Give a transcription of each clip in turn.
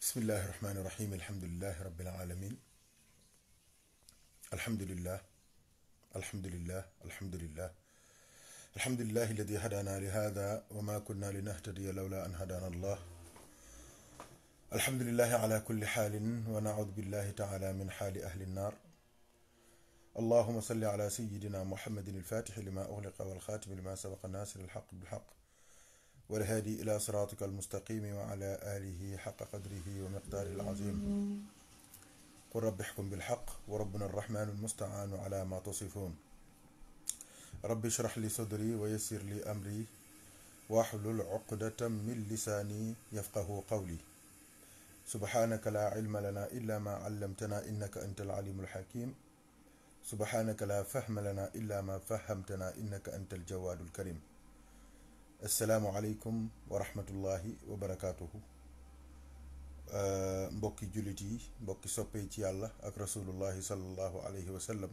بسم الله الرحمن الرحيم الحمد لله رب العالمين الحمد لله الحمد لله الحمد لله الحمد لله الذي هدانا لهذا وما كنا لنهتدي لولا أن هدانا الله الحمد لله على كل حال ونعوذ بالله تعالى من حال أهل النار اللهم صل على سيدنا محمد الفاتح لما أغلق والخاتم لما سبق الناس للحق بالحق والهادي إلى صراطك المستقيم وعلى آله حق قدره ومقداره العظيم قل رب احكم بالحق وربنا الرحمن المستعان على ما تصفون رب اشرح لي صدري ويسر لي أمري واحلل عقدة من لساني يفقه قولي سبحانك لا علم لنا إلا ما علمتنا إنك أنت العليم الحكيم سبحانك لا فهم لنا إلا ما فهمتنا إنك أنت الجواد الكريم asalaamualeykum wa rahmatullahi wa barakaatuhu euh, mbokki jullit yi mbokki soppee ci yàlla ak rasulullahi sallallahu alayhi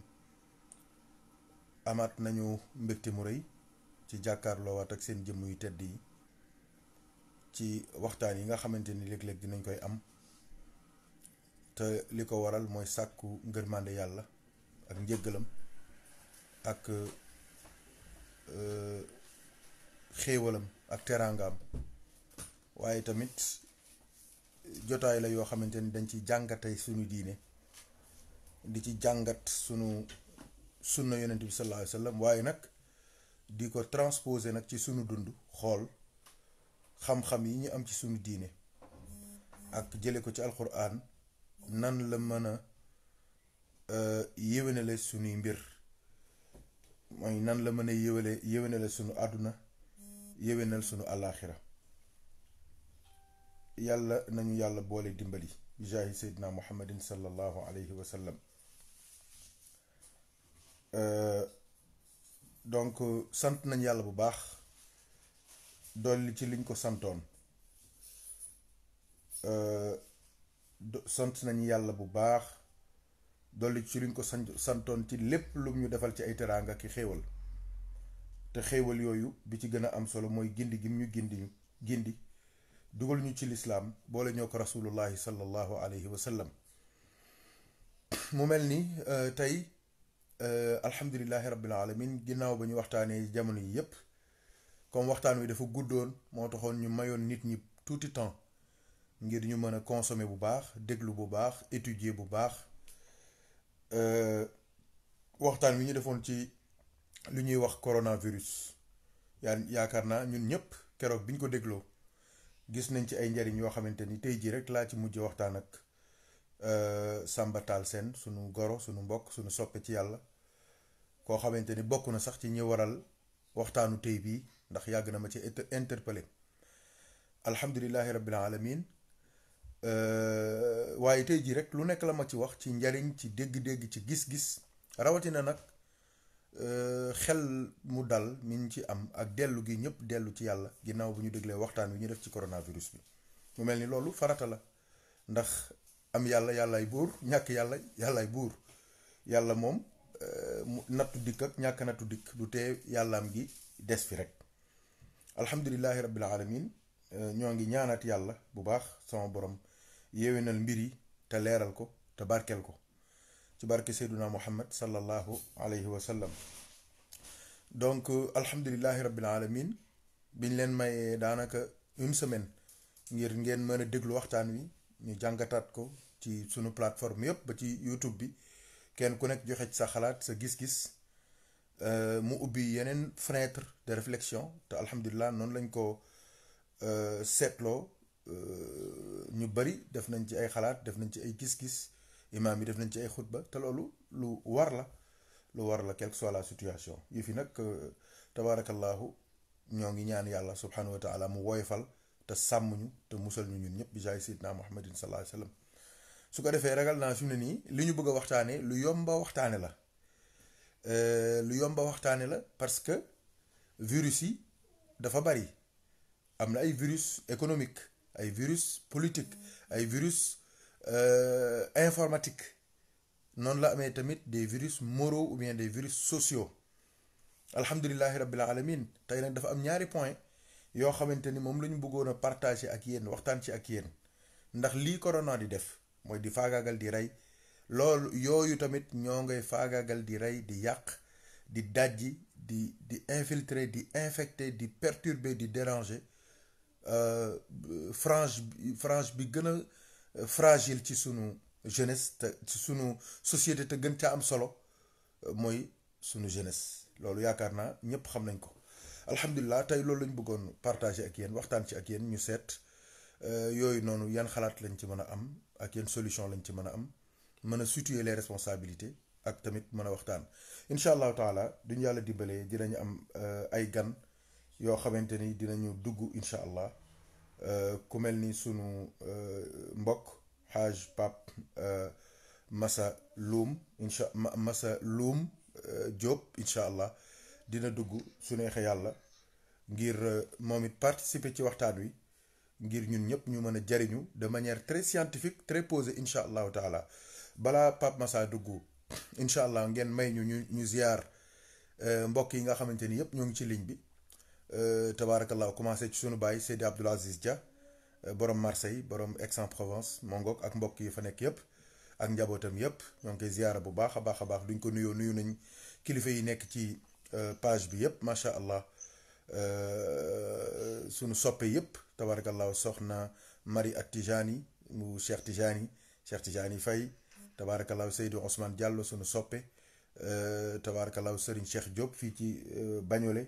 amaat nañu mbégte mu rëy ci jàkkaarloowaat ak seen jëmm yu tedd yi ci waxtaan yi nga xamante ni léeg-léeg dinañ koy am te li ko waral mooy sàkku ngërmande yàlla ak njëggalam ak. Euh, xéewalam ak teraangaam waaye tamit jotaay la yoo xamante ni dañ ci jàngatay suñu diine di ci jàngat sunu sunna yonent bi sallallahu waaye nag di ko transposer nag ci suñu dund xool xam-xam yi ñu am ci sunu diine ak jële ko ci alquran nan la mën a euh, yéwénale sunuy mbir mooy nan la mën a yéwale yéwénale sunu àdduna yéwénal sunu àllaaxira yàlla nañu yàlla boole dimbali jaahi seydina muhammadin sallallahu alayhi wa sallam donc sant nañ yàlla bu baax dolli ci liñ ko santoon sant nañ yàlla bu baax dolli ci liñ ko santoon ci lépp lu ñu defal ci ay teraanga ki xéewal te xéewal yooyu bi ci gën a am solo mooy gindi gim ñu gindi gindi dugal ñu ci lislaam boole ñoo ko rasulullahi sallallahu alayhi wa sallam mu mel ni tey alhamdulilahi rabbil alamin ginnaaw ba ñu waxtaanee jamono yi yépp comme waxtaan wi dafa guddoon moo taxoon ñu mayoon nit ñi tuuti temps ngir ñu mën a consommer bu baax déglu bu baax étudier bu baax waxtaan wi ñu defoon ci lu ñuy wax coronavirus yaa yaakaar naa ñun ñëpp keroog bi ñu ko dégloo gis nañ ci ay njariñ yoo xamante ni tey jii rek laa ci mujj waxtaan ak euh, Samba Tall Sène sunu goro sunu mbokk sunu soppe ci yàlla koo xamante ni bokk na sax ci ñi waral waxtaanu tey bii ndax yàgg na ma ci interpellé alhamdulilahi rabbil alamin euh, waaye tey jii rek lu nekk la ma ci wax ci njariñ ci dégg-dégg ci gis-gis rawatina nag Euh, xel mu dal mi ngi ci am ak dellu gi ñëpp dellu ci yàlla ginnaaw bu ñu déglee waxtaan wi ñu def ci coronavirus bi mu mel ni loolu farata la ndax am yàlla yàllaay buur ñàkk yàlla yàllaay buur yàlla moom euh, nattu dikk ak ñàkk nattu dikk du tee yàllaam gi des fi rek alhamdulilahi rabbil alamin euh, ñoo ngi ñaanaat yàlla bu baax sama borom yéwénal mbir yi te leeral ko te barkeel ko تبارك سيدنا محمد صلى الله عليه وسلم دونك الحمد لله رب العالمين بين لين ماي دانكا اون سيمين غير نين مانا ديغلو وقتان وي ني جانغاتات كو تي سونو بلاتفورم ييب با تي يوتيوب بي كين كو نيك جوخيت سا خلات سا غيس غيس مو اوبي يينن فريتر دي ريفليكسيون تا الحمد لله نون لاني كو سيتلو ني بري ديف نان تي اي خلات ديف نان تي اي غيس غيس imaam yi def nañ ci ay xutba te loolu lu war la lu war la quelque soit la situation yi fi nag tabaarakallaahu ñoo ngi ñaan yàlla subhanahu wa taala mu woyfal te sàmm ñu te musal ñu ñun ñëpp bi jaay sidna mohammadin sallallahu alayhi wa sallam su ko defee ragal naa fi mu ne nii li ñu bëgg a waxtaane lu yomba waxtaane la lu yomba waxtaane la parce que virus yi dafa bari am na ay virus économique ay virus politique ay virus Euh, informatique noonu la amee tamit des virus moro ou bien des virus sociaux alhamdulilahi rabbil alamin tey nag dafa am ñaari point yoo xamante ni moom la ñu bëggoon a partager ak yéen waxtaan ci ak yéen ndax lii corona di def mooy di faagaagal di rey loolu yooyu tamit ñoo ngay faagaagal di rey di yàq di dajji di di infiltrer di infecter di perturber di déranger euh, frange frange bi gën a fragile ci sunu jeunesse te sunu societé te gën caa am solo euh, mooy sunu jeunesse loolu yaakaar naa ñëpp xam nañ ko alhamdulilah tey loolu lañ bëggoon partagé ak yéen waxtaan ci ak yéen ñu seet euh, yooyu noonu yan xalaat lañ ci mën a am ak yan solution lañ ci mën a am mën a situer les responsabilité ak tamit mën a waxtaan incha allahu taala duñu yàlla dimbalee dinañu am euh, ay gan yoo xamante ni dinañu dugg incha allah. Euh, ku mel ni sunu euh, mbokk xaaj pap euh, masa luum incha masa luum Diop incha allah dina dugg su neexee yàlla ngir moom it participer ci waxtaan wi ngir ñun ñëpp ñu mën a jariñu de manière très scientifique très posée incha allahu taala balaa pap masa dugg incha allah ngeen may ñu ñu ñu ziar mbokk yi nga xamante ni yëpp ñoo ngi ci ligne bi. tabarakallah commencé ci sunu baay Seydi Abdoul Aziz Dia borom Marseille borom Aix-en-Provence mongook ak mbokk yi fa nekk yëpp ak njabootam yëpp ñoo ngi koy ziyaara bu baax a baax a baax duñ ko nuyoo nuyu nañ kilifa yi nekk ci page bi yëpp macha allah sunu soppe yëpp tabarakallah soxna Marie ak Tijani mu Cheikh Tijani Cheikh Tijani Faye tabarakallah Seydou Ousmane Diallo sunu soppe tabarakallah Serigne Cheikh Diop fii ci Bagnolet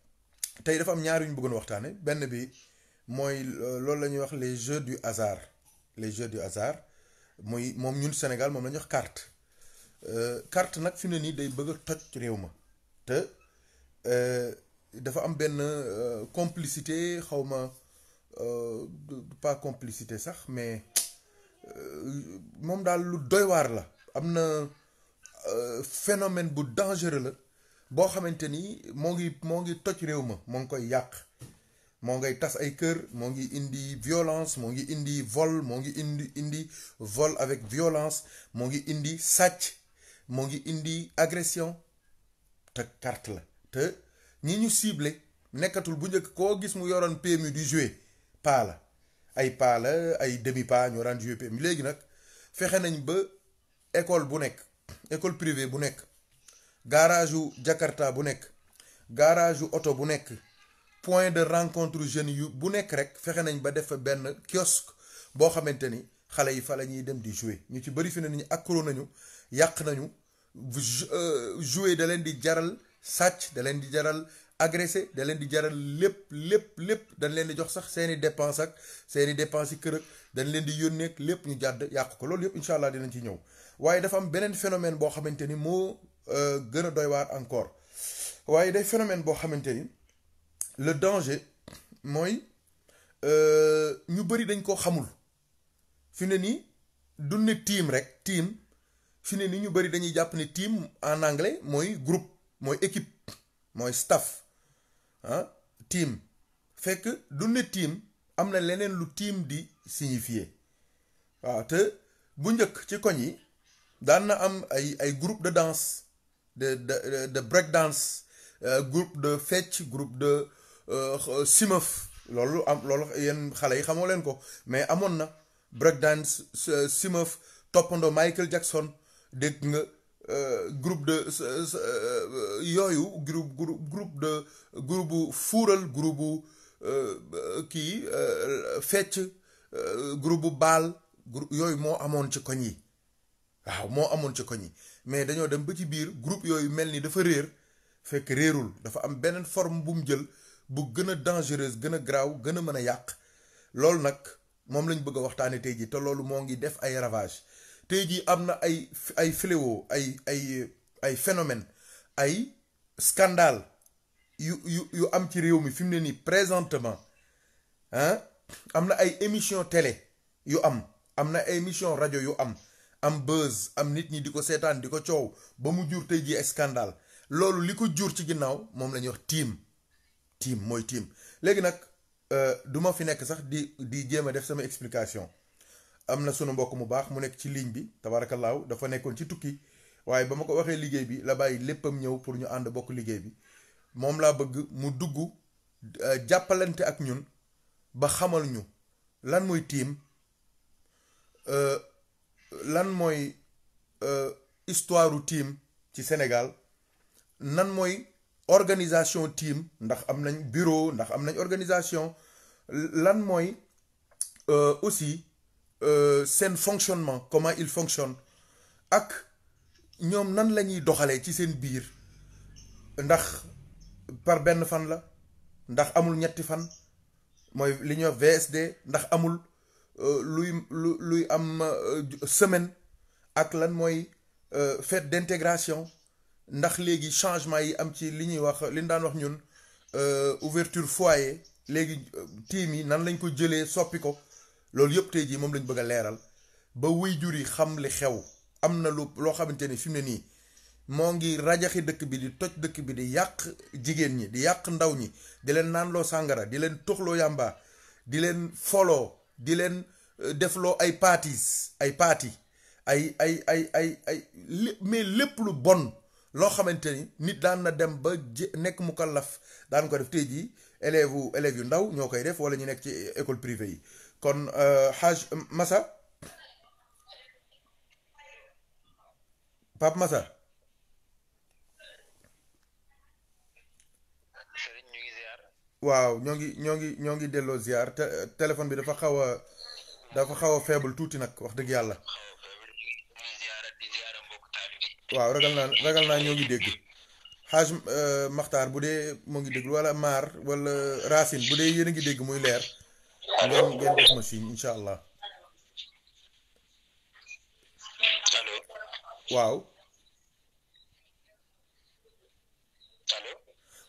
tay dafa am ñaar yu ñu bëggoon waxtaane benn bi mooy euh, loolu la ñuy wax les jeux du hasard les jeux du hasard muy moom ñun Sénégal moom la wax carte euh, carte nag fi ne nii day bëgg a toj réew ma te euh, dafa am benn complicité xaw ma pas complicité sax mais moom daal lu doy waar la am na phénomène bu dangereux la Bon, xamanteni mo ngi mo ngi toj réew ma ngi tas ay kër indi violence moo ngi indi vol moo ngi indi indi vol avec violence Mon ngi indi sàcc moo ngi indi agression te carte la te ñi ciblé nekkatul bu njëkk koo gis mu yoroon PMU di joué la ay ay demi pas ñoo daan joué PMU léegi nag nañ école bu école privée bu garage yu Jakarta bu nekk garage oto bu nekk point de rencontre jeunes yu bu nekk rek fexe nañ ba def fa benn kiosque boo xamante ni xale yi fa la ñuy dem di jouer ñu ci bëri fi ne ni ñu accro nañu yàq nañu euh, jouer da leen di jaral sàcc da leen di jaral agressé da leen di jaral lépp lépp lépp dañ leen di jox sax seeni dépense ak seeni dépense yi kër ak dañ leen di yónnee ak lépp ñu jàdd yàq ko loolu yëpp incha allah dinañ ci ñëw waaye dafa am beneen phénomène boo xamante ni moo Euh, gën doy encore waaye day phénomène le danger mooy euh, ñu dañ team rek team team en anglais mooy groupe mooy équipe staff ah team fekk du team am na team signifier waaw te bu ci am groupe de danse de, de, de breakdance euh, groupe de fetch, groupe de euh, simëf loolu am loolu yéen xale yi ko mais amonna breakdance euh, simëf topando Michael Jackson dégg groupe de yooyu groupe groupe de groupe fural, groupe qui kii groupe bal baal yooyu moo amoon ci koñ yi waaw moo amoon ci mais dañoo dem ba ci biir groupe yooyu mel ni dafa fait fekk réerul dafa am une forme bu mu jël bu a dangereuse gën a graaw gën a mën a yàq nag moom lañ bëgg a waxtaane tey loolu ngi def ay ravage tey ay ay fléau ay ay ay phénomène ay scandale yu yu am ci réew mi fi mu présentement ah am ay émission télé yu am amna émission radio. yu am am buzz am nit ñi di ko seetaan di ko coow ba mu jur tey jii scandale loolu li ko jur ci ginnaaw moom la ñuy wax tiim tiim mooy tiim léegi nag euh, du ma fi nekk sax di di jéem a def sama explication am na sunu mbokk mu baax mu nekk ci ligne bi tabarakallaahu dafa nekkoon ci tukki waaye ba ma ko waxee liggéey bi la bàyyi léppam ñëw pour ñu ànd bokk liggéey bi moom laa bëgg mu dugg euh, jàppalante ak ñun ba xamal ñu lan mooy tiim. lan mooy euh, histoire u team ci Sénégal nan mooy organisation team ndax am nañ bureau ndax am nañ organisation lan mooy euh, aussi euh, seen fonctionnement comment il fonctionne ak ñoom nan la ñuy doxalee ci seen biir ndax par benn fan la ndax amul ñetti fan mooy li ñuy VSD ndax amul. Euh, luy luy am euh, semaine ak lan mooy euh, fête d'intégration ndax léegi changement yi am ci li ñuy wax li ñu daan wax ñun ouverture foyer léegi team yi nan lañ ko jëlee soppi ko loolu yëpp tey jii moom lañ bëgg a leeral ba wuy jur yi xam li xew am na lu loo xamante ni fi mu ne nii moo ngi rajaxi dëkk bi di toj dëkk bi di yàq jigéen ñi di yàq ndaw ñi di leen naanloo sàngara di leen toxloo yàmba di leen foloo di leen euh, defloo ay parties ay parties ay ay ay ay ay mais lépp lu bon loo xamante ni nit daan na dem ba jé nekk mu kallaf daan ko def tey jii élèves yu élèves yu ndaw ñoo koy def wala ñu nekk ci école privée yi kon euh, Haj euh, Massa Pape Massa. waaw ñoo ngi ñoo ngi ñoo ngi delloo ziar te téléphone bi dafa xaw a dafa xaw a faible tuuti nag wax dëgg yàlla. waaw ragal naa ragal naa ñoo ngi dégg xaaj euh, maxtar bu dee moo ngi dégg walla maar walla racine bu dee yéen a ngi dégg muy leer ngeen ngeen def ma signe allah. waaw.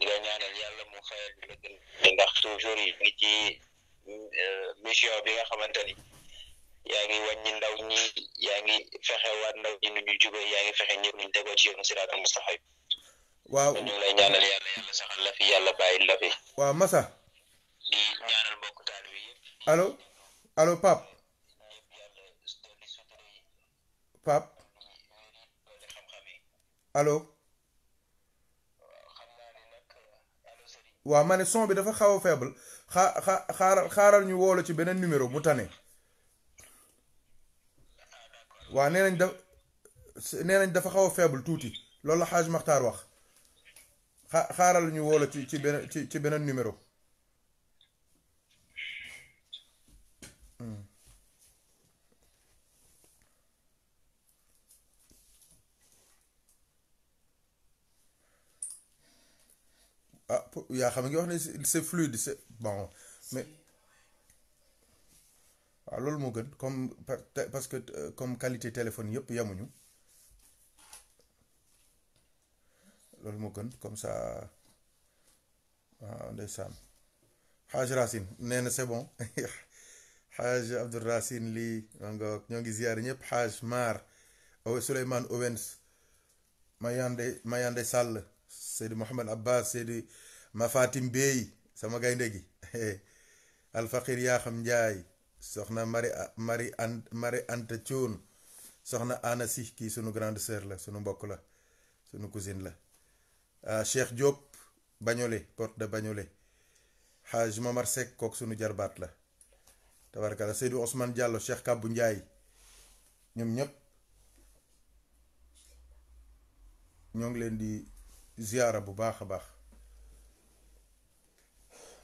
di la yàlla mu fayal ndax toujours yi ngi ci euh, mission bi nga xamante ni yaa ngi wàññi ndaw ñi yaa ngi fexe waat ndaw ñi nu ñu jubee yaa ngi fexe ñëpp ñu tegoo ci yoonu siraatal mustaxab waaw ñu lay ñaanal yàlla yàlla saxal la fi yàlla bàyyi la fi waaw Massa ñaanal mbokk taal bi allo allo pap pap allo waaw ma ne son bi dafa xaw a faible xaa xaa xaaral ñu woolu ci beneen numéro mu tane waa nee nañ daf nee nañ dafa xaw a faible tuuti loolu la xaaj maxtaar wax xaa xaaral ñu woolu ci ci beneen ci beneen numéro il xam c'est fluide c'est bon mais alors le comme parce que euh, comme qualité téléphone yamuñu gën comme ça waaw ndeysaan xaaj Racine nee c'est bon Racine Mar Owe Souleymane Owens Mayande Mayande c'est de Mohamed Abbas Mafatim Bey sama gaynde gi alfaqir yaa xam njaay soxna mari mari an mari anta soxna ana kii sunu grande sœur la sunu mbokk la sunu cousine la ah, Cheikh Diop Bagnolé porte de Bagnolé Haj Momar Seck kook sunu jarbaat la tabarkala Seydou Ousmane Diallo Cheikh Kabou Njaay ñoom ñëpp ñoo ngi leen di ziyaara bu baax a baax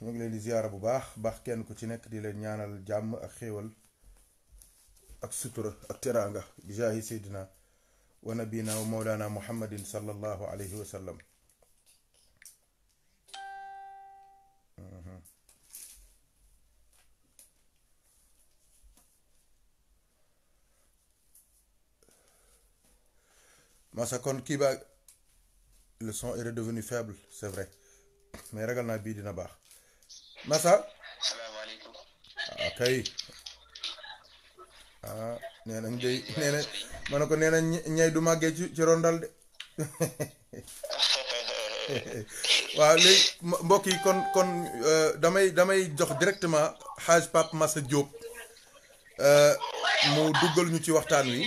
ñu ngi leen di ziyaara bu baax baax kenn ku ci nekk di leen ñaanal jàmm ak xéewal ak sutura ak teraanga bijaahi seydina wa nabina wa mawlana muhammadin sallallahu alayhi wa sallam masa kon kii ba le son est redevenu faible c'est vrai mais ragal naa bii dina baax Massa. salaamaaleykum. ah kay. Ah, nee nañ de nee na ma ne ko nee nañ ñay du màggee ci rondal de waaw léegi mbokk yi kon kon euh, damay damay jox directement xaaj Pape Massa Diop euh, mu duggal ñu ci waxtaan wi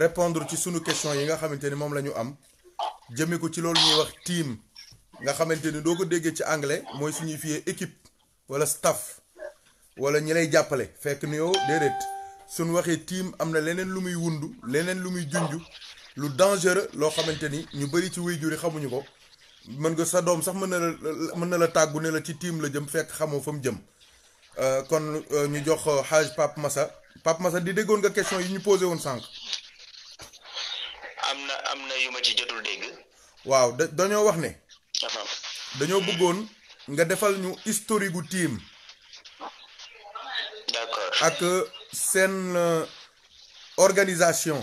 repondre ci suñu question yi nga xamante ni moom la ñu am jëmee ko ci loolu ñuy wax team. nga xamante do ko ci anglais équipe wala staff wala fekk ni yow suñ waxé team amna na lu muy wundu leneen lu muy junj lu dangereux lo xamanteni ñu qui ci xamuñu ko sa sax la la tagu ne la ci team la jëm fekk xamoo fam jëm euh kon euh, ñu jox euh, Pape Massa Pape Massa di nga question yi ñu posé won sank amna amna yuma ci dégg dañoo bëggoon nga defal ñu historique gu team. d'accord ak euh, seen euh, organisation.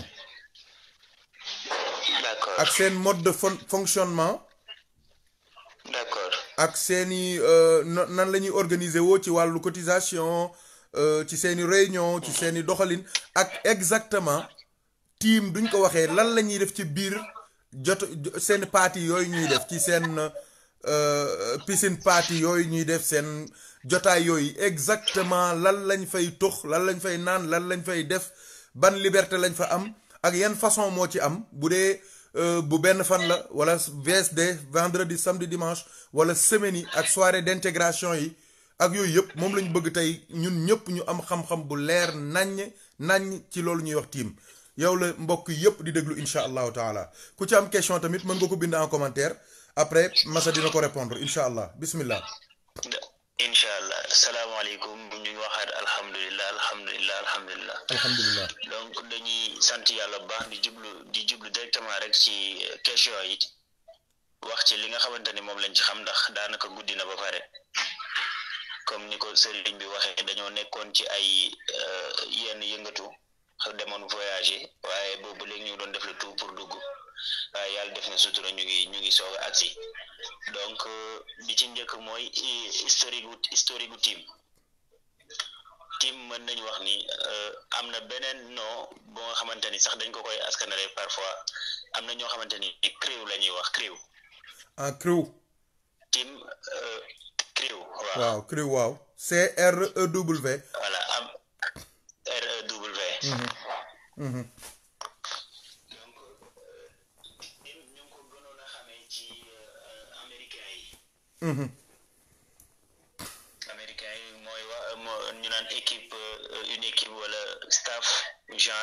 d'accord ak seen mode de fonctionnement. d'accord ak seen i euh, nan la ñuy organiser woo ci wàllu cotisation ci seen i réunion ci mhm. seen i doxalin ak exactement team duñ ko waxee lan la ñuy def ci biir partie parti yoy ñuy def ci une euh, piscine party yoy ñuy def sen yoy exactement lan lañ fay tox lan lañ fay nan lan lañ fay def ban liberté lañ fa am ak façon mo ci am bu euh, bu fan la wala VSD vendredi samedi dimanche wala semaine ak soirée d'intégration yi ak yoy yep mom lañ bëgg ñun ñëpp ñu am xam-xam bu ci yow la mbokk yépp di déglu incha allahu taala ku ci am question tamit mën nga ko bind en commentaire après Massa dina ko répondre incha allah bismillah incha allah bu ñu waxat Alhamdulillah. alhamdulilah alhamdulilah alhamdulilah donc dañuy sant yalla ba di jublu di jublu directement rek ci question yi wax ci li nga xamanteni mom lañ ci xam ndax daanaka guddi ba pare comme niko serigne bi waxee dañoo nekkon ci ay euh, yenn yëngatu de voyager waye bobu ñu def le pour def na sutura ñu ngi donc bi euh, ci historique historique team team mën wax ni euh, ben non bo nga sax dañ ko parfois CREW CREW. un ah, CREW. team euh, CREW. CREW waaw C R E W. américain yi mooy wa ñu naan équipe une wala staff genre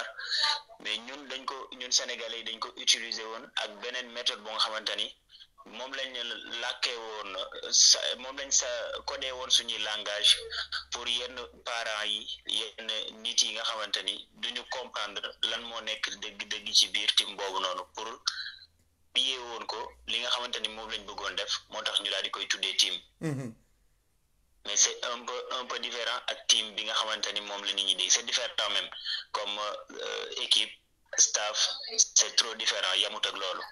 mais ñun dañ ko ñun sénégalais yi dañ ko utiliser woon ak beneen méthode bo nga xamante ni moom lañ làkkee woon sa moom lañ sa codé woon suñuy langage pour yenn parents yi nit yi nga xamante ni duñu comprendre lan moo nekk dëgg-dëgg ci biir tim boobu noonu pour biyee woon ko li nga xamante ni moom lañ bëggoon def moo tax ñu daal di koy tuddee tim mm-hmm. mais c'est un peu un peu différent ak tim bi nga xamante ni moom la nit ñi di c'est différent même comme euh, équipe staff c'est trop différent yamut ak loolu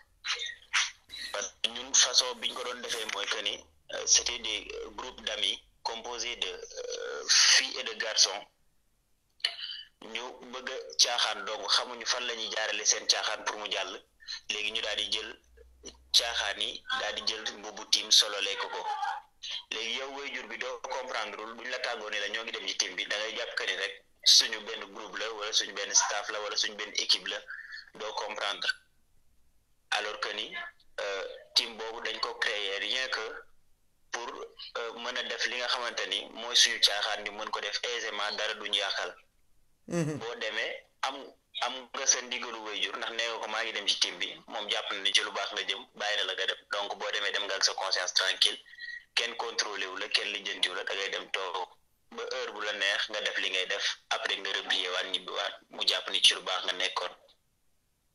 parce que ñun façon biñ ko doon defee mooy que ni euh, c'était des groupes d'amis composés de euh, filles et de garçons ñu bëgg caaxaan donc xamuñu fan la ñuy jaarale seen caaxaan pour mu jàll léegi ñu daal di jël caaxaan yi daal di jël mbubu tiim solo lekk ko léegi yow wayjur bi doo comprendre lul buñ la tàggoo la ñoo ngi dem ñi tiim bi dangay ngay jàpp que ni rek suñu benn groupe la wala suñu benn staff la wala suñu benn équipe la doo comprendre alors que ni euh, tiim boobu dañ ko créer rien que pour euh, mën a def li nga xamante ni mooy suñu caaxaan ñu mën ko def aisément dara duñu yàqal Mm-hmm. boo demee am am nga sa ndigalu wayjur ndax nee nga ko maa ngi dem ci tim bi moom jàpp na ni ci lu baax nga jëm bàyyi na la nga dem donc boo demee dem nga ak sa conscience tranquille kenn contrôlé wu la kenn lijjantiwu la da ngay dem toog ba heure bu la neex nga def li ngay def après nga replier waat ñibbi waat mu jàpp ni ci lu baax nga nekkoon.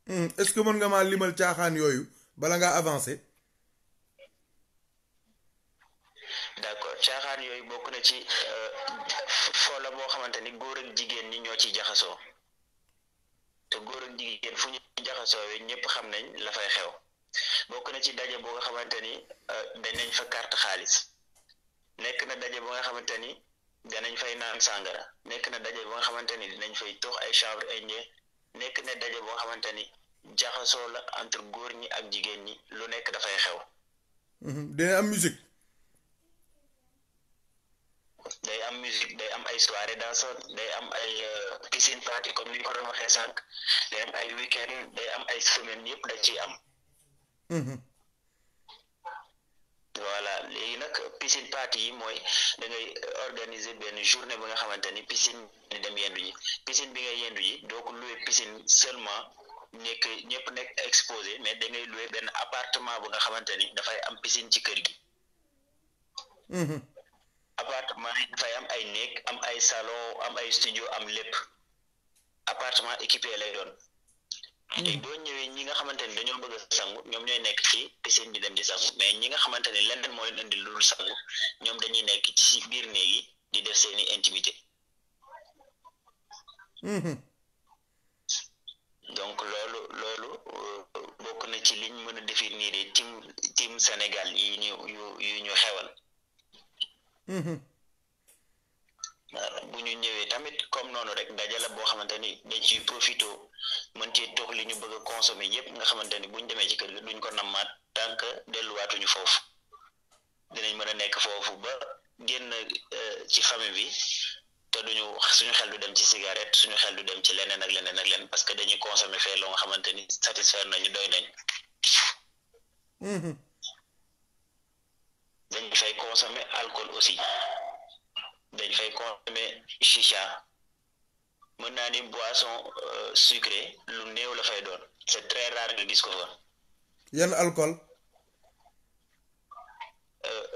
Mm-hmm. est-ce que mën nga maa limal caaxaan yooyu bala ngaa avancer. d' accord caaxaan yooyu bokk na ci euh, fo la boo xamante ni góor ak jigéen ñi ñoo ciy jaxasoo te góor ak jigéen fu ñu jaxasoo we ñëpp xam nañ lafay xew bokk na ci daje boo nga xamante ni euh, danañ fa carte xaalis nekk na daje bu nga xamante ni danañ fay naan sàngara nekk na daje bu nga xamante ni dinañ fay tux ay chanvre indien nekk na daje boo nga xamante ni jaxasoo la entre góor ñi ak jigéen ñi lu nekk dafay xew. Mm-hmm. dina am musique. day am musique day am ay soirée dansante day am ay euh, piscine party comme li ñu ko doon waxee sànq day am ay weekend day am ay semaine yëpp da ciy am. Mm-hmm. voilà léegi nag piscine party yi mooy dangay ngay organiser benn journée bu nga xamante ni piscine ni dem yendu ji piscine bi ngay yendu ji doo ko loué piscine seulement. nekk ñëpp nekk exposé mais da ngay loué benn appartement bu nga xamante ni dafay am piscine ci kër gi mm-hmm. appartement fay am ay néeg am ay salon am ay studio am lépp appartement équipé lay doon hmm. léegi boo ñëwee ñi nga xamante ni dañoo bëgg sangu ñoom ñooy nekk ci piscine bi dem di sangu mais ñi nga xamante ni leneen moo leen indi lu sangu ñoom dañuy nekk ci biir néeg yi di def seeni intimité hmm. donc loolu loolu euh, bokk na ci liñ mën a définir tim tim Sénégal yi ñu yu yu ñu xewal Mm-hmm. Euh, bu ñu ñëwee tamit comme noonu rek ndaje la boo xamante ni dañ ciy profito mën cee tox li ñu bëgg a consommer yëpp nga xamante ni bu ñu demee ci kër gi duñ ko namaat tant que delluwaatuñu foofu dinañ mën a nekk foofu ba génn euh, ci famille bi te duñu suñu xel du dem ci cigarette suñu xel du dem ci leneen ak leneen ak leneen parce que dañuy consommer fee loo nga xamante ni satisfaire nañu doy nañ. Mm-hmm. dañ fay consommer alcool aussi dañ fay consommer chicha mën naa ni boisson euh, sucré lu néew la fay doon c'est très rare nga gis ko fa. yan alcool. Euh,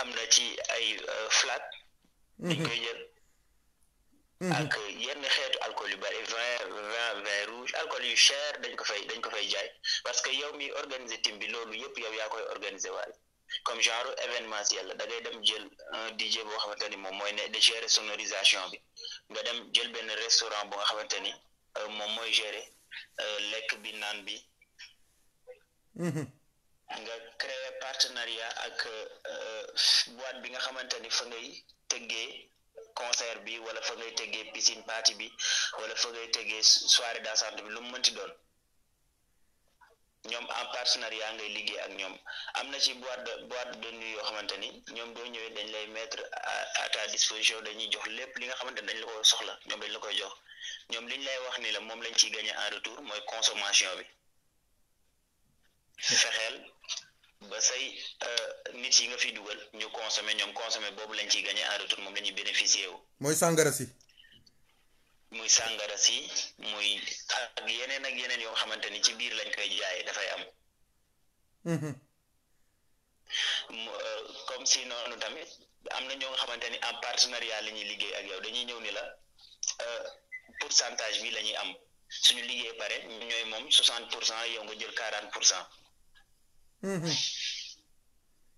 am na ci ay euh, flat. dañ mhm. koy jël. Mhm. ak yenn xeetu alcool yu bari vin vin vin rouge alcool yu cher dañ ko fay dañ ko fay jaay parce que yow mi organiser tim bi loolu yëpp yow yaa koy organiser waale. comme genre événementiel da dangay dem jël un DJ boo xamante ni moom mooy ne gérer sonorisation bi nga dem jël benn restaurant bo nga xamante ni euh, moom mooy gérer euh, lekk bi naan bi. Mm-hmm. nga créer partenariat ak euh, boîte bi nga xamante ni fa ngay tëggee concert bi wala fa ngay tëggee piscine party bi wala fa ngay tëggee soirée dansante bi lu mu mënti doon. ñoom en partenariat ngay liggéey ak ñoom am na ci boîte de boîte de nuit yoo xamante ni ñoom boo ñëwee dañ lay mettre à ta disposition dañuy jox lépp li nga xamante ni dañ la koy soxla ñoom dañ la koy jox ñoom liñ lay wax ni la moom lañ ciy gagné en retour mooy consommation bi fexeel ba say euh, nit yi nga fi dugal ñu consommer ñoom consommer boobu lañ ciy gagné en retour moom la ñuy bénéficier wu. mooy sàngara si. muy sàngara si muy ak yeneen ak yeneen yoo xamante ni ci biir lañ koy jaay dafay am mm-hmm. euh, comme si noonu tamit am na ñoo nga xamante ni en partenariat la ñuy liggéey ak yow dañuy ñëw ni la euh, pourcentage bi la ñuy am suñu liggéey pare ñooy moom soixante pour cent yow nga jël quarante pour cent mm-hmm.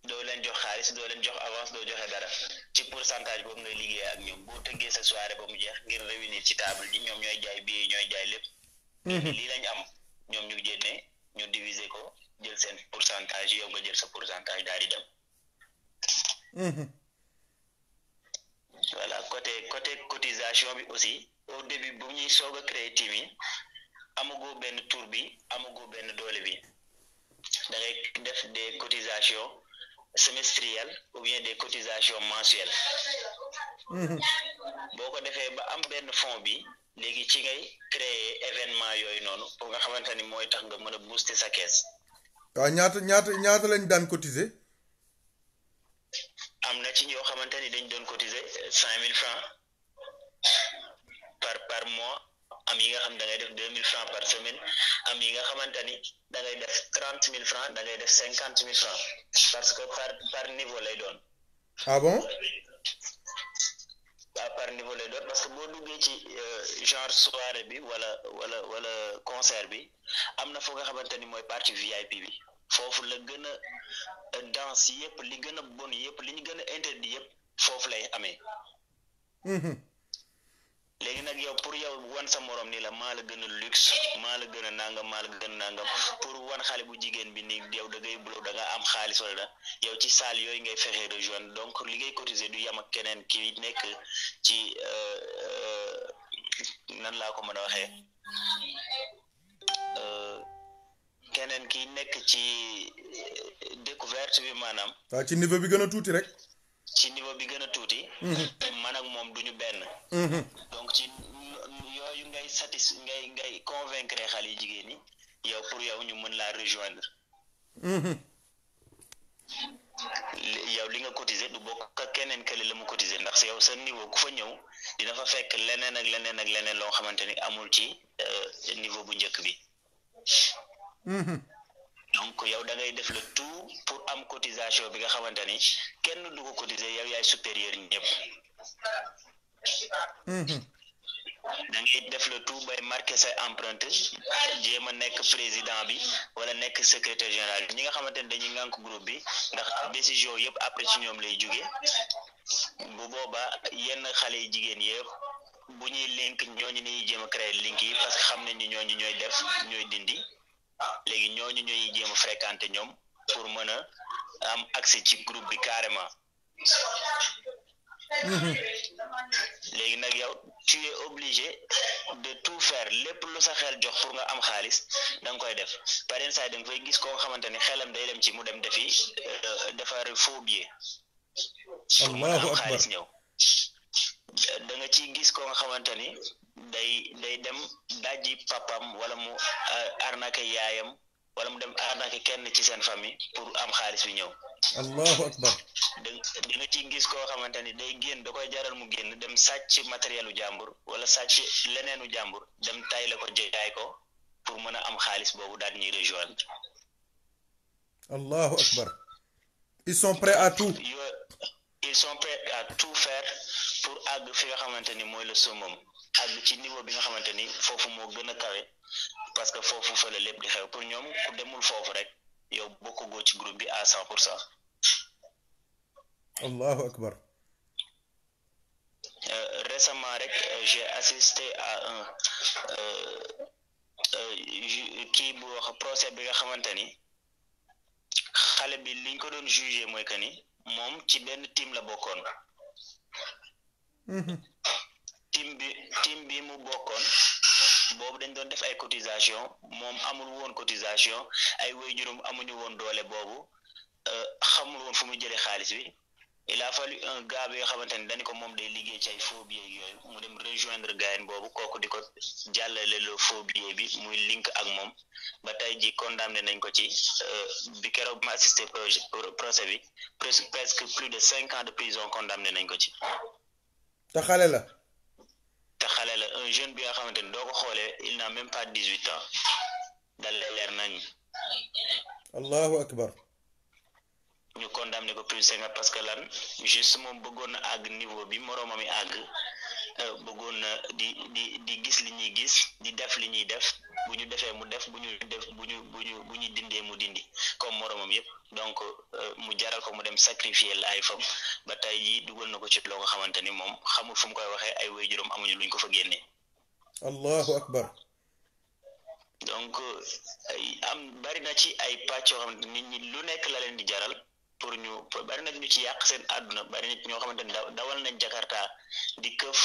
doo leen jox xaalis doo leen jox avance doo joxe dara ci pourcentage boobu ngay liggéey ak ñoom boo tëggee sa soirée ba mu jeex ngir nii ci table ji ñoom ñooy jaay bi ñooy jaay lépp. Mhm. lii lañ am ñoom ñu génnee ñu diviser ko jël seen pourcentage yow nga jël sa pourcentage daal di dem. Mhm. voilà côté côté cotisation bi aussi au début bu ñuy soog a créer team yi amagu benn tour bi amagu benn doole bi da def des cotisation semestriel ou bien des cotisations mensuelles mm-hmm. boo ko defee ba am benn fond bi léegi ci ngay créer événement yooyu noonu pour nga xamante ni mooy tax nga mën a booster sa caisse waaw ñaata ñaata ñaata lañ daan cotiser am na ci ñoo xamante ni dañ doon cotiser cinq mille francs par par mois amiga xam da ngay def 2000 francs par semaine amiga xamanteni da ngay def 30000 francs da ngay def 50000 francs parce que par par niveau lay doon ah bon ah, par niveau lay doon parce que bo duggé ci euh, genre soirée bi wala wala wala concert bi amna fo nga xamanteni moy partie VIP bi fofu la gëna euh, danse yépp li gëna bon yépp li ñu gëna interdit yépp fofu lay amé hmm léegi nag yow pour yow wan sa moroom ni la maa la gën a luxe maa la gën a nangam maa la gën a nangam pour wan xale bu jigéen bi ni yow da ngay buloo am xaalis wala yow ci saal yooyu ngay fexe rejoindre donc li ngay cotiser du yam keneen ki nekk ci euh, euh, nan laa ko mën a waxee euh, keneen ki nekk ci découverte bi maanaam. waaw ci niveau bi gën a tuuti rek. ci niveau bi gën a tuuti. Mhm. man ak moom duñu benn. Mhm. donc ci yooyu ngay satis ngay ngay convaincre xale yi jigéen ñi yow pour yow ñu mën laa rejoindre. Mhm. yow li nga cotisé du bokk ak keneen kële la mu cotisé ndax yow sa niveau ku fa ñëw dina fa fekk leneen ak leneen ak leneen loo xamante ni amul ci euh, niveau bu njëkk bi. donc yow da ngay def le tout pour am cotisation bi nga xamante ni kenn du ko cotiser yow yaay supérieur ñëpp. Mhm. da ngay def le tout bay marqué sa empreinte jéem a nekk président bi wala nekk secrétaire général bi ñi nga xamante ni dañuy ngànk groupe bi ndax décision yëpp après ci ñoom lay jóge bu boobaa yenn xale yi jigéen yëpp bu ñuy link ñooñu ni ñuy jéem a créer link yi parce que xam nañ ni ñooñu ñooy def ñooy dindi. waaw léegi ñooñu ñooy jéem a fréquenté ñoom pour mën a am accès ci groupe bi carrément. Mm-hmm. léegi nag yow tu es obligé de tout faire lépp lu sa xel jox pour nga am xaalis da koy def par exemple da nga fay gis koo xamante ni xelam day dem ci mu dem defi euh, defar faux pour mën am xaalis ñëw da nga gis koo nga day day dem daji papam wala mu euh, arnaqué yaayam wala mu dem arnaqué kenn ci seen famille pour am xaalis bi ñëw allahu akbar da da nga gis koo xamante ni day génn da koy jaral mu génn dem sàcc u jàmbur wala sàcc leneenu jàmbur dem tay la ko jaay ko pour mën a am xaalis boobu daal ñuy rejoindre allahu akbar ils sont prêts à tout ils pour àgg fi nga xamante ni mooy le summum àgg ci niveau bi nga xamante fofu mo gëna gën parce que fofu fa la lepp di xew pour ñom ku demul fofu rek yow bokk go ci groupe bi à 100% allahu akbar euh, récemment rek euh, j'ai assisté à un euh, euh kii bu wax procès bi nga xamante xalé bi liñ ko doon juger mooy que mom ci benn team la bokkoon mhm team bi bi mu bokkoon boobu dañ doon def ay cotisation moom amul woon cotisation ay waajuram amuñu woon doole boobu euh, xamul woon fu mu jëlee xaalis bi il a fallu un gars bi nga xamante dañ ko moom day liggéey ci ay faux ak yooyu mu dem rejoindre gaayen boobu kooku di ko jàllale le faux bi muy link ak moom ba tey ji condamné nañ ko ci euh, bi keroog ma assisté projet procès bi presque plus de cinq ans de prison condamné nañ ko ci. te xale la. te xale la un jeune bi nga xamante ni doo ko xoolee il n'a même pas dix huit ans dal leer nañ allahu akbar ñu condamné ko plus cinq parce que lan juste moom bëggoon na àgg niveau bi moroomam yi àgg Eh, bëggoon eh, di di di gis li ñuy gis di def li ñuy def bu ñu defee mu def bu ñu def bu ñu bu ñu bu ñu dindee mu dindi comme moromam yëpp donc eh, mu jaral ko mu dem sacrifier ay fam ba tey jii dugal na ko ci loo nga xamante ni moom xamul fu mu koy waxee ay juróom amuñu luñ ko fa génne allahu akbar donc am bari na ci ay pàcc yoo xamante nit ñi lu nekk la leen di jaral pour ñu bari na ñu ci yàq seen àdduna bari na ñoo xamante dawal nañ jakarta di këf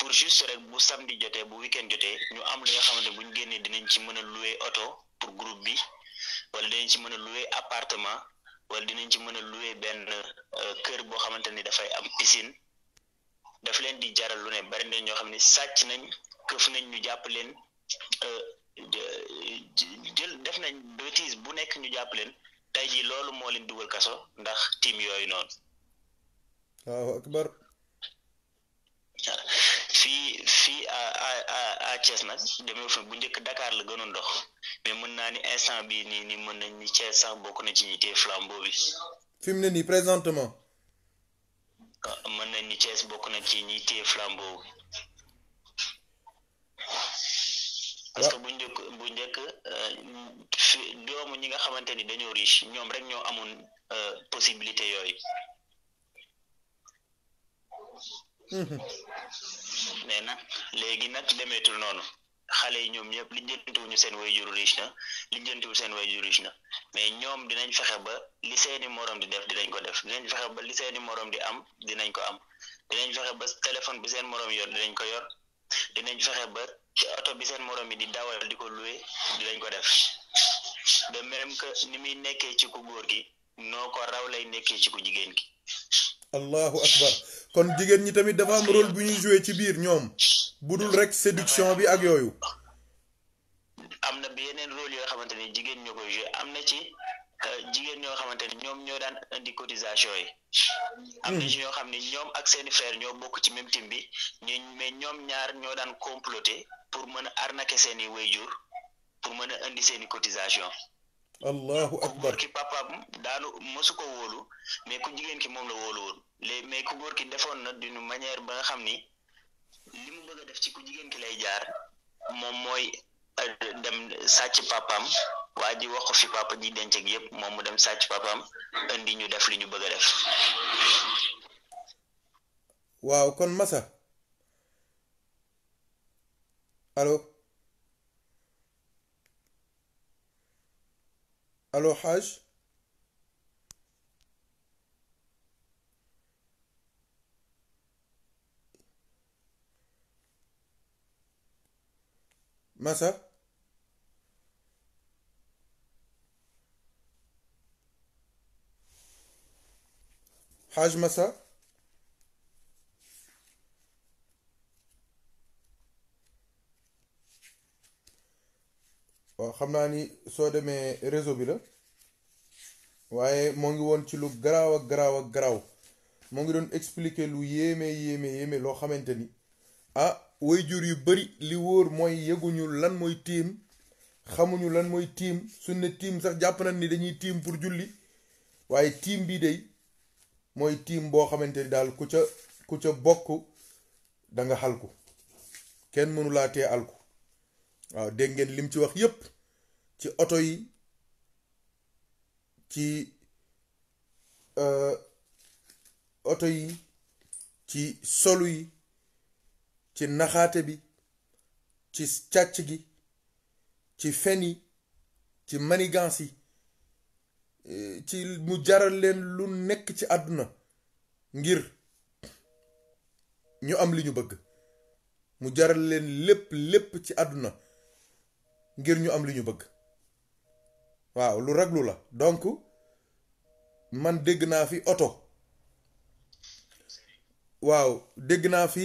pour juste rek bu samedi jotee bu weekend jotee ñu am li nga xamante buñu génnee dinañ ci mën a louer auto pour groupe bi wala dinañ ci mën a louer appartement wala dinañ ci mën a louer benn euh, kër boo xamante ni dafay am piscine daf leen di jaral lu ne bari na ñoo xam ne sàcc nañ këf nañ ñu jàpp leen euh, jël def nañ bêtise bu nekk ñu jàpp leen tey ji loolu moo leen dugal kaso ndax team yooyu noonu waaw akbar fii fii à à Thiès nag demee fa bu njëkk Dakar la gënoon dox mais mën naa ni instant bii nii nii mën nañ ni Thiès sax bokk na ci ñi téye flambeau bi. fi mu présentement. Ah, mën nañ ni Thiès bokk na ci ñi téye flambeau bi. parce que bu njëkk bu njëkk euh, fi doomu ñi nga xamante ni dañoo riche ñoom rek ñoo amoon euh, possibilité yooyu. mais mmh. nag léegi nag demeetul noonu xale yi ñoom ñëpp lijjantiwuñu seen waajur riche na lijjantiwul seen way riche na mais ñoom dinañ fexe ba li seeni morom di def dinañ ko def dinañ fexe ba li seeni morom di am dinañ ko am dinañ fexe ba téléphone bi seen morom yor dinañ ko yor dinañ fexe ba oto bi seen morom yi di dawal di ko loué dinañ ko def de même que ni muy nekkee ci ku góor gi noo ko raw lay nekkee ci ku jigéen gi allahu akbar kon jigéen ñi tamit dafa am rôle bu ñuy joué ci biir ñoom bu rek séduction bi ak yooyu. am na bi yeneen rôle yoo xamante ni jigéen ñoo koy joué am na ci euh, jigéen ñoo xamante ni ñoom ñoo daan indi cotisation yi. am na ci ñoo xam ne ñoom ak seeni frère ñoo bokk ci même team bi ñu mais ñoom ñaar ñoo daan comploter pour mën a arnaquer seeni jour pour mën a indi seeni cotisation. allahu akbar ki papaam daanu mësu ko wóolu mais ku jigéen ki moom la wóolu woon. léegi mais ku góor ki defoon na d'une manière ba nga xam ni li mu bëgg a def ci ku jigéen ki lay jaar moom mooy euh, dem sàcc papaam waa ji wax ko fi papa ji denc ak yëpp moom mu dem sàcc papaam indi ñu def li ñu bëgg a def. waaw kon Massa allo allo Haj. Masa Haj Masa waaw xam naa ni soo demee réseau bi la waaye moo ngi woon ci lu garaaw ak garaaw ak garaaw moo ngi doon expliquer lu yéeme yéeme yéeme loo xamante ni ah jur yu bari li wóor mooy yëguñu lan mooy tiim xamuñu lan mooy tiim suñ ne tiim sax jàpp nañ ni dañuy tiim pour julli waaye tiim bii day mooy tiim boo xamante ni daal ku ca ku ca bokk danga nga xalku kenn mënulaa tee alku waaw dégg ngeen lim ci wax yépp ci oto yi ci euh, oto yi ci solu yi ci naxaate bi ci càcc gi ci fen yi ci manigance yi eh, ci mu jaral leen lu nekk ci àdduna ngir ñu am li ñu bëgg mu jaral leen lépp lépp ci àdduna ngir ñu am li ñu bëgg waaw lu raglu la donc man dégg naa fi oto waaw dégg naa fi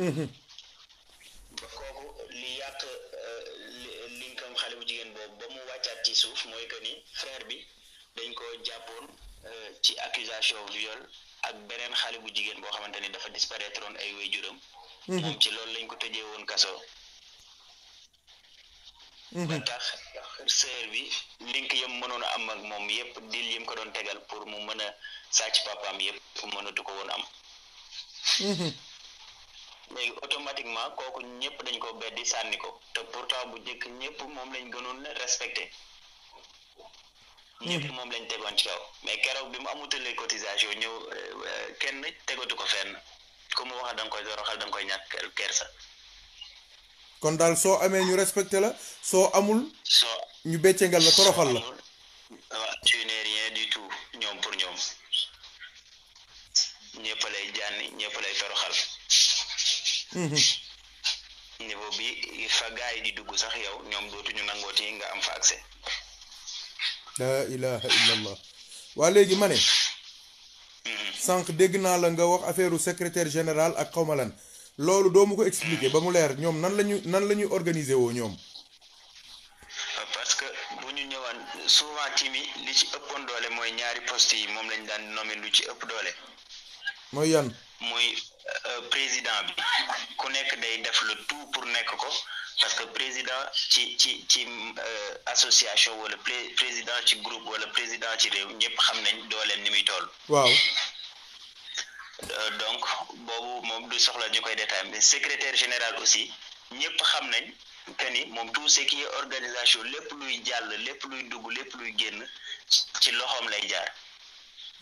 Mm-hmm. kooku li yàq euh, linkam xale bu jigéen boobu ba mu wàccaat ci suuf mooy que ni frère bi dañ ko jàppoon euh, ci accusation viol ak beneen xale bu jigéen boo xamante ni dafa disparaître ay waajuram mm-hmm. moom ci loolu lañ ko tëjee woon kaso mm-hmm. ba tax sœur bi link yam mënoon a am ak moom yëpp dil yim ko doon tegal pour mu mën a sàcc papaam yëpp mënatu ko woon am légui automatiquement koku ñepp dañ ko bëddi sanni ko té pourtant bu jëk ñepp mom lañ gënon la respecté ñepp mom lañ téggon ci yow mais keroog bi mu amuté les cotisations ñeu kenn tegatu ko fenn ko mu waxa dang koy doroxal xal dang koy ñak kër sa kon dal so amé ñu respecté la so amul so ñu bëccé ngal la toroxal la tu n'es rien du tout ñom pour ñom ñepp lay jànni ñepp lay toroxal Mhm. niveau bi fa gars yi di dugg sax yow ñoom dootuñu nangooti nga am fa accès. la ilaha illallah waa léegi ma ne. Mhm. sanq dégg naa la nga wax affaire secretaire général ak xaw lan loolu doo mu ko expliquer ba mu leer ñoom nan la ñu nan la ñuy organiser woo ñoom. Euh, parce que bu ñu ñëwaan souvent timi li ci ëppoon doole mooy ñaari poste yi moom lañu daan nommer lu ci ëpp doole. mooy yan. moy euh, président bi ku nekk day def le tout pour nekk ko parce que président ci ci ci euh, association wala président ci groupe wala président ci réew ñëpp xam nañ dooleen ni muy toll. waaw. Euh, donc boobu moom du soxla ñu koy détaillé mais secrétaire général aussi ñëpp xam nañ que ni moom tout ce qui est organisation lépp luy jàll lépp luy dugg lépp luy génn ci loxoom lay jaar.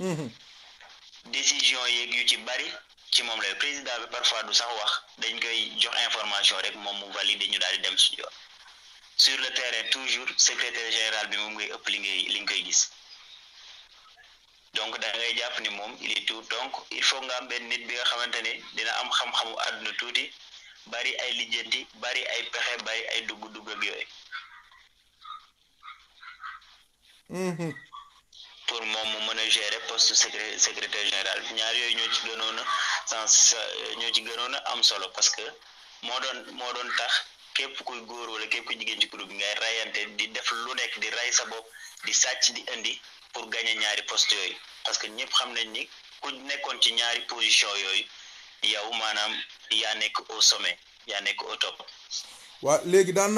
Hum, hum. décision yeeg yu ci bari ci moom lay président bi parfois du sax wax dañ koy jox information rek moom mu valider ñu daal di dem suñu yoon sur le terrain toujours secrétaire général bi moom ngay ëpp li ngay li nga koy gis donc da ngay jàpp ni moom il est tout donc il faut nga am benn nit bi nga xamante ne dina am xam-xamu àdduna tuuti bari ay lijjanti bari ay pexe bari ay dugg-dugg ak yooyu. Mm-hmm. pour moom mu mën a gérer poste secré secrétaire général ñaar yooyu ñoo ci doonoon circonstance euh, ñoo ci gënoon am solo parce que moo doon moo doon tax képp kuy góor wala képp kuy jigéen ci groupe bi ngay rayante di def lu nekk di rey sa bopp di sàcc di indi pour gagner ñaari poste yooyu parce que ñëpp xam nañ ni ku nekkoon ci ñaari position yooyu yow maanaam yaa nekk au sommet yaa nekk au top. waa léegi daan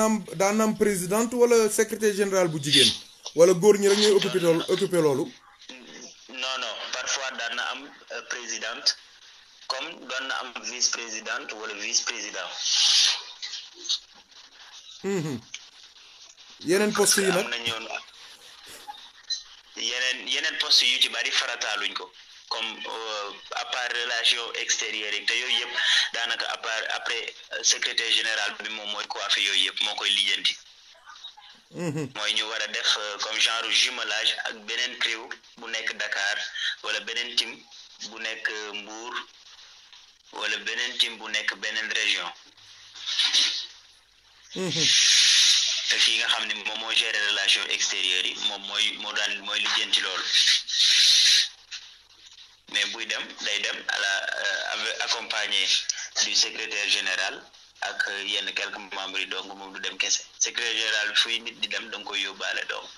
na am présidente wala secrétaire général bu jigéen wala góor ñi rek ñooy occupé loolu non non parfois daan am euh, présidente. comme doon am vice présidente wala vice président. yeneen mhm. poste yi nag am na yeneen yeneen poste yu ci bari farataaluñ uh, ko comme euh, à part relation extérieure yi te yooyu yëpp daanaka à part après secrétaire général bi moom mhm. mooy coiffé yooyu yëpp moo koy lijjanti. mooy ñu war a def uh, comme genre jumelage ak beneen CREW bu nekk Dakar wala beneen tim bu nekk uh, Mbour wala benen tim bu nekk beneen région. Mhm. te kii nga xam ni moom moo géré relation extérieure yi moom mooy moo daan mooy lijjanti loolu mais buy dem day dem à la euh, accompagné du secrétaire général ak yenn quelques membres yi donc moom du dem kese secrétaire général fuy nit di dem da nga koy yóbbaale donc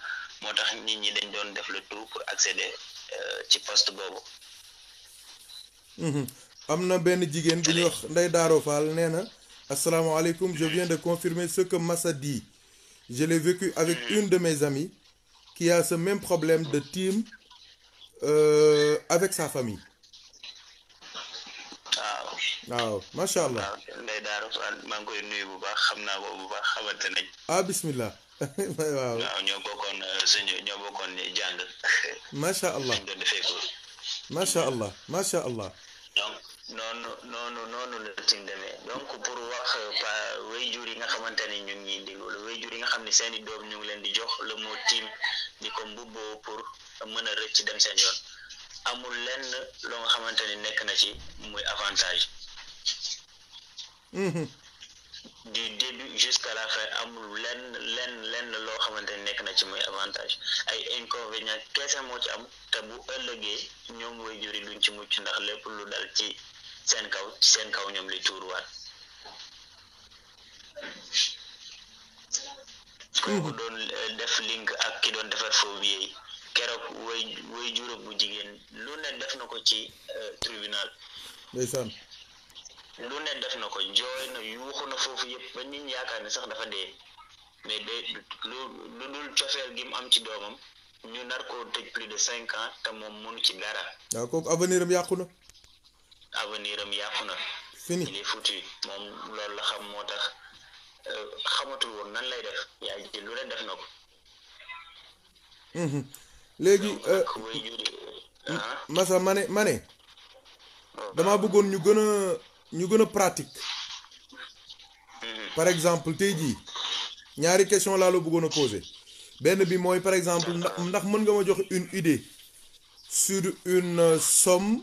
moo tax nit ñi dañ doon def le tout pour accéder euh, ci poste boobu. Mhm. Amna ben benn bu wax ndey daro Fall nee assalamu asalaamaaleykum je viens de confirmer ce que Massa dit je l'ai vécu avec hmm. une de mes amies qui a ce même problème de team euh, avec sa famille. waaw macha allah Ndeye Daaro Fall maa ngi koy nuyu bu baax xamna bu baax xamante nañ. ah bismillah. waaw ñoo bokkoon euh, suñu ñoo bokkoon jàng. macha allah macha allah macha allah. noonu noonu noonu la ci demee donc pour wax pa wayjur yi nga xamante ni ñu ngi ñuy déglu yi nga xam ni seeni doom ñu ngi leen di jox le mot tiim di ko mbubboo pour mën a rëcc dem seen yoon amul lenn loo nga xamante ni nekk na ci muy avantage mm-hmm. du début jusqu'à la amul lenn lenn lenn loo xamante ni nekk na ci muy avantage ay inconvénients kese moo ci am te bu ëllëgee ñoom way juri duñ ci mucc ndax lépp lu dal ci seen kaw seen kaw ñoom lay tuuruwaat kooku mm-hmm. doon eh, def link ak ki doon defar foofu yeey keroog way way juróom bu jigéen lu ne def na ko ci eh, tribunal ndeysaan lu ne def na ko jooy na yuuxu na foofu yëpp ba nit ñi yaakaar ne sax dafa dee mais day lu lu dul cofeel gi mu am ci doomam ñu nar koo tëj plus de cinq ans te moom mënu ci dara waaw kooku avenir am avenir am yàqu na. fini il est foutu moom loolu la xam motax tax euh, xamatul woon nan lay def yaa ngi lu leen def na ko. Mhm. léegi. Euh, ah. Massa mané mané oh, dama ne. bëggoon ñu gëna ñu gëna a pratique. Mhm. par exemple tay jii ñaari question la bëggoon a poser benn bi moy par exemple ndax mën nga ma jox une idée sur une somme.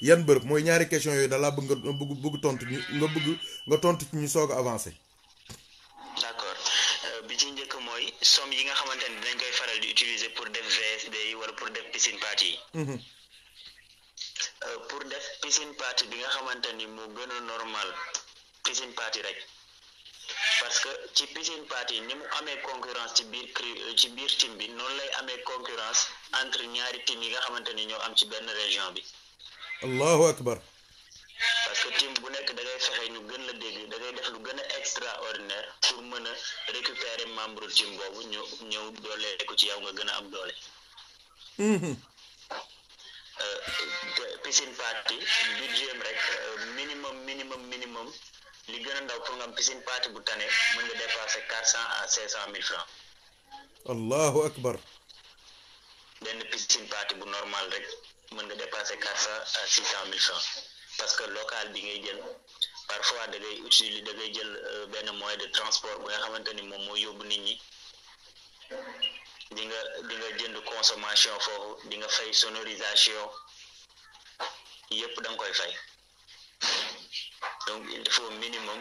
yan bërëb moy ñaari question yoy da la bëgg nga bëgg bëgg tontu ñu nga bëgg nga tontu ci ñu soog a avancé. d'accord euh, bi ci njëkk moy somme yi nga xamante ne dinañ koy faral di utiliser pour def VSD yi wala pour def piscine party yi. Mm-hmm. Euh, pour def piscine party bi nga xamante mo gëna normal piscine party rek. parce que ci piscine party ni mu amee concurrence ci biir euh, ci biir team bi noonu lay amee concurrence entre ñaari team yi nga xamante ni ñoo am ci benn région bi. allahu akbar parce que team bu nekk da ngay fexe ñu gën la dégg da def lu gën a extraordinaire pour mën a récupérer membre team boobu ñu ñëw doole ko ci yow nga gën a am doole mhm. euh, piscine party budget rek euh, minimum minimum minimum li gën a ndaw pour nga am piscine bu tane mën nga dépasser quatre cent à cinq cent mille francs allahu akbar benn piscine party bu normal rek mën nga dépasser quatre cent à euh, six cent mille francs parce que local bi ngay jël parfois da ngay utili da ngay jël euh, benn moyen de transport bu nga xamante ni moom moo yóbbu ni ñi di nga di jënd consommation foofu di nga fay sonorisation yëpp da nga koy fay donc il faut minimum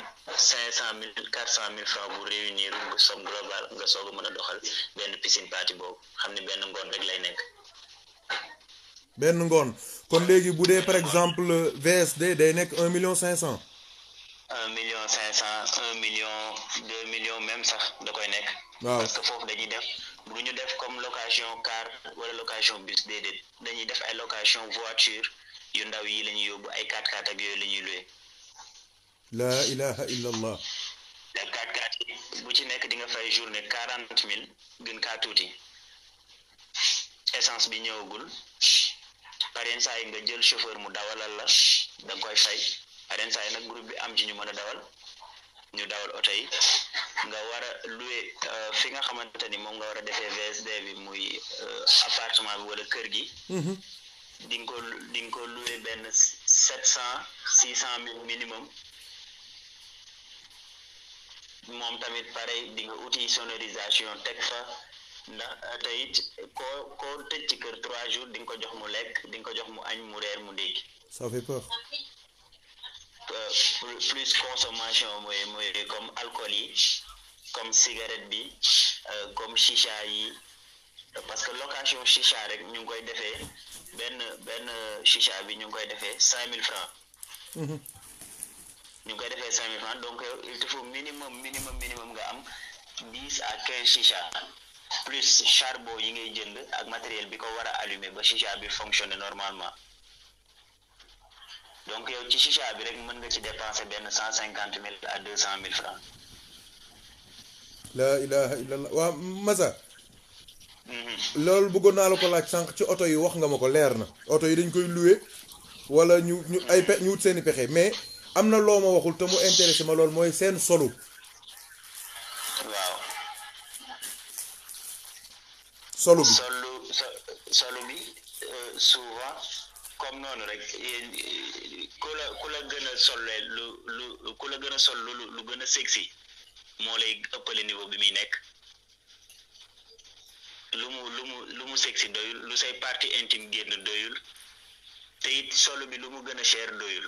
cinq cent mille quatre cent mille francs bu réunir bu somme global nga soog a mën a doxal benn piscine party boobu xam ne benn ngoon rek lay nekk ben ngon kon legui boudé par exemple VSD day nek 1 million 500 1 million 500 1 million 2 millions même ça da koy nek wow. parce que fofu dañuy def buñu def comme location car wala location bus dédé dañuy def ay location voiture yu ndaw yi lañuy yobbu ay 4 4 ak yoy lañuy loué la ilaha illa allah la 4 4 bu ci nek di nga fay journée 40000 gën ka touti essence bi pareen saa yi nga jël chauffeur mu dawalal la danga nga koy fay pareen saa yi nag groupe bi am ci ñu man a dawal ñu dawal oto nga war a loué euh, fi nga xamante ni moom nga war a defee VSD bi muy euh, appartement bi wala kër gi mhm. di ko dinga ko loué benn sept cent six cent mille minimum moom tamit pareil di nga outil sonorisation teg fa ndax eh, tey it koo koo tëj ci kër trois jours di nga ko jox mu lekk di nga ko jox mu añ mu reer mu ndékki. ça fait peur. Euh, plus consommation mooy mooy comme alcool yi comme cigarette bi euh, comme chicha yi parce que location chicha rek ñu ngi koy defee benn benn chicha bi ñu ngi koy defee cinq mille francs. Mhm. ñu ngi koy defee cinq mille francs donc il te faut minimum minimum minimum nga am dix à quinze chicha. plus charbon yi ngay jënd ak matériel bi ko war a allumer ba chicha bi fonctionner normalement donc yow ci chicha bi rek mën nga ci dépenser benn cent cinquante mille à deux cent mille francs la ilaha illallah waaw Massa mhm. loolu bëggoon naa la ko laaj sànq ci oto yi wax nga ma ko leer na oto yi dañ koy louer wala ñu ñu ay pe ñu wut seeni pexe mais am na loo ma waxul te mu intéressé ma lool mooy seen solu waaw solo bi solo bi euh, souvent comme noonu rek ku la ku la gën a sol lu lu ku la gën a sol lu lu gën a sexy moo lay ëppale niveau bi muy nekk lu mu lu mu lu mu sexy doyul lu say partie intime génn doyul te it solo bi lu mu gën a cher doyul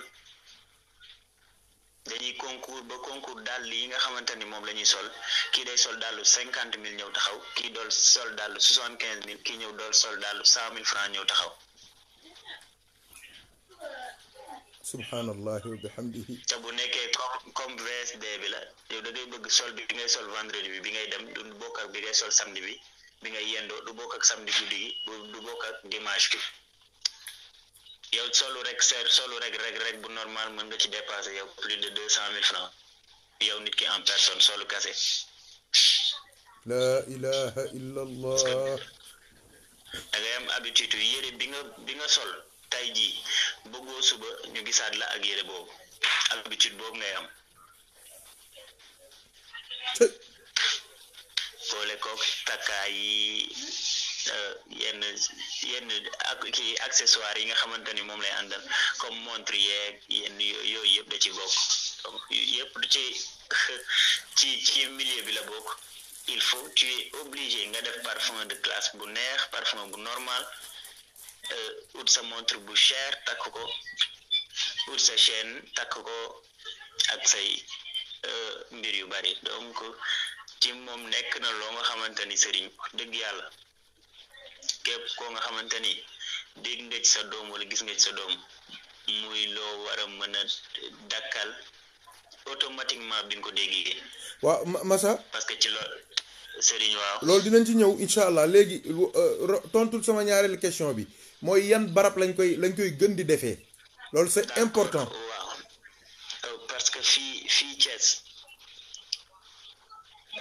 dañuy concours ba concours dàll yi nga xamante ni moom la ñuy sol kii day sol dàllu cinquante mille ñëw taxaw kii dool sol dàllu soixante quinze mille kii ñëw dool sol dallu cent mille franc ñëw taxaw. subhanallah wa bihamdihi te bu nekkee comme comme VSD bi la yow da bëgg sol bi ngay sol vendredi bi bi ngay dem du bokk ak bi ngay sol samedi bi bi ngay yendoo du bokk ak samedi guddi gi du bokk ak dimanche bi. yow solo rek seet solo rek rek rek bu normal mën nga ci dépasser yow plus de deux cent francs yow nit ki en personne solo cassé la ilaha illallah da ngay am habitude yéré e bi nga bi nga sol tay ji bëggoo suba ñu gisaat la ak yéré boobu habitude boobu ngay am boole koog takkaay yi Eh, yenn yenn ak ki accessoire yi nga xamante ni moom lay àndal comme montre yeeg yenn yooyu yëpp da ci bokk donc yëpp du ci ci ci milieu bi la bokk il faut tu es obligé nga def parfum de classe bu neex parfum bu normal euh, ut sa montre bu cher takk ko ut sa chaîne takk ko ak say euh, mbir yu bari donc ci moom nekk na loo nga xamante ni sëriñ wax képp koo nga xamante ni dégg nga ci sa doom wala gis nga ci sa doom muy loo war a mën a dakkal automatiquement bi nga ko déggee. waaw Massa. parce que ci loolu Serigne waaw. loolu dinañ ci ñëw incha allah léegi euh, tontul sama ñaareelu question bi mooy yan barab lañ koy lañ koy gën di defee loolu c'est important. waaw euh, parce que fii fii Thiès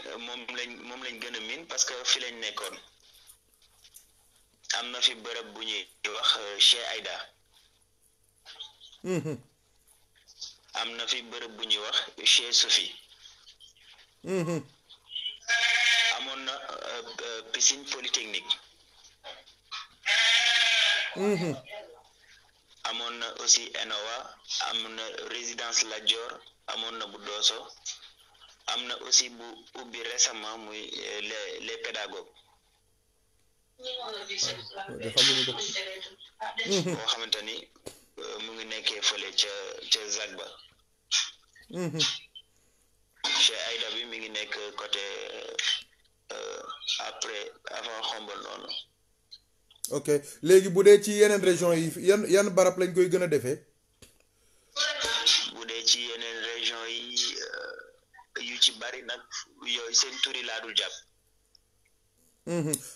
euh, moom lañ moom lañ gën a miin parce que fii lañ nekkoon. amna fi bërëb bu ñuy wax Cheikh Aïda am na fi bërëb bu ñuy wax euh, Cheikh mhm. Sophie mhm. amoon na euh, euh, piscine polytechnique mhm. amoon na aussi Enova. am na résidence Lat Dior amoon na bu Dooso am na aussi bu ubbi récemment muy les les pédagogues Ah, dafa am lu mu bokk. xamante ni euh, mu ngi nekkee fële ca ca Zagba. Mm-hmm. Cheikh Aïda bi mi ngi nekk côté euh, après avant xombal noonu. ok léegi bu dee ci yeneen région yi yan yan barab lañ koy gën a defee. bu dee ci yeneen région yi euh, yu ci bari nag yooyu seen tur laa dul jàpp. Mm-hmm.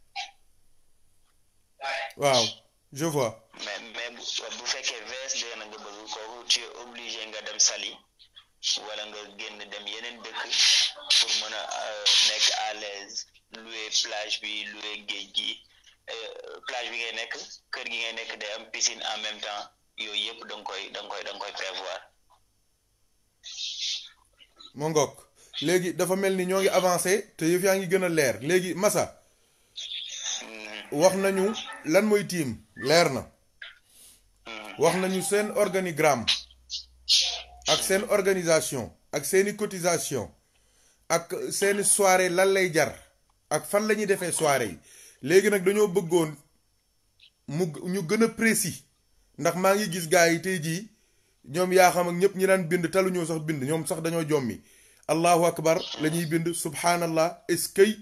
waaw je vois. mais mais bu fekkee VSD na nga bëgg kooku tu es obligé nga dem sali wala nga génn dem yeneen dëkk pour mën a euh, nekk à l'aise louer plage bi louer géej gi euh, plage bi ngay nekk kër gi ngay nekk day am piscine en même temps yooyu yëpp da nga koy da nga koy da nga koy prévoir. moo ngoog léegi dafa mel ni ñoo ngi avancé te yëf yaa ngi gën a leer léegi Massa. wax nañu lan mooy tiim leer na hmm. wax nañu seen organigramme ak hmm. seen organisation ak seeni cotisation ak seeni soirée lan lay jar ak fan la ñuy defee soirée yi léegi nag dañoo bëggoon mu ñu gën a précis ndax maa ngi gis gaa yi tey jii ñoom yaa xam ak ñëpp ñi daan bind talu ñoo sax bind ñoom sax dañoo jommi allahu akbar la ñuy bind subhanallah eskay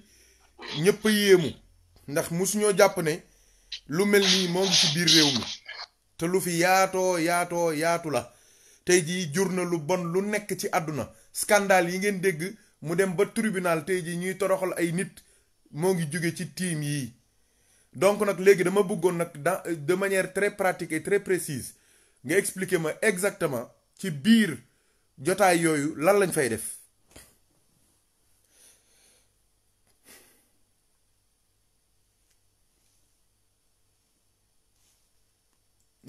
ñëpp a yéemu ndax musuñoo jàpp ne lu mel nii moo ngi ci biir réew mi te lu fi yaatoo yaatoo yaatu la tey jii jur na lu bon lu nekk ci àdduna scandale yi ngeen dégg mu dem ba tribunal tey jii ñuy toroxal ay nit moo ngi jóge ci tiim yii donc nag léegi dama bëggoon nag de manière très pratique et très précise nga expliquer ma exactement ci biir jotaay yooyu lan lañ fay def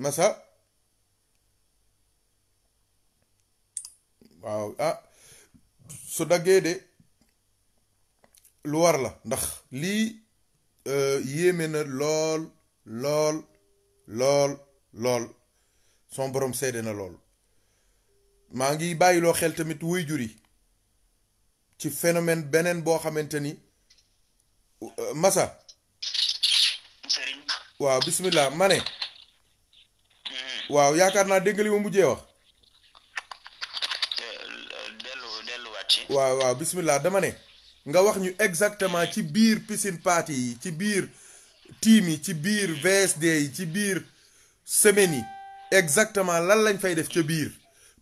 masa waaw a ah, su daggee de lu war la ndax lii euh, yéeme na lool lool lool lool son borom seede na lool maa ngi bàyyiloo xel tamit wuy juri ci phénomène beneen boo xamante ni euh, masa waaw bismillah ma ne waaw yaakaar naa dégg nga li ma mujjee wax. waaw waaw bismillah dama ne. nga wax ñu exactement ci biir piscine party yi ci biir team yi ci biir VSD yi ci biir semaine yi exactement lan lañ fay def ca biir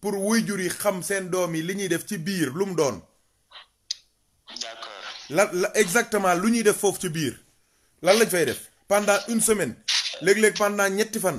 pour waajur yi xam seen doom yi li ñuy def ci biir lu mu doon. d'accord la exactement lu ñuy def foofu ci biir lan lañ fay def pendant une semaine léegi léeg pendant ñetti fan.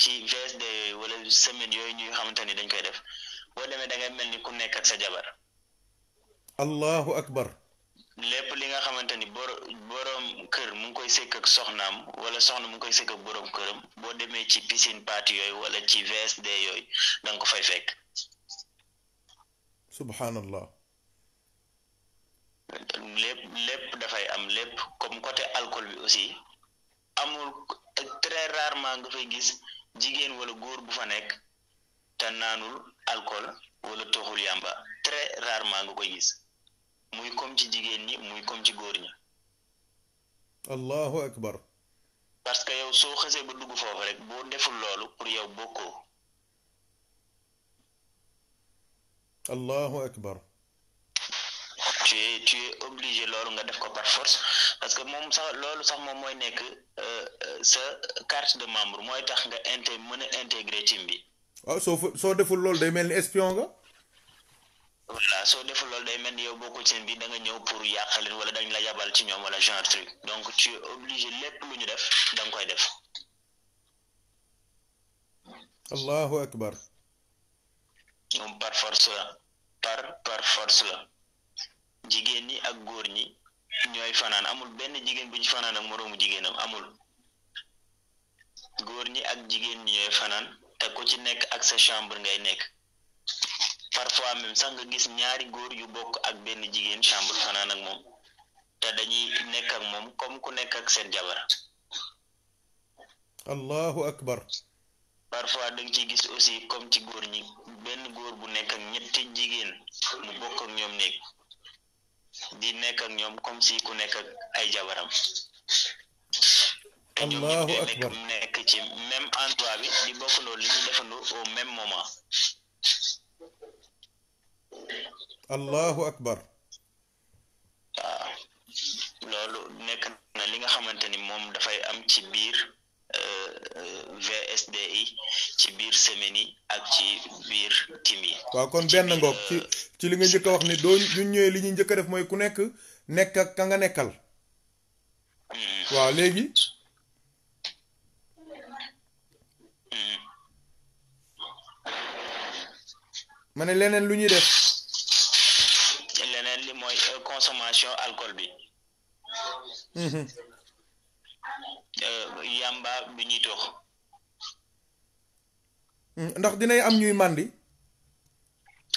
ci VSD yooyu wala semaine yooyu ñuy xamante ni dañ koy def boo demee da ngay mel ni ku nekk ak sa jabar. allahu akbar. lépp li nga xamante ni bor kër mu ngi koy sekk soxnaam wala soxna mu ngi koy sekk ak borom këram boo demee ci piscine party yooyu wala ci VSD yooyu da nga ko fay fekk. subhanallah. lépp lépp dafay am lépp comme côté alcool bi aussi amul très rarement nga fay gis. jigéen wala góor bu fa nekk te naanul alcool wala toxul yàmba très maa nga koy gis muy comme ci jigéen ñi muy kom ci góor ñi allahu akbar parce que yow soo xasee ba dugg foofu rek boo deful loolu pour yow bokkoo allahu akbar tu es tu es obligé lolu nga def ko par force parce que mom sax lolu sax moy nek euh sa carte de membre moy tax nga inté mën intégrer intégré team bi. waaw ah, soo soo deful lolu day melni espion nga. voilà so deful lolu day melni yow boo ko ci bi da nga ñew pour yàq wala dañ la yabal ci ñom wala genre truc donc tu es obligé lepp lu ñu def dang koy def. allahu akbar. moom par force par par force la. jigen ni ak góor ni ñoy fanaan amul ben jigen buñ fanan fanaan ak moromu jigenam amul gurni ni ak jigen ni ñoy fanaan te ku ci nek ak sa chambre ngay nek parfois même sax nga gis ñaari góor yu bok ak ben jigen chambre fanaan ak mom te dañuy nek ak mom comme ku nek ak sen jabar allahu akbar parfois dang ci gis aussi comme ci góor ñi ben góor bu nek ak ñetti jigen mu bok ak ñom nek di nekk ñoom comme si ku nekk ay jabaram te ñoom nekk ci même endroit bi di bokkandoo li ñu defandoo au même moment allahu akbar waaw loolu nekk na li nga xamante ni moom dafay am ci biir Euh, euh, VSDI ci biir semaine yi ak ci biir tim yi. waaw kon benn ngoog ci euh, ci li nga njëkk a wax ni doo ñu ñëwee li ñuy njëkk a def mooy ku nekk nekk ak ka nga nekkal. Hmm. waaw léegi. Hmm. ma ne leneen lu ñuy def. leneen li mooy consommation alcool bi. Hmm, Euh, yàmba bi ñuy mm, ndax dinay am ñuy màndi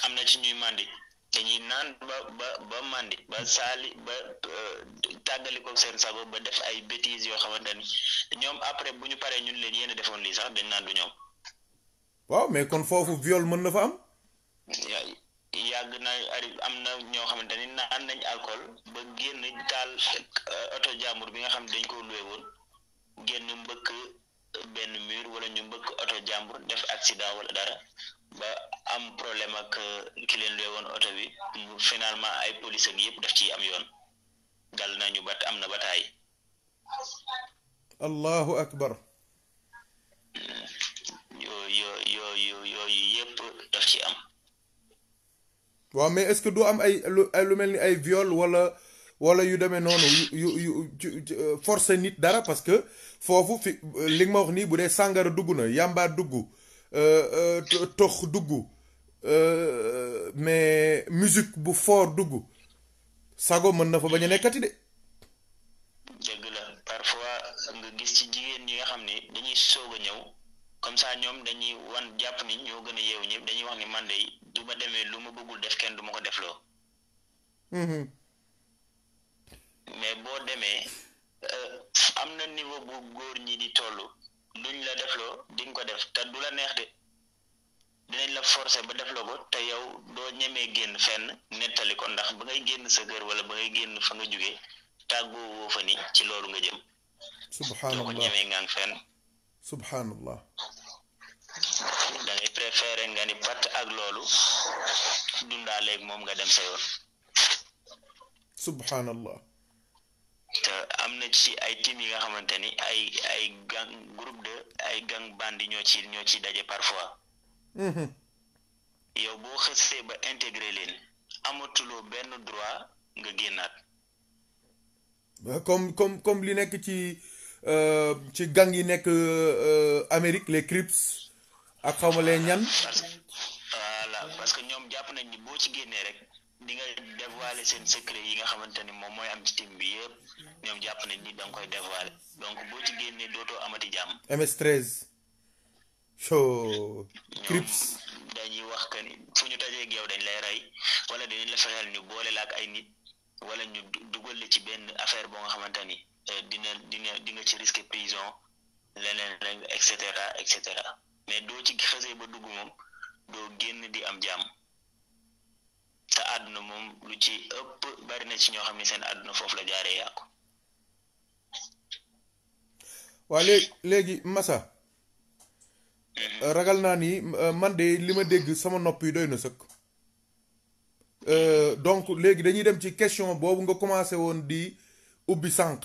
am na ci ñuy màndi dañuy naan ba ba ba màndi ba saali ba euh, tàggali ko seen sago ba def ay bêtises yoo xamante ni ñoom après bu ñu paree ñun leen yéen defoon lii sax dañ naan du ñoom waaw mais kon foofu viol mën na fa am yàgg na arrive am na ñoo xamante ni am nañ alcool ba génn taal euh, oto jàmbur bi nga xam dañ ko luwe woon génn mbëkk euh, benn mur wala ñu mbëkk oto jàmbur def accident wala dara ba am problème ak euh, ki leen luy woon oto finalement ay police ak yëpp daf ci am yoon dal nañu bat am na bataay allahu akbar mm. yooyu yooyu ci am waaw mais est-ce que du am ay lu mel ni ay viol wala wala yu demee noonu yu yu yu euh, forcer nit dara parce que foofu fi euh, li ma wax nii bu dee sàngara dugg na yàmbaa dugg euh, tox dugg mais musique bu fort dugg sago mën na fa bañ a nekkati de. dëgg la parfois nga gis ci jigéen ñi nga xam ne dañuy soog a ñëw comme ça ñoom dañuy wan jàpp ni ñoo gën a yeewu ñëpp dañuy wax ni man de du ma demee lu ma bëggul def kenn du ma ko defloo. Mm-hmm. mais boo demee euh, am na niveau bu góor ñi di tollu duñ la defloo di nga ko def te du la neex de dinañ la forcer ba def la ko te yow doo ñemee génn fenn nettali ko ndax ba ngay génn sa kër wala ba ngay génn fa nga jógee ci loolu nga jëm. subhanallah doo fenn. subhanallah. da ngay préféré nga ni batt ak loolu dundaaleeg moom nga dem sa yoon. subhanallah. te am na ci ay team yi nga xamante ni ay ay gang groupe de ay gang bandi ñoo ci ñoo ci daje parfois mhm. yow boo xëstee ba intégré leen amatuloo benn droit nga génnaat comme comme comme li nekk ci euh, ci gang yi nekk euh, Amérique les Crips ak xawma leen ñan voilà parce que ñoom jàpp nañ ni boo ci génnee rek di nga dévoiler seen secret yi nga xamante ni moom mooy am ci team bi yëpp ñoom jàpp nañ ni da nga koy dévoiler donc boo ci génnee dootoo amati jàmm. MS13. show. Crips wax que ni fu ñu tajee dañ lay rey wala dañu la fexeel ñu boole la ay nit wala ñu dugal la ci benn affaire bo nga xamante ni euh, dina dina di nga ci risque prison leneen rek et cetera et cetera mais doo ci xasee ba dugg moom doo génn di am jàmm. sa àdduna moom lu ci ëpp bari ci ñoo xam ne seen àdduna foofu la jaaree yàqu. waa léegi masa mm-hmm. ragal naa ni euh, man de li ma dégg sama nopp yi doy na sëkk. Euh, donc léegi dañuy dem ci question boobu nga commencé woon di ubbi sànq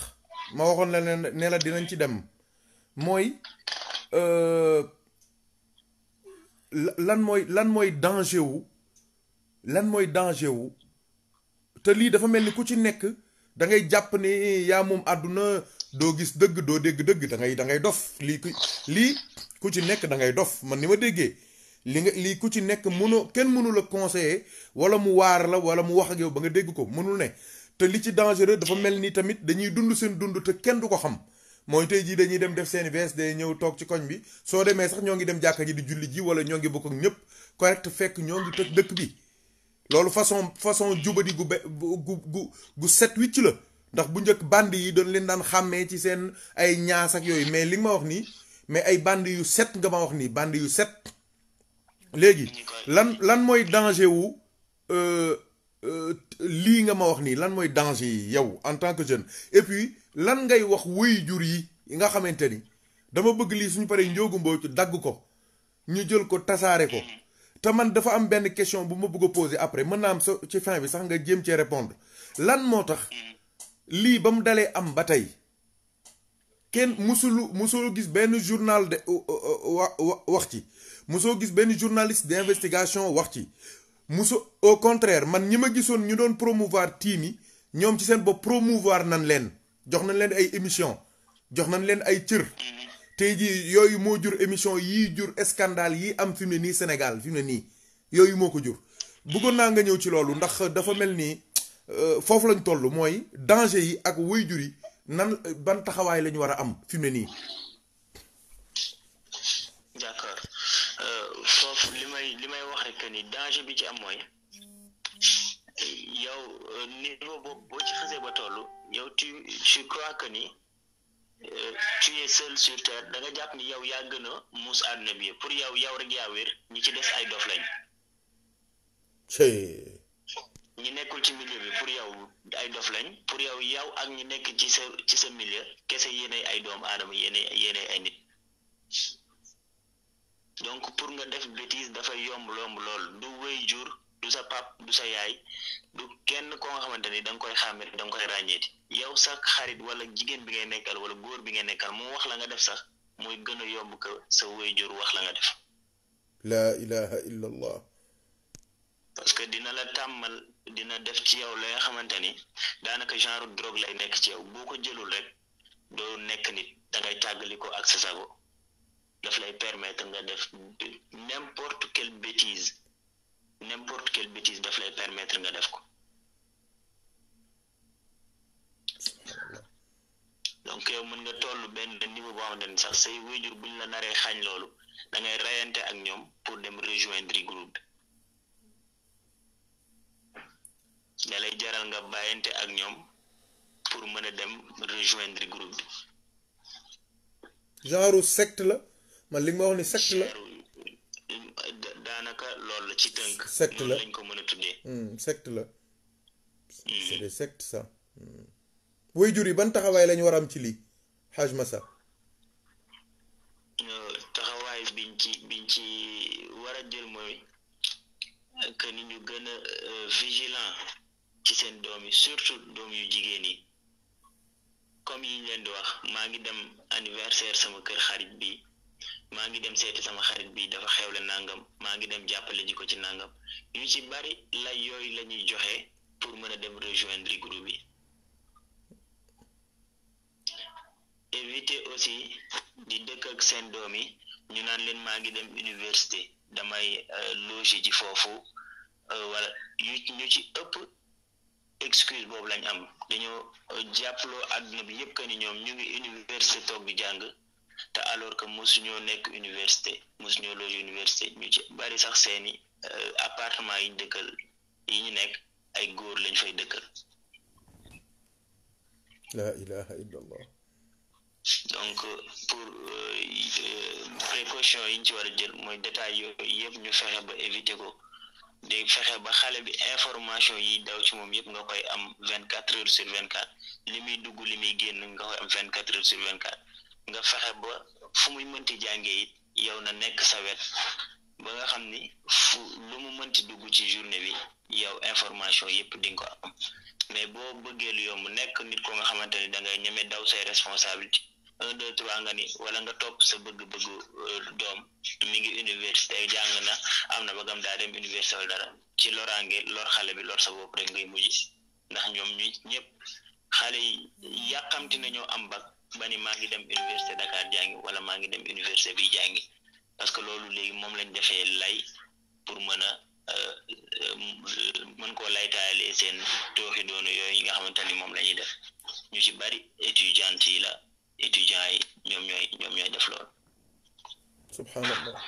ma waxoon la ne la dinañ ci dem mooy euh, lan mooy lan mooy danger wu. lan mooy danger wu te lii dafa mel ni ku ci nekk dangay jàpp ne yaa moom àdduna doo gis dëgg doo dégg dëgg da ngay da ngay dof lii ku lii ku ci nekk da ngay dof man ni ma déggee li nga lii ku ci nekk mënoo kenn mënu a conseiller wala mu waar la wala mu wax ak yow ba nga dégg ko mënul ne te li ci dangereux dafa mel ni tamit dañuy dund seen dund te kenn du ko xam mooy tey jii dañuy dem def seen VSD ñëw toog ci koñ bi soo demee sax ñoo ngi dem jàkka ji di julli ji wala ñoo ngi bokk ak ñëpp correct fekk ñoo ngi dëkk bi lolou façon façon jubadi gu gu gu gu set wicc la ndax bu njëkk bande yi doon leen daan xamé ci seen ay ñaas ak yoy mais li nga ma wax ni mais ay bande yu 7 nga ma wax ni bande yu 7 légui lan lan moy danger wu euh euh li nga ma wax ni lan moy danger yow en tant que jeune et puis lan ngay wax jur yi nga xamanteni dama bëgg li suñu paree njóogu mboocu dagg ko ñu jël ko tassaré ko te man dafa am ben question bu ma bëgg poser après mën am ci fin bi sax nga jëm ci répondre lan motax li bam dalé am batay ken musulu musulu gis ben journal de euh, euh, euh, wax ci musoo gis ben journaliste d'investigation wax ci musu au contraire man ñima ma ñu don promouvoir timi ñom ci sen bo promouvoir nan len jox nan len ay émission jox nan len ay cër tey jii yooyu moo jur émission yii jur scandale yi am fi mu ne nii Sénégal fi ne nii yooyu moo ko jur bëggoon naa nga ñëw ci loolu ndax dafa mel ni euh, foofu lañ toll mooy danger yi ak waajur yi nan ban taxawaay lañu war a am fi ne nii. d'accord euh, foofu li may li may wax rek ni danger bi ci am mooy yow euh, niveau boobu boo ci xasee ba toll yow tu tu crois que ni. tu es seul sur terre da jàpp ni yow yaa gën a muus àdduna bi pour yow yow rek yaa wér ñi ci des ay dof lañ. ñi nekkul ci milieu bi pour yow ay dof lañ pour yow yow ak ñi nekk ci sa ci sa milieu kese yéenay ay doomu aadama yéenay yéenay ay nit donc pour nga def bêtise dafay yomb lomb lool du wéy jur du sa pap du sa yaay du kenn koo nga xamante ni danga koy xàmme da nga koy ràññeeti. yow sax xarit wala jigéen bi ngay nekkal wala góor bi ngay nekkal moo wax la nga def sax mooy gën a yomb ko sa waajur wax la nga def. laa ilaha illallah. parce que dina la tàmmal dina def ci yow la nga xamante ni daanaka genre drogue lay nekk ci yow boo ko jëlul rek doo nekk nit dangay tàggali ko ak sa sago daf lay permettre nga def n'importe quelle bêtise n'importe quelle bêtise daf lay permettre nga def ko. donc yow mën nga toll benn bu boo xamante ni sax say wéjur buñ la naree xañ loolu dangay reyante ak ñoom pour dem rejoindre groupe bi da lay jaral nga bàyyante ak ñoom pour mën a dem rejoindre groupe bi. genre sect la man li nga wax ni secte la. daanaka loolu la ci tënk. secte la lañ ko mën a tuddee. Hmm, secte la. Hmm. c'est des waajur yi ban taxawaay lañu war a ci lii xaaj Massa. Euh, taxawaay biñ ci biñ ci war a jël mooy que ni ñu gën a euh, vigilant ci seen doom yi surtout doom yu jigéen yi comme yi leen di wax maa ngi dem anniversaire sama kër xarit bi maa ngi dem seeti sama xarit bii dafa xewle nangam maa ngi dem jàppale ji ko ci nangam yu ci bari la yooyu lañuy joxe pour mën a dem rejoindre groupe bi. éviter aussi di dëkk ak seen doom ñu naan université damay euh, logé euh, excuse boobu lañ am dañoo euh, jàppaloo àdduna bi que université alors que mosuñoo nekk université université ñu bari sax appartement yi yi la ilaha illallah. donc pour euh, précaution yi ñu ci war a jël mooy détails yooyu yëpp ñu fexe ba éviter ko dégg fexe ba xale bi information yi daw ci moom yëpp nga koy am vingt quatre heures sur vingt quatre li muy dugg li muy génn nga am vingt quatre heures sur nga fexe ba fu muy mënti jàngee it yow na nekk sa wet ba nga xam ni fu lu mu mënti dugg ci journée bi yow information yëpp di nga ko am mais boo bëggee lu yomb nekk nit ko nga xamante ni da ngay ñeme daw say responsabilité un deux wala nga topp sa bëgg-bëggu euh, doom mi ngi université jàng na am na bagam daa dem université wala dara ci loraange lor xale bi lor sa bopp rek ngay mujj ndax ñoom ñu ñëpp xale yi yàqamti nañoo am bag ba ni maa ngi dem université Dakar jàngi wala maa ngi dem université bi jàngi parce que loolu léegi moom lañ defee lay pour mën a euh, mën koo laytaayalee seen tooxi doonu yooyu nga xamante ni moom la ñuy def ñu ci bari étudiant étudiants ñom ñoy ñom ñoy def lool subhanallah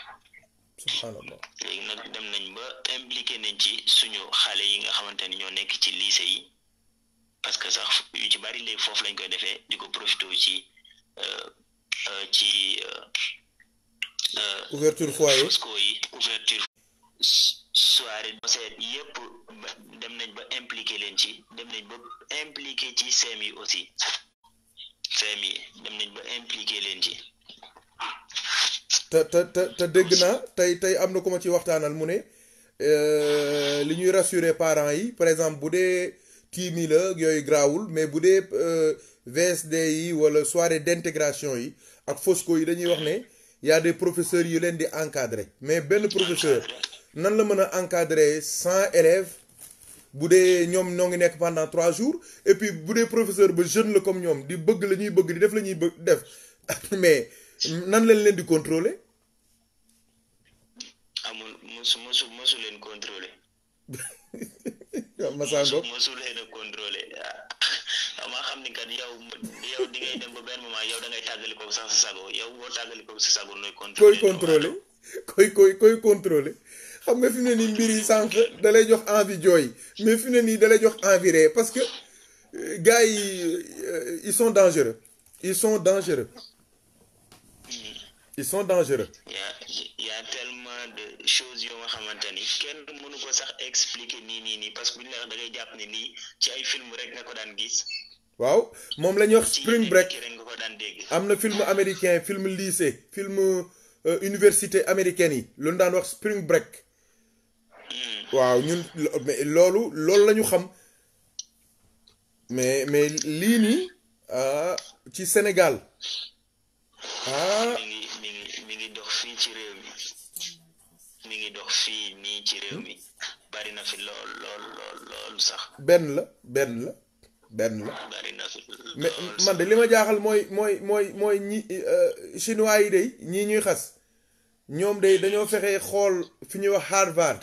subhanallah. légui nak dem nañ ba impliqué nañ ci suñu xalé yi nga xamanteni ni ñoo nekk ci lycée yi parce que sax yu ci bari léegi foofu lañ koy défé diko ko profité ci euh, euh, ci. Euh, ouverture foyer yi ouverture soirée seet yépp dem nañ ba impliqué leen ci dem nañ ba impliqué ci seem yi aussi. famille te te te te dégg naa tey tey am na ko ma ci waxtaanal mu ne euh, li ñuy rassurer parents yi par exemple bu dee team yi la yooyu grawul mais bu dee euh, VSD yi wala soirée d'intégration yi ak Fosco yi dañuy wax ne y a des professeurs yu leen di encadrer mais benn professeur nan la mën a encadrer cent élèves. bu dee ñoom ñoo ngi nekk pendant trois jours et puis bu dee professeur ba jeune la comme ñoom di bëgg la ñuy bëgg di def la ñuy bëgg def mais nan lañ leen di contrôler. amul ah, mosu mosu mosu leen contrôler. mosu mosu leen a contrôler waaw ah, xam ni kat yow yow di ngay dem ba benn moment yow da ngay tàggali ko sax sa sago yow boo tàggali ko sa sago nooy. contrôler koy contrôler koy koy koy xam nga fi mu ne da jox envie mais parce que euh, gars euh, ils sont dangereux ils sont dangereux ils sont dangereux. y a tellement de choses mënu parce que la da film rek daan waaw wax spring break am film américain film lycée film euh, université américaine yi spring break waaw ñun loolu loolu la ñu xam mais mais lii nii ah, ci Sénégal ah. mi ngi mi ngi mi ngi dox fii ci réew mi mi ngi dox fii nii ci réew mi bari na fi lool lool lool lool sax. benn la benn la benn la. bari na fi mais man de li ma jaaxal mooy mooy mooy mooy ñi euh, chinois yi de ñii ñuy xas ñoom de dañoo fexe xool fi ñuy wax Harvard.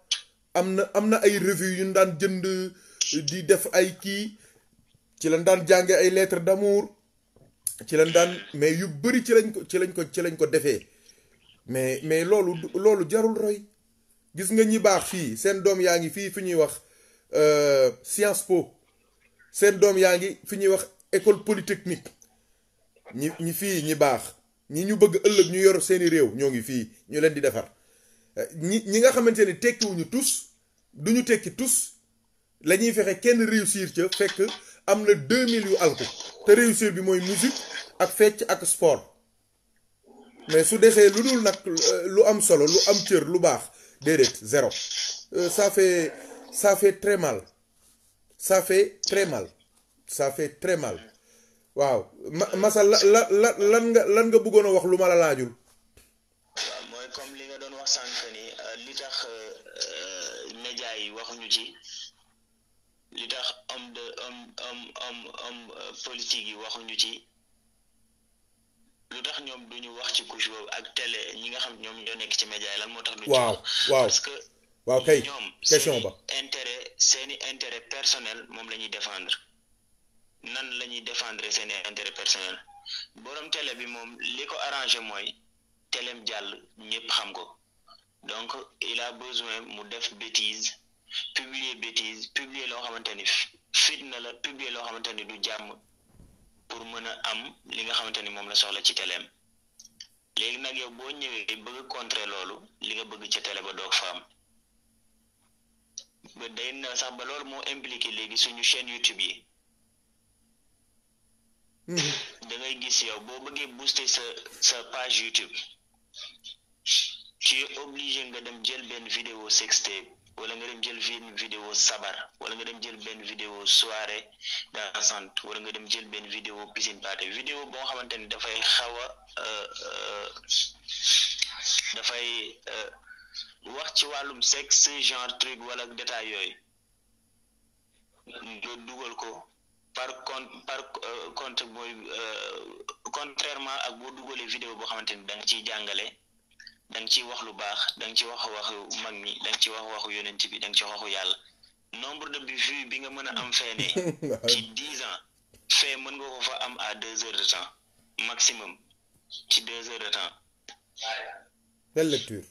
amna amna ay revue yu ndan jënd di def ay ki ci lañ dan jànge ay lettre d'amour ci lañ dan mais yu bëri ci lañ ko ci lañ ko ci lañ ko defee mais mais loolu loolu jarul roy gis nga ñi baax fii seen doom yaa ngi fii fi ñuy wax euh, science Po seen doom yaa ngi fi ñuy wax école polytechnique ñi ñi fii ñi baax ñi ñu bëgg ëllëg ñu yor seeni réew ñoo ngi fii ñu leen di defar euh, ñi nga xamanteni ne wuñu tous duñu tekki tous la fexé réussir ci fekk 2000 yu te réussir bi musique ak fecc ak sport mais su déxé lu nak euh, lu am solo lu am lu zéro euh, ça fait ça fait très mal ça fait très mal ça fait très mal waaw ma la la les ni euh, li tax euh, euh, yi waxuñu ci homme de homme homme politique yi waxuñu ci que waaw kay question intérêt intérêt personnel mom défendre nan intérêt personnel borom télé bi donc il a besoin mu def bêtise publier bêtise publier loo xamante ni fitna la publier loo xamante ni du jàmm pour mën a am li nga xamante ni moom la soxla ci teleem léegi nag yow boo ñëwee bëgg contrer loolu li nga bëgg ci télé ba doog fa am ba day na sax ba loolu moo impliqué léegi suñu chaîne YouTube yi hmm. da ngay gis yow boo bëggee booster sa sa page YouTube tu es obligé nga dem jël benn vidéo sextape wala nga dem jël benn vidéo sabar wala nga dem jël benn vidéo soirée dansante wala nga dem jël benn vidéo piscine party vidéo boo xamante ni dafay xaw a euh, euh, dafay euh, wax ci wàllum sexe genre truc wala détail yooyu nga dugal ko par contre par contre mooy contrairement ak boo dugalee vidéo boo xamante ni da nga ciy jàngale da nga ciy wax lu baax da nga ci wax waxu mag mi da nga ci wax waxu yonent bi da nga ci waxu yàlla nombre de vues bi nga mën a am fee ne ci dix ans fee mën nga ko fa am à deux heures de temps maximum ci deux heures de temps. la lecture.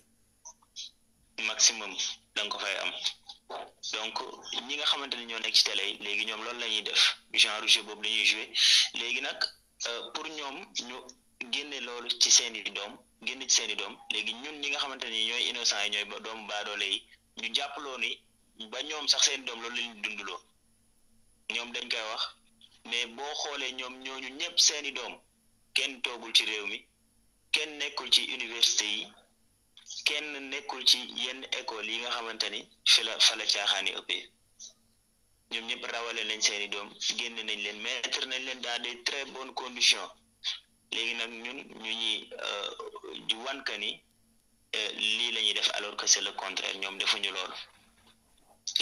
maximum da ko fay am donc ñi nga xamante ne ñoo nekk ci télé yi léegi ñoom loolu la ñuy def genre jeu boobu la ñuy joué léegi nag euh, pour ñoom ñu. génne loolu ci seen i doom génne ci seen i doom léegi ñun ñi nga xamante ni ñooy innocent yi ñooy ba doomu baadoole yi ñu jàppaloo ni ba ñoom doom loolu lañu dunduloo ñoom dañ koy wax mais boo xoolee ñoom ñooñu ñëpp seen i doom kenn toogul ci réew mi kenn nekkul ci université yi kenn nekkul ci yenn école yi nga xamante ni fi la fa la caaxaani ëppee ñoom ñëpp rawale nañ seen i doom génne nañ leen mettre nañ leen dans des très bonnes conditions légui nak ñun ñu ñi eh, ju wan que ni eh, li lañuy def alors que c'est le contraire ñom defu ñu lool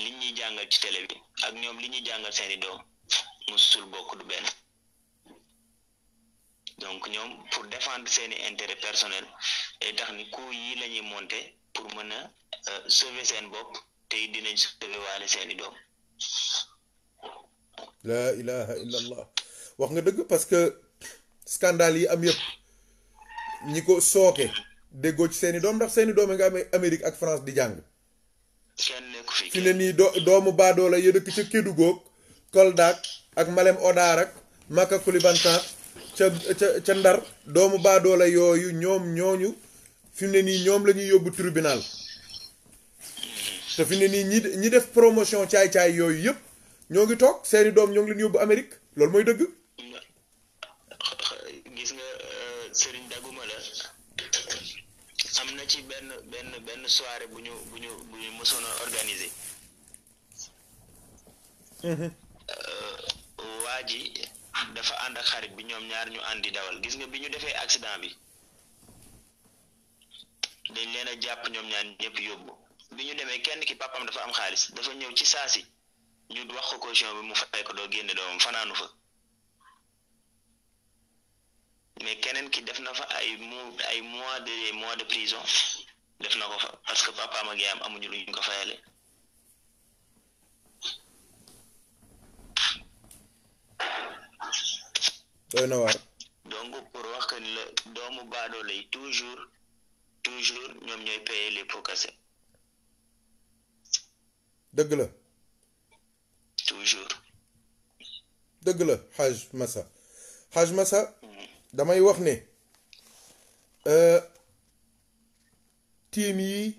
li ñi jàngal ci télé bi ak ñom li ñi jàngal seeni doom musul bokku du ben donc ñom pour défendre seeni intérêt personnel et tax ni ko yi lañuy monter pour mëna eh, sauver seen bop te dinañ sauver walé seeni doom la ilaha illallah wax nga deug parce que scandale yi am yépp ñi ko sooke déggoo ci seeni doom ndax seeni doom nga am Amérique ak France di jàng fi ne nii doo doomu baadoo la ya dëkk kédu Kédougou Koldaak ak Malem Odar ak Maka kulibanta ca ca ca Ndar doomu baadoo la yooyu ñoom ñooñu fi mu ne nii ñoom la ñuy yóbbu tribunal te fi ne nii ñi ñi def promotion caay-caay yooyu yëpp ñoo ngi toog seeni doom ñoo ngi leen yóbbu Amérique loolu mooy dëgg benn benn soirée bu ñu bu ñu bu ñu mësoon a organiser. Mhm. Euh, waa ji dafa ànd ak xarit bi ñoom ñaar ñu àndi dawal gis nga bi ñu defee accident bi dañ leen a jàpp ñoom ñaar ñëpp yóbbu bi ñu demee kenn ki papam dafa am xaalis dafa ñëw ci saa saasi ñu wax ko caution bi mu fay ko doo génne doomam fanaanu fa mais keneen ki def na fa ay mu mois de mois de prison def na ko fa parce que papaam ak yaayam amuñu lu ñu ko fayale donc pour wax que ni la doomu baadoo lay toujours toujours ñoom ñooy payer les pots cassés dëgg la toujours dëgg la xaaj masa xaaj masa mm-hmm. damay wax ne euh, victime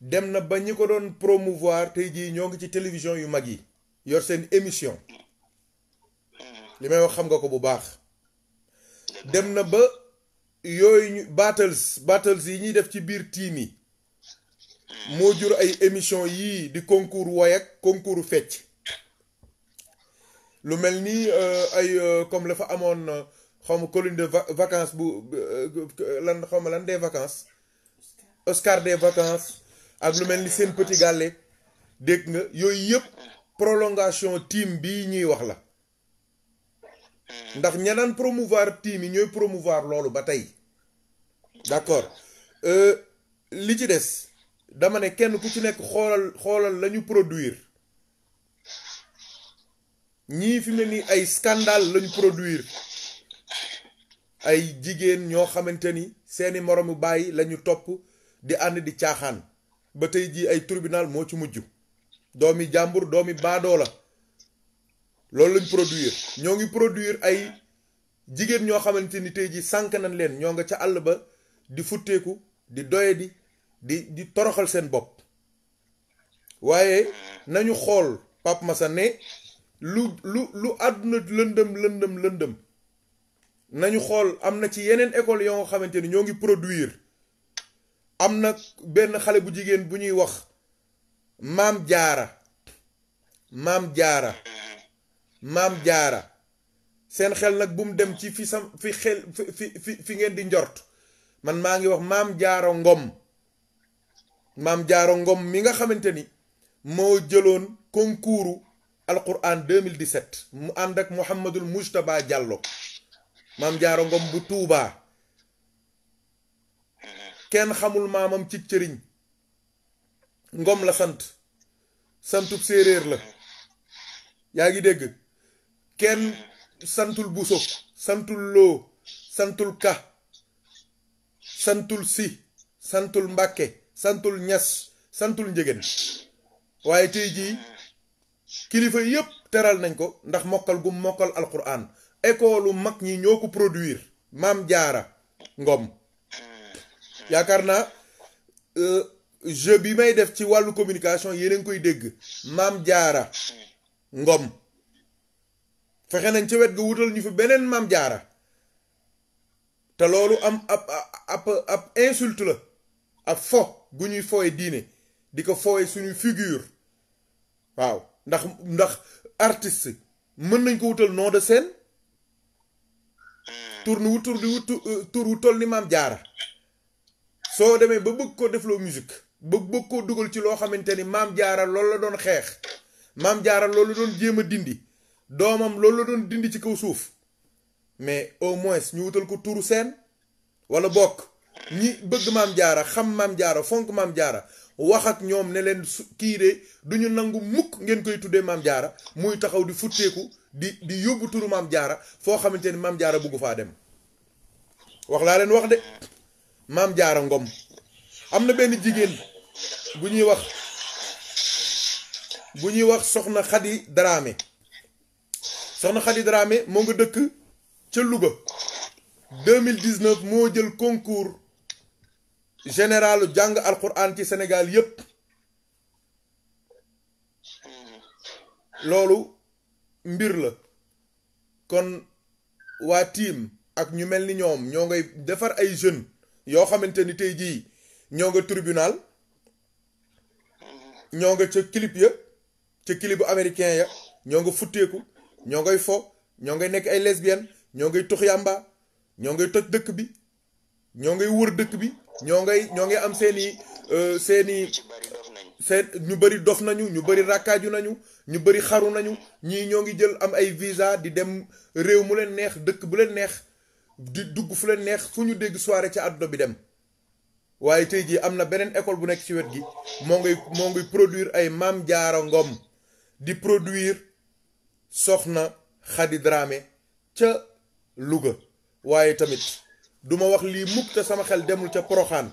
la na promouvoir tey télévision yu mag yi yor seen émission li wax xam na battles battles yi ñuy def ci émission yii di concours concours fecc lu euh, euh, comme la fa amoon euh, xawma colline de vacances bu euh, lan xaw lan des vacances Oscar des vacances ak lu melni sen petit gàlle dégg nga prolongation team bi ñuy wax la ndax ñanan promouvoir team ñoy promouvoir lolu ba tey d'accord euh, li ci dess dama ne kenn ku ci nek xolal xolal lañu produire ñi fi mu ne ay scandale lañu produire ay jigéen ñoo xamante ni seeni moroomu bàyyi lañu topp di ànd di caaxaan ba tey jii ay tribunal moo ci mujj doomi jàmbur doomi baadoo la loolu lañ produire ñoo ngi produire ay jigéen ñoo xamante ni tey jii sànq nañ leen ñoo nga ca àll ba di futteeku di doye di di di toroxal seen bopp waaye nañu xool Pape masa ne lu lu lu àdduna lëndëm lëndëm lëndëm nañu xool am na ci yeneen école yoo nga xamante ni ñoo ngi produire am na benn xale bu jigéen bu ñuy wax maam jaara maam jaara maam jaara seen xel nag bu dem ci fi sam fi xel fi fi ngeen di njort man maa ngi wax maam jaaro ngom maam jaaro ngom mi nga xamante ni moo jëloon concours alquran 2017 mu ànd ak Mouhamadul Moustaba Diallo Mam jaaro ngom bu touba ken xamul mamam ci cëriñ ngom la sant santub sereer la yaagi deg ken santul buso santul lo, santul ka santul si santul mbake santul nyas, santul njegen waye tay ji kilifa yep teral nañ ko ndax mokal gu mokal alquran école ñi produire produire. ngom hmm. Yakarna, euh jeu bi may def ci communication yéen ngom fexé nañ ci wét ga wutal ñu fi benen mam jaara té am insulte la ap fo guñuy figure waaw ndax ndax artiste ko nom de scène tourne wu tourne wu euh, tour wu toll ni maam jaara soo demee ba bëgg ko defloo musique ba bëgg koo dugal ci loo xamante ni maam jaara loolu la doon xeex maam jaara loolu la doon jéem a dindi doomam loolu la doon dindi ci kaw suuf mais au moins ñu wutal ko turu seen wala bokk ñi bëgg maam jaara xam maam jaara fonk maam jaara wax ak ñoom ne leen su kii de du ñu nangu mukk ngeen koy tuddee maam jaara muy taxaw di futteeku di di yóbbu turu maam jaara foo xamante ni maam jaara bugg faa dem wax laa leen wax de maam jaara ngom am na benn jigéen bu ñuy wax bu ñuy wax soxna xadi daraame soxna xadi daraame moo nga dëkk ca Louga 2019 moo jël concours généralu jàng alquran ci Sénégal yépp loolu mbir la kon waa tiim ak ñu mel ni ñoom ñoo ngay defar ay jeunes yoo xamante ni tey jii ñoo nga tribunal ñoo nga ca clip ya ca clipu américain ya ñoo nga futteeku ñoo ngay fo ñoo ngay nekk ay lesbienne ñoo ngay tux yàmba ñoo ngay toj dëkk bi ñoo ngay wër dëkk bi ñoo ngay ñoo ngi am seen i euh, seen i seen ñu bëri dof nañu ñu bëri rakkaaju nañu ñu bëri xaru nañu ñii ñoo ngi jël am ay visa di dem réew mu leen neex dëkk bu leen neex di dugg fu leen neex fu ñu dégg soirée ci àdduna bi dem waaye tey jii am na beneen école bu nekk ci wet gi moo ngay moo ngay produir ay Maam Jaara Ngom di produire Soxna Xadi Dramé ca Louga waaye tamit duma wax lii mukk te sama xel demul ca poroxaan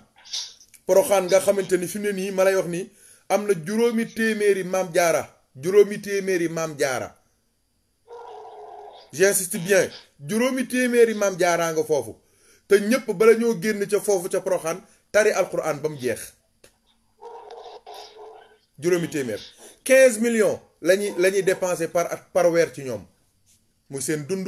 poroxaan nga xamante ni fi ne nii ma lay wax ni am na juróomi téeméeri maam jaara juróomi téeméeri maam jaara j'insiste bien juróomi maam jaaraa nga foofu te ñépp bala ñoo génn ca foofu ca poroxaan tari alquran ba mu jeex juróomi téeméer 15 millions la ñuy dépensé par ak parweer ci ñoom mu seen dund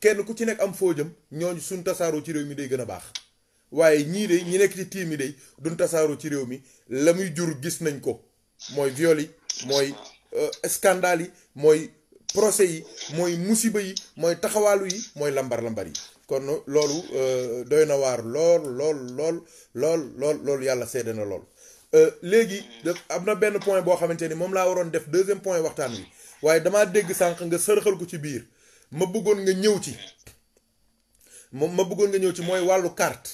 kenn ku ci nekk am foo jëm ñooñu suñ tasaaroo ci réew mi day gën a baax waaye ñii de ñi nekk ci tiim yi de duñ tasaaroo ci réew mi la muy jur gis nañ ko mooy viol yi mooy euh, scandale yi mooy procès yi mooy musiba yi mooy taxawaalu yi mooy lambar lambar yi kon loolu euh, doy na waar lool lool lool lool lool loolu yàlla seede na lool. Euh, léegi am na benn point boo xamante ni moom laa waroon def deuxième point waxtaan wi waaye damaa dégg sànq nga sërxal ko ci biir. ma bëggoon nga ñëw ci moom ma bëggoon nga ñëw ci mooy wàllu carte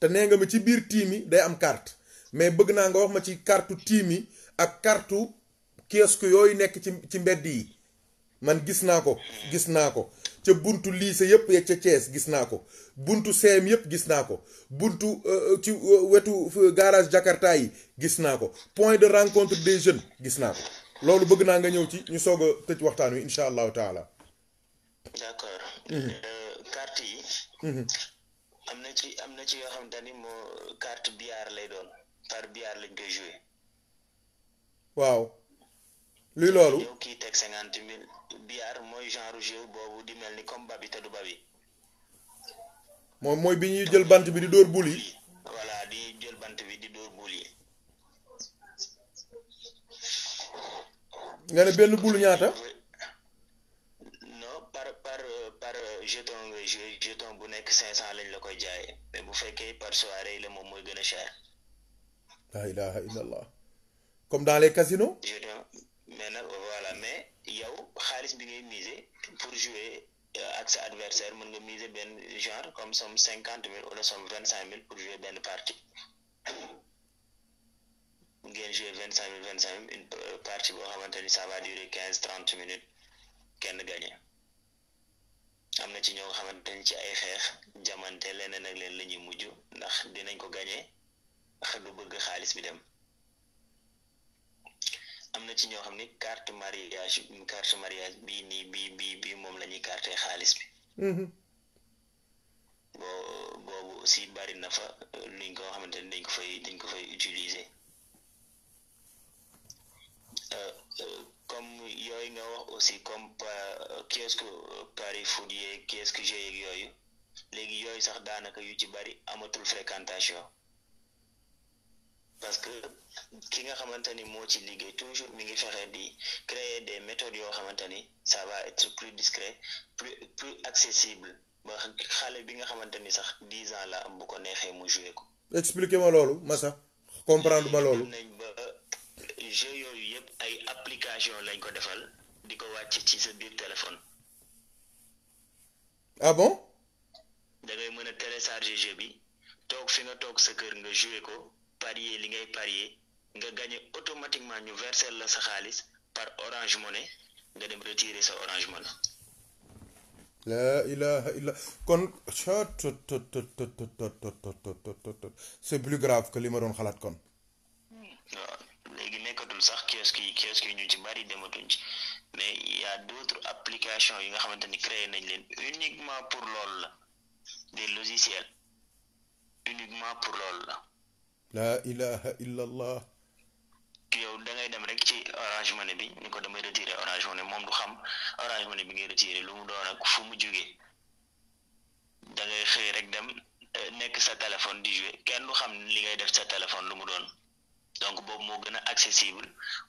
te nee nga ma ci biir tiim yi day am carte mais bëgg naa nga wax ma ci carte tiim yi ak carte kiosque yooyu nekk ci ci mbedd yi man gis naa ko gis naa ko ca buntu lycée yëpp ya ca Thiès gis naa ko buntu CM yëpp gis naa ko buntu euh, ci euh, wetu euh, garage Jakarta yi gis naa ko point de rencontre des jeunes gis naa ko loolu bëgg naa nga ñëw ci ñu soog a tëj waxtaan wi incha allahu taala d'accord carte mm-hmm. euh, yi mm-hmm. am na ci am na ci yoo xam ni moo carte billard lay doon par billard lañ koy joué waaw luy loolu yow kii teg cinquante mille billard mooy genre jeu boobu di mel ni comme babi te du babi moom mooy bi ñuy jël bant bi di dóor bul yi voilà di jël bant bi di dóor bul nga ne benn bul ñaata jetons je bu nek 500 lañ la koy jaay mais bu fekke par soirée le mom moy gëna cher la ilaha illallah comme dans les casinos jetons mais nak voilà mais yow xaliss bi ngay miser pour jouer euh, avec ses adversaires mën nga miser ben genre comme 50 000 ou 25 000 pour jouer ben partie ngeen jouer 25 000 25 000 une euh, partie boo xamante ça va durer 15 30 minutes kenn gagné am na ci ñoo xamante ci ay xeex jamante leneen ak leen lañuy mujj ndax dinañ ko gañee ndax bëgg xaalis bi dem am na ci ñoo xam ne carte mariage carte mariage bii nii bii bii bii moom lañuy ñuy carte xaalis bi mm-hmm. boo boobu aussi bari na fa luñ ko xamante ni dañ ko fay dañ ko fay utiliser euh, euh, comme yoy nga wax aussi comme euh, qu'est-ce kiosque Carrefour euh, yeeg ce que j'ai yoy légui yoy sax danaka yu ci bari amatul fréquentation parce que ki nga xamante mo ci ligue toujours mi ngi di créer des méthodes yo xamante ça va être plus discret plus plus accessible ba xalé bi nga xamante sax dix ans la am bu ko nexé mu jouer ko. expliquez moi lolu Massa comprendre ma lolu jeux yooyu yëpp ay application lañ ko defal di ko wàcc ci sa biir téléphone. ah bon. da ngay mën a télécharger jeu bi toog fi nga toog sa kër nga jouer ko parier li ngay parier nga gagné automatiquement ñu verser la sa xaalis par Orange Money nga dem retirer sa Orange Money. la ilaha illa kon c'est plus grave que li ma doon xalaat kon. léegi nekkatul sax kiosque yi kiosque yi ñu ci bari dematuñ ci mais il y a d'autres applications yi nga xamanteni ni créé nañ leen uniquement pour lool la des logiciels uniquement pour lool la la ilaha illa illallah yow da ngay dem rek ci orange money bi ni ko damay retirer orange money mom du xam orange money bi ngay retirer lu mu doon ak fu mu jógee da ngay xëy rek dem nek sa téléphone di jouer kenn du xam li ngay def sa téléphone lu mu doon donc boobu moo gën a accessible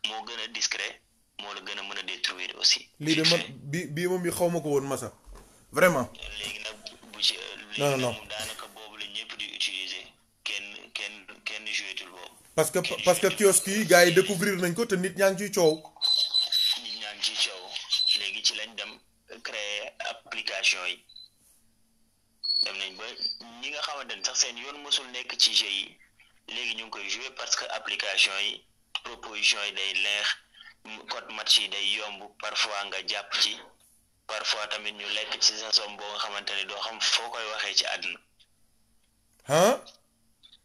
moo gën a discret moo la gën a mën a détruire aussi. lii de man bi bi moom yi xaw ma ko woon Massa vraiment. léegi nag bu ci. Euh, non non daanaka boobu la ñëpp di utiliser kenn kenn kenn jouetul boobu. parce que parce que kiosque yi gars yi découvrir nañ ko te nit ñaa ngi ciy coow. nit ñaa ngi ciy coow léegi ci lañ dem créer application yi dem nañ ba ñi nga xamante dañ sax seen yoon mosul nekk ci jeu yi. léegi ñu koy jouer parce que application yi proposition yi day leer code match yi day yomb parfois nga japp ci parfois tamit ñu lekk ci sa somme boo nga xamante do xam fo koy waxee ci àdduna. hein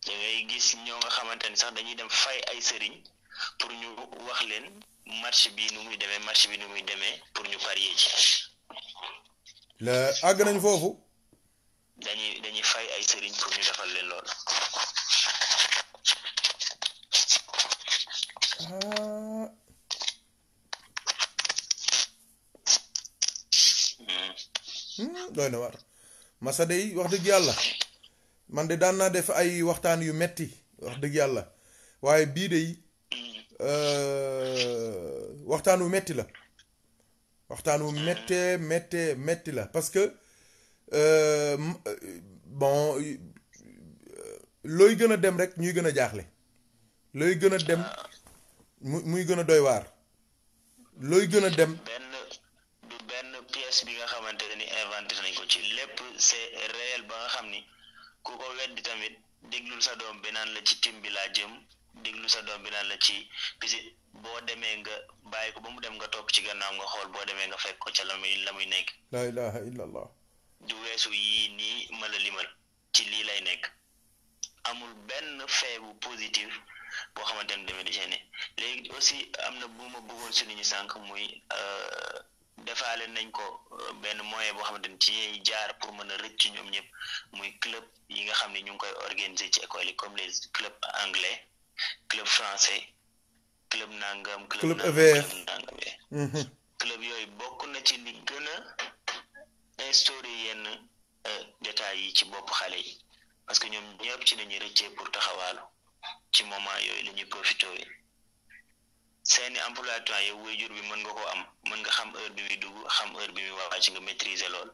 da ngay gis ñoo nga xamante sax dañuy dem fay ay sëriñ pour ñu wax leen match bi nu muy démé match bi nu muy démé pour ñu parier ci. le ag nañ fofu dañuy dañuy fay ay sëriñ pour ñu defal leen lool Hmm, doy na war masa day wax dëgg yàlla man de daan naa def ay waxtaan yu metti wax dëgg yàlla waaye bii de euh, waxtaan wu metti la waxtaan wu méttee méttee metti la parce que euh, euh, bon looy gën a dem rek ñuy gën a jaaxle looy gën a dem mu muy gën a doy waar. looy gën a dem. benn du benn pièce bi nga xamante ne ni inventé nañ ko ci lépp c'est réel ba nga xam ni ku ko weddi tamit déglul sa doom bi naan la ci tim bi laa jëm déglu sa doom bi naan la ci boo demee nga bàyyi ko ba mu dem nga topp ci gannaaw nga xool boo demee nga fekk ko ca la muy la muy nekk. la ilaha illallah. du weesu yii nii ma la ci lii lay nekk. amul benn feebu positif. boo xamante ne demee di gêné léegi aussi am na bu ma bëggoon suñu sànq muy euh, defaale nañ ko euh, benn moyen boo xamante ni ci yey jaar pour mën a rëcc ñoom ñëpp muy club yi nga xam ne ñu ngi koy organiser ci école yi comme les club anglais club français club nangam club EVF nangam e mm-hmm. club yooyu bokk na ci li gën a instaurer yenn euh, détails yi ci bopp xale yi parce que ñoom ñëpp ci nañu rëccee pour taxawaalu ci moment li ñu profito profité seeni emploi yow wayjur bi mën nga ko am mën nga xam heure bi muy dugg xam heure bi muy wàcc nga maîtriser lool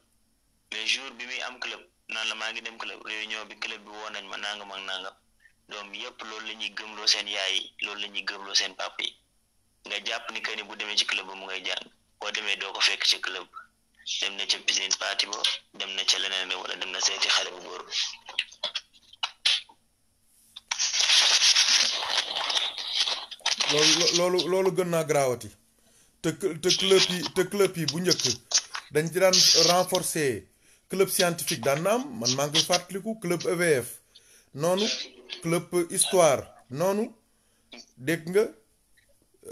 mais jour bi muy am club naan la maa ngi dem club réunion bi club bi woo nañ ma nangam ak nangam doom yépp loolu la ñuy gëmloo seen yaay yi loolu la ñuy gëmloo seen papa yi nga jàpp ni que ni bu demee ci club ba mu ngay jàng boo e demee doo ko fekk ci club dem na ca business party ba dem na ca leneen wala dem na seeti xale bu góor loolu loolu gën naa garaawati te te club yi te club yi bu njëkk dañ ci daan renforcer club scientifique daan na am man maa ngi fàttaliku club EVF noonu club histoire noonu dégg nga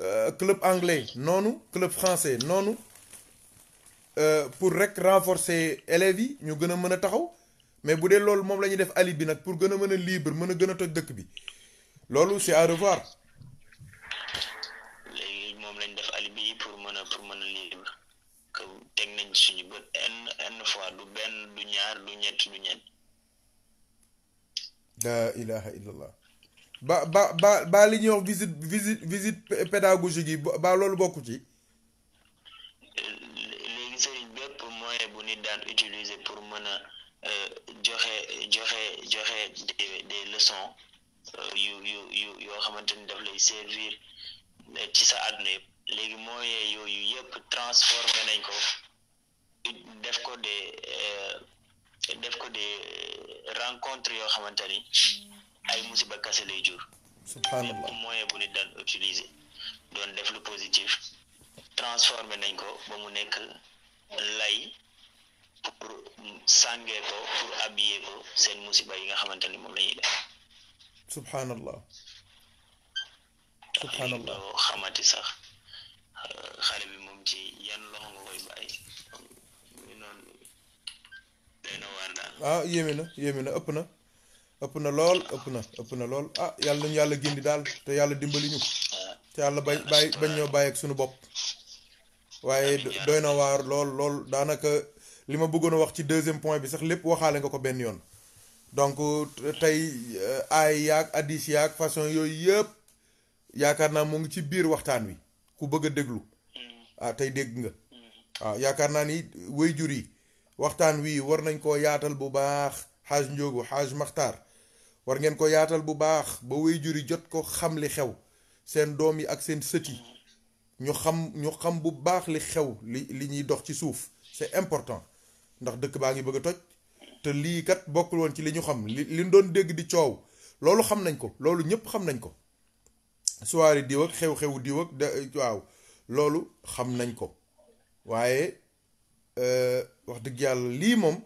euh, club anglais noonu club français noonu euh, pour rek renforcer élèves yi ñu gën a mën a taxaw mais bu dee loolu moom la ñuy def ali bi nag pour gën a mën a libre mën a gën a toj dëkk bi loolu c'est à revoir. fois du ben du ñaar du ñett du ñett. la ilaha illallah. ba ba ba ba li ñuy wax visite visite visite pédagogique yi ba loolu bokku ci. léegi sëriñ bépp moyen bu nit daan utiliser pour mën a euh, joxe joxe joxe des leçons euh, yu yu yu yoo xamante ni daf lay servir euh, ci sa àdduna yëpp léegi moyen yooyu yëpp transformer nañ ko. def ko des euh, def ko des rencontres yoo xamante ni ay musiba kase lay jur subhanallah moyen bu nit daan utiliser doon def lu positif transformé nañ ko ba mu nekk lay pour sàngee ko pour habiller seen musiba yi nga xamante ni moom la ñuy def subhanallah sax euh, xale bi moom ci yan loxo nga koy bàyyi Ah, yéeme na yéeme na ëpp na ëpp na lool ëpp na ëpp na lool ah yàlla nañu yàlla gindi daal te yàlla dimbali ñu te yàlla bay bàyyi bañ ñoo bàyyi ak suñu bopp waaye doy na waar lool lool daanaka li ma bëggoon a wax ci deuxième point bi sax lépp waxaale nga ko benn yoon donc tey euh, aay yaag addis yaag façon yooyu yëpp yaakaar naa mu ngi ci biir waxtaan wi ku bëgg a déglu mm. ah, tey dégg nga waaw mm. ah, yaakaar naa ni waajur yi waxtaan wii war nañ koo yaatal bu baax xaaj njóogu xaaj maxtaar war ngeen ko yaatal bu baax ba waajur yi jot ko xam li xew seen doom yi ak seen sët yi ñu xam ñu xam bu baax li xew li li ñuy dox ci suuf c'est important ndax dëkk baa ngi bëgg a toj te lii kat bokkul woon ci li ñu xam li li ñu doon dégg di coow loolu xam nañ ko loolu ñëpp xam nañ ko soirée diw ak xew-xewu diw ak waaw loolu xam nañ ko waaye wax dëgg yàlla lii moom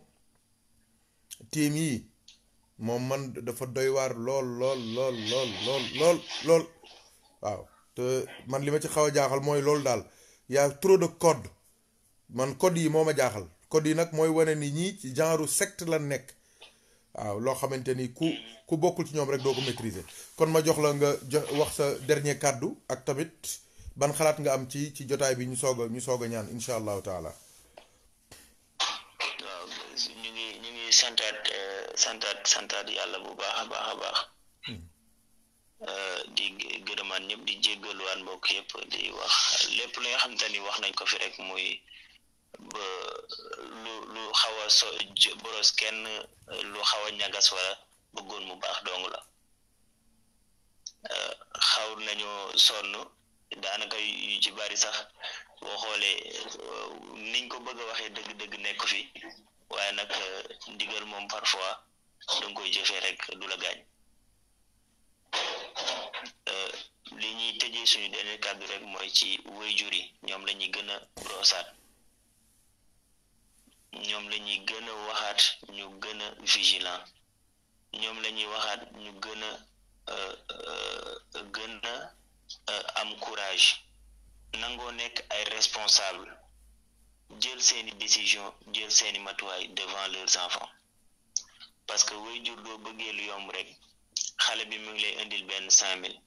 téem yii moom man dafa doy waar lool lool lool lool lool lool lool waaw te man li ma ci xaw a jaaxal mooy loolu daal yaa trop de code man code yi moo ma jaaxal code yi nag mooy wane ni ñii ci genre secte la nekk waaw loo xamante ni ku ku bokkul ci ñoom rek doo ko maîtriser kon ma jox la nga jox wax sa dernier kàddu ak tamit ban xalaat nga am ci ci jotaay bi ñu soog a ñu soog a ñaan incha allahu taala santat eh, santat santat yàlla bu baax a baax di gërëmaan hmm. ñëpp eh, di jéggaluwaan mbokk yëpp di wax lépp li nga ni wax nañ ko fi rek muy lu lu xaw so boros kenn eh, lu xaw a ñagas wala bëggoon mu baax dong la xaw nañu sonn daanaka yu ci bari sax Ningko xoolee niñ ko bëgg a waxee waaye nag eh, ndigal moom parfois da nga koy jëfee rek du la gaañ eh, li ñuy tëjee suñu dernier kàddu rek mooy ci waajur yi ñoom la ñuy gën a rosaat ñoom la ñuy gën a waxaat ñu gën a vigilant ñoom la ñuy waxaat ñu gën a eh, gën a am courage nangoo nekk ay responsable jël seeni décision jël seeni matuwaay devant leurs enfants parce que waajur boo bëggee lu yomb rek xale bi mu ngi lay indil benn cent mille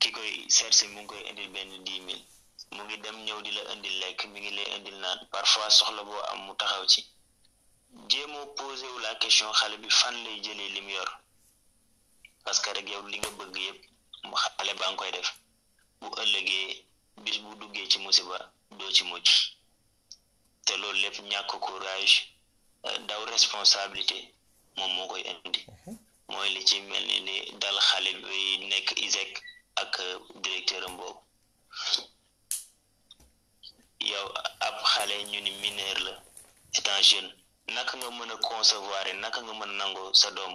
ki koy sersi mu ngi koy indil benn dix mille mu ngi dem ñëw di la indil lekk mu ngi lay indil naan parfois soxla boo am mu taxaw ci jéemoo posé wu la question xale bi fan lay jëlee lim yor parce que rek yow li nga bëgg yëpp mu xale baa ngi koy def bu ëllëgee bis bu duggee ci musiba doo ci mucc te loolu lépp ñàkk courage euh, daw responsabilité moom moo koy indi mooy li ci mel ni ni dal xale bi nekk ISEC ak euh, directeur am boobu yow ab xale ñu ni mineur la étant jeune naka nga mën a concevoir naka nga mën a nangoo sa doom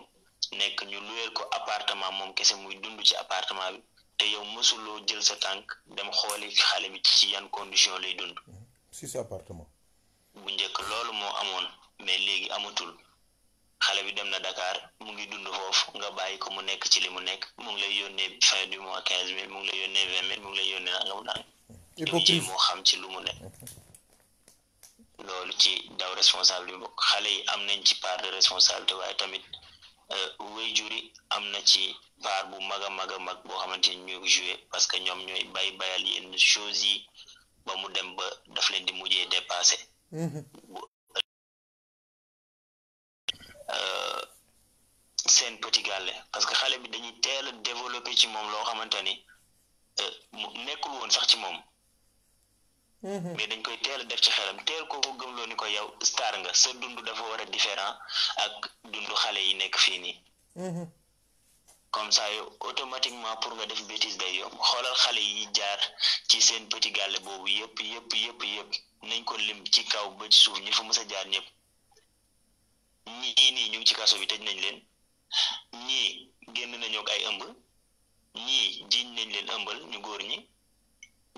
nekk ñu luyeel ko appartement moom kese muy dund ci appartement bi te yow mësuloo jël sa tànk dem xooli xale bi ci yan condition lay dund. si sa appartement. bu njëkk loolu moo amoon mais léegi amatul xale bi dem na dakaar mu ngi dund foofu nga bàyyi ko mu nekk ci li mu nekk mu ngi lay yónnee fin du mois quinze mille mu ngi lay yónnee vingt mille mu ngi lay yónnee nangam nangam. xam ci lu mu ne. loolu ci daw responsable bi bokk xale yi am nañ ci part de responsabilité waaye tamit euh, waajur yi am na ci part bu mag a mag a mag boo xamante ni parce que ñoom ñooy bay bayal yenn choses yi ba mu dem ba daf leen di mujjee dépassé. Euh, seen petit parce que xale bi dañuy teel a développé ci moom loo xamante ni euh, nekkul woon sax ci moom. Mm-hmm. mais dañ koy teel a def ci xelam teel koo ko gëmloo ni ko yow star nga sa dundu dafa war a différent ak dundu xale yi nekk fii nii. Mm-hmm. comme ça yow automatiquement pour nga def bêtise day yomb xoolal xale yi jaar ci seen petit boobu yëpp yëpp yëpp yëpp. nañ ko lim ci kaw ba suuf ñi fa mës a jaar ñëpp ñii nii ñu ci kaso bi tëj nañ leen ñii génn nañoo ay ëmb ñii jiiñ nañ leen ëmbal ñu góor ñi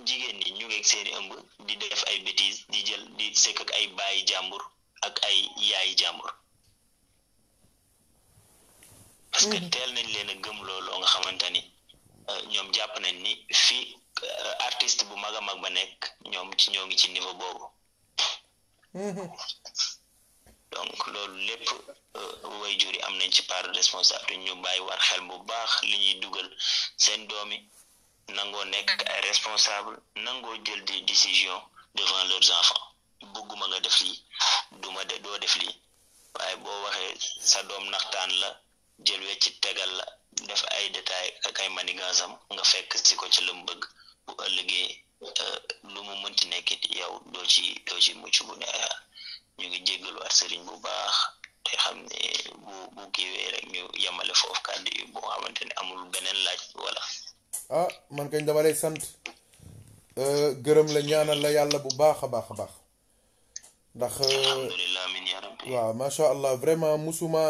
jigéen ñi ñu ngi ak ëmb di def ay bêtises di jël di sekk ay baayi jàmbur ak ay yaayi jàmbur parce que mmh. teel nañ leen a gëm loolu nga xamante ni euh, ñoom jàpp nañ ni fii Euh, artiste bu mag a mag ma nekk ñoom ci ñoo ngi ci niveau boobu mhm. donc loolu lépp euh, woy jur yi am nañ ci part de responsabilité ñu bàyyi war xel bu baax li ñuy dugal seen doomi nangoo nekk ay responsable nangoo jël di décisions devant leurs enfants bëgguma nga def lii duma de doo def lii waaye boo waxee sa doom naxtaan la jël we ci tegal la def ay détails ak ay manigansam nga fekk si ko ci la mbëgg bu ëllëgee lu mu mënti nekkit yow doo ci doo ci bu ne ñu ngi jéggalu at sëriñ bu baax te xam ne bu bu rek ñu yemale foofu kàddu yi boo xamante ne amul beneen laaj wala ah man kañ dama lay sant euh, gërëm la ñaanal la yàlla bu baax a baax a baax ndax euh, alhamdulilah min ya rabbi waaw macha allah vraiment musuma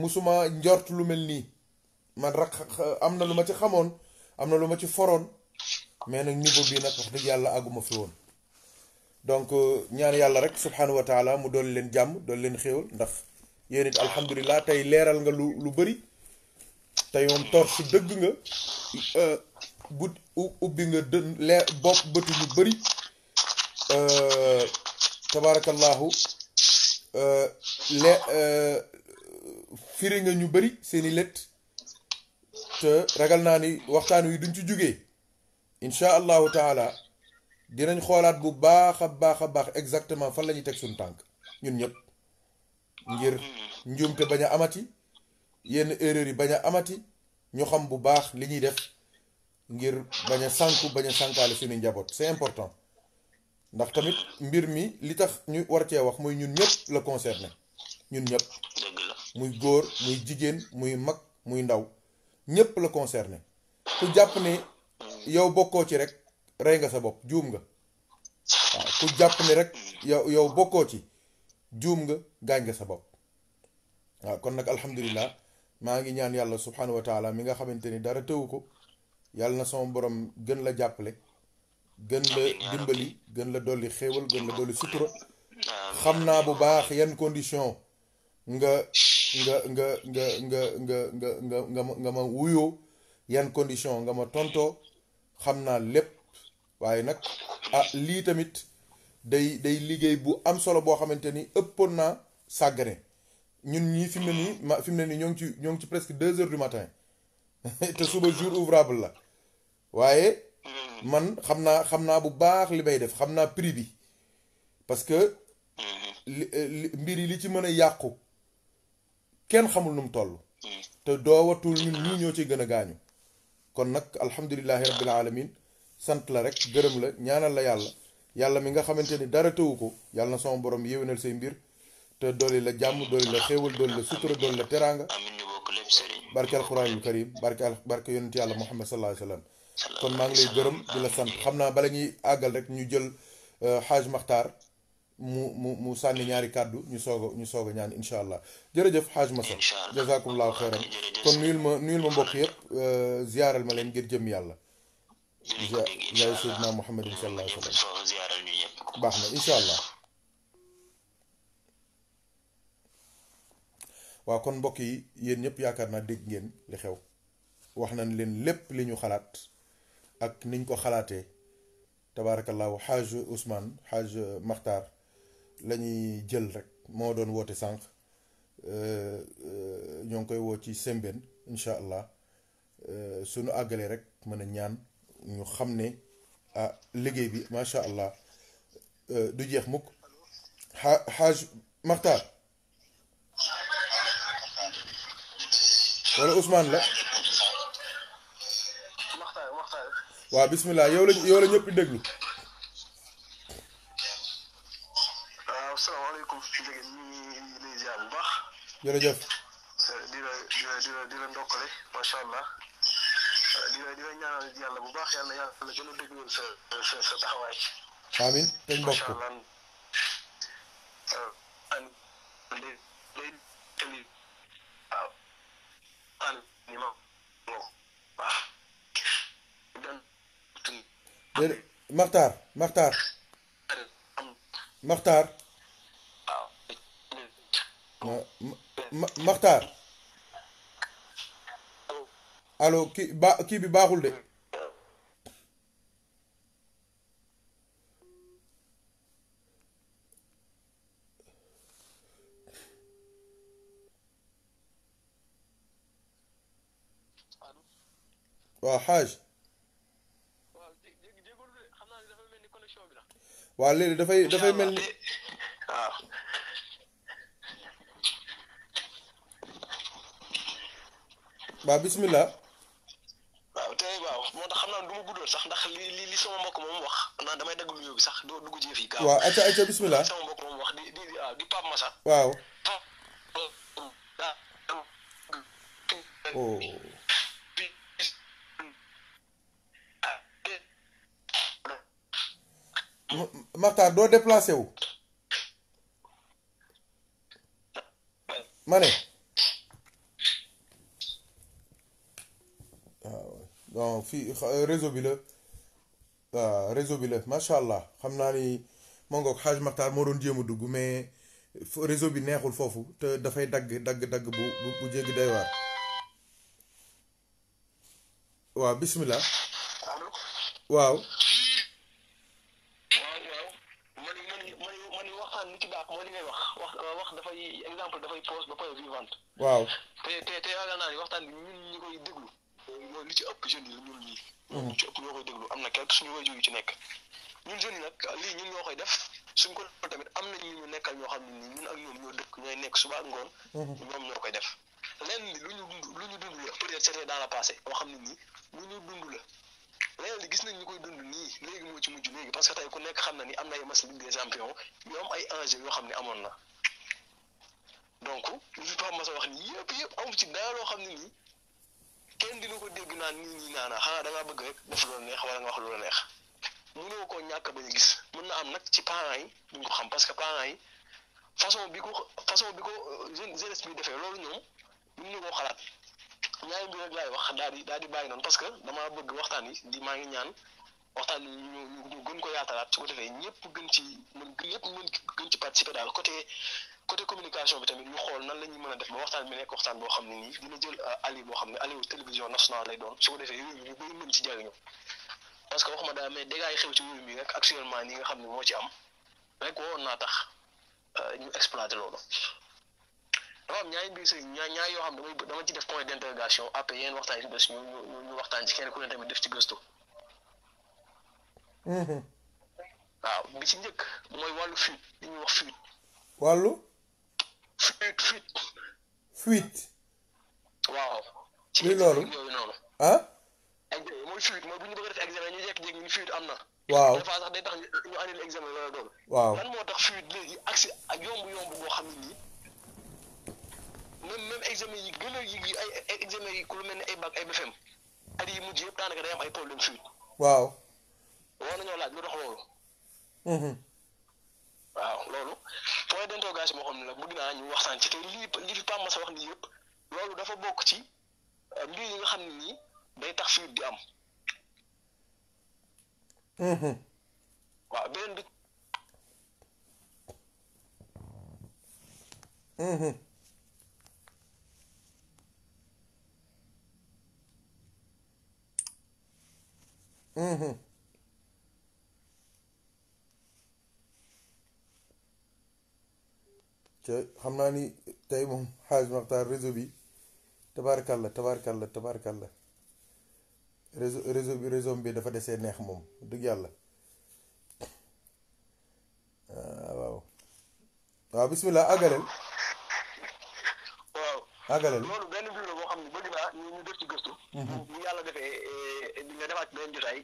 musuma njort lu mel nii man rak am na lu ma ci xamoon am na lu ma ci foroon mais nag niveau bi nag wax dëgg yàlla àgguma fi woon donc euh, ñaan yàlla rek subhanahu wa mu doon leen jàmm doon leen xew ndaf yéen it alhamdulilah tey leeral nga lu lu bëri tey moom torche dëgg nga euh, bu ubbi nga dën leer bëtu ñu bëri euh, tabarakallahu le firi nga ñu bëri seeni lett te ragal naa ni waxtaan wi duñ ci jógee inshallah taala dinañ xolaat bu baax a baax exactement fan lañu tek sun tank ñun ñep ngir njuumte baña amati yenn erreur yi baña amati ñu xam bu baax li ñuy def ngir baña sanku baña sankale suñu njabot c'est important ndax tamit mbir mi li tax ñu war cee wax muy ñun ñep le concerné ñun ñëpp muy goor muy jigen muy mag muy ndaw ñep le concerné ku japp ne yow bokkoo ci rek rey nga sa bopp juum nga waaw ku jàpp ne rek yow yow bokkoo ci juum nga gaañ nga sa bopp waaw kon nag alhamdulillah maa ngi ñaan yàlla subhanahu wa taala mi nga xamante ni dara tëwu ko yàlla na sama borom gën la jàppale gën la dimbali gën la dolli xéewal gën la dolli sutura xam naa bu baax yan condition nga nga nga nga nga nga nga nga nga ma wuyoo yan condition nga ma tontoo xam naa lépp waaye nag ah lii tamit day day liggéey bu am solo boo xamante ni ëppoon naa sàggane ñun ñii fi mu ne nii ma fi mu ne nii ñoo ngi ci ñoo ngi ci presque deux heures du matin te suba jour ouvrable la waaye man xam naa xam naa bu baax li may def xam naa prix bi parce que mbir yi li ci mën a yàqu kenn xamul nu mu toll mm. te doowatul ñun ñii ñoo ci gën a gaañu. kon nak alhamdulilahi rabbil alamin sante la rek geureum la ñaanal la yàlla yàlla mi nga xamanteni dara tëwu yàlla na sama borom yéwénal sey mbir te doli la jàmm doli la xewul doli la sutura doli la teranga barke alquran karim barke barke yonent yàlla muhammad sallallahu alayhi wasallam kon ma ngi lay geureum di sante xamna xam naa bala ñuy àggal rek ñu jël haj maxtaar mu mu mu sànni ñaari kàddu ñu soog ñu soog a ñaan incha allah jërëjëf xaaj Massa jazakumullahu xeyran kon nuyul ma nuyul ma mbokk yëpp ziyaaral ma leen ngir jëm yàlla jaay seydina muhammadin sallallahu alayhi wa sallam baax na incha allah waaw kon mbokk yi yéen ñëpp yaakaar naa dégg ngeen li xew wax nañ leen lépp li ñu xalaat ak niñ ko xalaatee tabaarakallahu xaaj Ousmane xaaj Maxtaar la ñuy jël rek moo doon woote sànq euh, euh, ñoo ngi koy woo ci Sembène incha allah euh, suñu àggalee rek mën a ñaan ñu xam ne ah liggéey bi macha allah du jeex mukk xaa xaaj Maxtaar wala Ousmane la waaw bismillah yow la yow la déglu. jërëjëf. di la di la di la di la ndokkale macha allah di la di la ñaanal yàlla bu baax yàlla yàlla la gën a dëgëral sa sa sa taxawaay. amiin dañ bokk macha allah. Maxtaar Maxtaar Maxtaar. مختار الو كي با كي بي باخول دي الو وا حاج وا دي دي وا لي دا فاي دا فاي ملني ba bismillah waaw te waaw moo tax xam naa du ma sax ndax li li li sama mbokk moom wax naa damay dagg sax bismillah sama mbokk moom wax di di di ah, waaw oh fii réseau bi la waaw réseau bi la macha allah xam naa ni moo ngoog xaaj Maxtaar moo doon jéem a dugg mais réseau bi neexul foofu te dafay dagg dagg dagg bu bu jéggi day waar. waaw bisimilah. waaw. waaw. te te te yaakaar naa ni waxtaan bi ci ëpp yi la ñuy lii. ñu ñoo koy déglu am na quelque suñu waajur yu ci nekk. ñun jeunes yi nag lii ñun ñoo koy def suñ ko defee tamit am nañ ñu nekkal ñoo xam ne nii ñun ak ñoom ñoo dëkk ñooy nekk suba ak ngoon. Hmm. ñoom ñoo koy def lenn li lu ñu dund lu ñu dund la peut-être c'était dans le passé boo xam ne nii lu la. léegi nañ ñu koy dund nii léegi moo ci mujj léegi parce que tey ku nekk xam na ni am na ay match Ligue des champions yu am ay enjeux yoo xam ne amoon na donc li fi Pape wax nii yëpp yëpp amu ci dara loo xam ne nii kenn dina ko dégg naan nii nii naana xanaa da bëgg rek def lu la neex wala nga wax lu la neex mënoo koo ñàkk ba ñu gis mën na am nag ci parents yi duñ ko xam parce que parents yi façon bi ko façon bi ko jeunesse bi defee loolu ñoom mën ñu koo xalaat ñaari mbir rek laay wax daal di daal di bàyyi noonu parce que damaa bëgg waxtaan yi di maa ngi ñaan waxtaan yi ñu ñu gën ko yaatalaat su ko defee ñëpp gën ci mën ñëpp mën gën ci participer daal côté côté communication bi tamit ñu xool nan la ñuy mën a def ba waxtaan bi nekk waxtaan boo xam ne nii dina jël euh, ali boo xam ne ali télévision nationale lay doon su parce que waxuma daal mais dégâts yi xew ci réew mi nga xam ne moo ci am rek waroon naa tax euh, ñu exploité loolu dafa am ñaari mbir si ñaar yoo xam ne damay dama ci def point d' interrogation après yeneen waxtaan yi ci bés ñu ñu ñu waxtaan ci kenn ku ne tamit def ci gëstu. Mm-hmm. waaw bi ci njëkk mooy wàllu fuite li ñuy wax fuite. wàllu. fuite fuite. fuite. waaw. ci biir yooyu noonu. ah. examen mooy fuite mooy bu ñu bëgg a def examen ñu jékki-jékki ñu fuite am na. waaw des sax day tax ñu annulé examen yooyu noonu. waaw lan moo tax fuite léegi accès ak yomb-yomb boo xam ne nii même même examen yi gën a yi ay examen yi ku lu mel ni ay bac ay BFM at yi mujj yëpp a day am ay problème fuite. waaw. war nañoo laaj lu tax loolu. Mm-hmm. waaw loolu point d'interrogation moo xam ne la bëgg naa ñu waxtaan ci te lii li fi Pape Massa wax nii yëpp loolu dafa bokk ci euh, mbir yi nga xam ne nii day tax fuite di am. Mm-hmm. waaw beneen bi. Mm-hmm. mm-hmm. te xam naa ni tey moom xaaj Maxtaar réseau bi tabaarkàlla tabaarkàlla tabaarkàlla réseau réseau bi réseau bi dafa desee neex moom dëgg yàlla waaw waaw bismillah àggaleel waaw àggaleel loolu benn mbir la boo xam ne bëgg naa ñu ñu def ci gëstu bu yàlla defee di nga defaat benn jotaay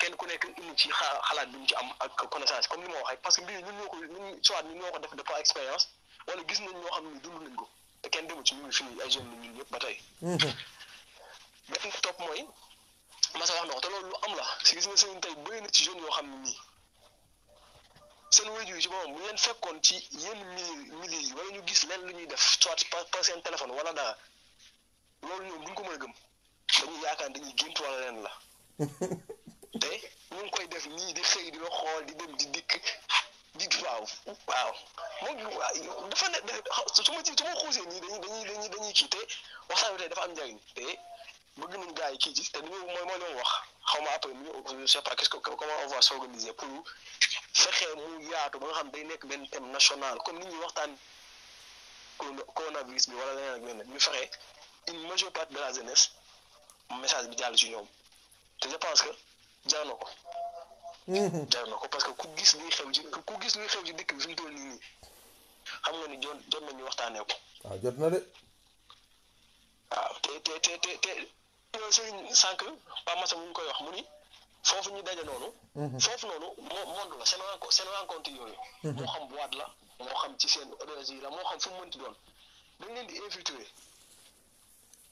kenn ku nekk indi ci xalaat bi mu ci am ak connaissance comme ni ma waxee parce que mbir ñun ñoo ko ñun soit ñun ñoo ko def de par expérience wala gis nañ ñoo xam ne dund nañ ko te kenn demu ci ñu ngi fii ay jeunes ñun ñëpp ba tey. benn mhm. topp mooy Massa wax na te loolu lu am la si gis nga seen tey bëri na ci jeunes yoo xam ne nii seen wéju yi leen fekkoon ci yenn mili mili yi wala ñu gis leen lu ñuy def soit par seen téléphone wala dara loolu ñoom duñ ko mën a gëm dañuy yaakaar dañuy gént wala leen la te ñu ngi koy def nii di xëy di la xool di dem di dikk. di waaw waaw moom dafa ne su ma su ma xuusee nii dañuy dañuy dañuy dañuy kii te waxtaan bi tey dafa am njëriñ te bëgg nañ gars yi kii ci te dañoo mooy mooy loolu wax xaw ma après je sais pas qu'est-ce que comment on va s'organiser pour fexe mu yaatu ba nga xam day nekk benn thème national comme nit ñi waxtaan coronavirus bi wala leneen ak leneen ñu fexe une majeure partie de la jeunesse message bi jàll ci ñoom te je pense que jaar na ko. jar na ko parce que ku gis luy xew ci ku gis luy xew ci dëkk bi fi mu toll nii xam nga ni jot jot nañu waxtaanee ko. waaw ah, jot na de. waaw ah, te te te te te sëriñ sànq Paa Massa mu ngi koy wax mu ni foofu ñu daje noonu. Mhm. foofu noonu moo monde la seen rencontre seen rencontre yooyu. Mhm. moo xam boîte la moo xam ci seen auberge yi la moo xam fu mu mënti doon dañ leen di infiltrer.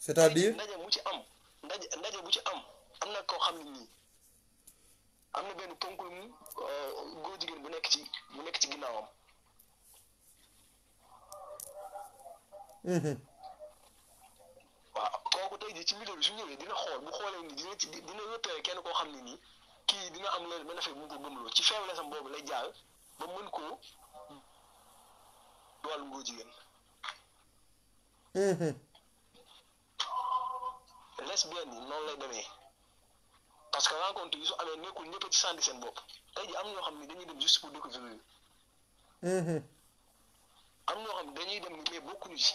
c'est-à-dire ndaje mu ci am ndaje ndaje bu ci am am na koo xam ne nii. am na benn ponkul mu euh, góor jigéen bu nekk ci bu nekk ci ginnaawam. Mm-hmm. waaw kooku tey jii ci milieu bi su dina xool bu xoolee ni dina ci kenn koo xam ne nii kii dina am lenn benn affaire bu mu ko gëmloo ci faiblesse am boobu lay jaar ba mën koo wàllu góor jigéen. Mm-hmm. lesbienne yi noonu lay demee. parce que rencontre yi su amee nekkul ñëpp ci sànni seen bopp tey ji am ñoo xam ne dañuy dem juste pour découvrir mhm. am ñoo xam dañuy dem mais bokkuñu ci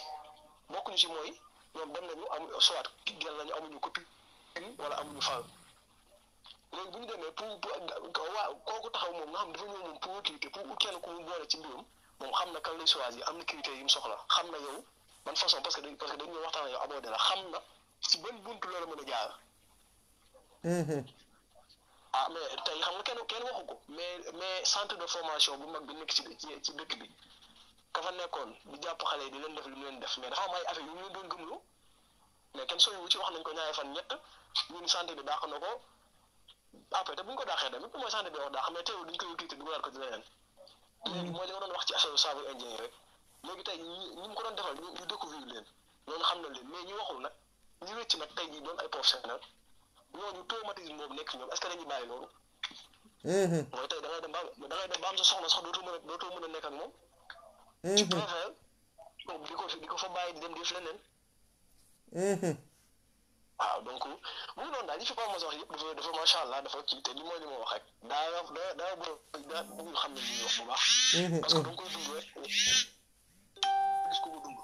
bokkuñu ci mooy ñoom dem nañu amuñu soit gel nañu amuñu copie wala amuñu femme léegi bu ñu demee pour pour waa kooku taxaw moom nga xam dafa ñëw moom ci mbirum moom xam na kan lay choisir am na critères yu mu soxla xam na yow man façon parce que parce que dañu waxtaan ak yow abordé la xam na si ban buntu loolu mën a jaar. Mm-hmm. ah mais tey xam nga kenn kenn waxu ko mais mais centre de formation bu mag bi nekk ci ci dëkk bi ka fa nekkoon di jàpp xale yi di leen def lu mu leen def mais dafa am ay affaire yu ñu doon gëmlu mais kenn sooy wu ci wax nañ ko ñaari fan ñett ñun centre bi dàq na ko après te bu ñu ko dàqee tamit mooy centre bi wax dàq mais teewul duñ koy utilisé ko ci leneen. Mm-hmm. léegi mooy li nga doon wax rek léegi tey mu ko doon defal ñu ñu découvrir leen loolu xam na leen mais ñu waxul nag ñu wécc nag tey jii doon ay professionnels. ñooñu traumatisme boobu nekk ci ñoom est-ce que dañuy bàyyi loolu. mooy tey da ngay dem ba da ngay dem ba am sa soxna sax dootoo mën a dootoo mën a nekk ak moom. ci préfère di ko di ko fa bàyyi di dem def leneen. waaw donc mu ngi noonu daal li fi Pape Moussa wax yëpp dafa dafa macha allah dafa kii te li mooy li ma wax rek daa daa daa bëgg xam ne li ñuy wax bu baax. parce que da nga koy dund rek gis ko ko dund.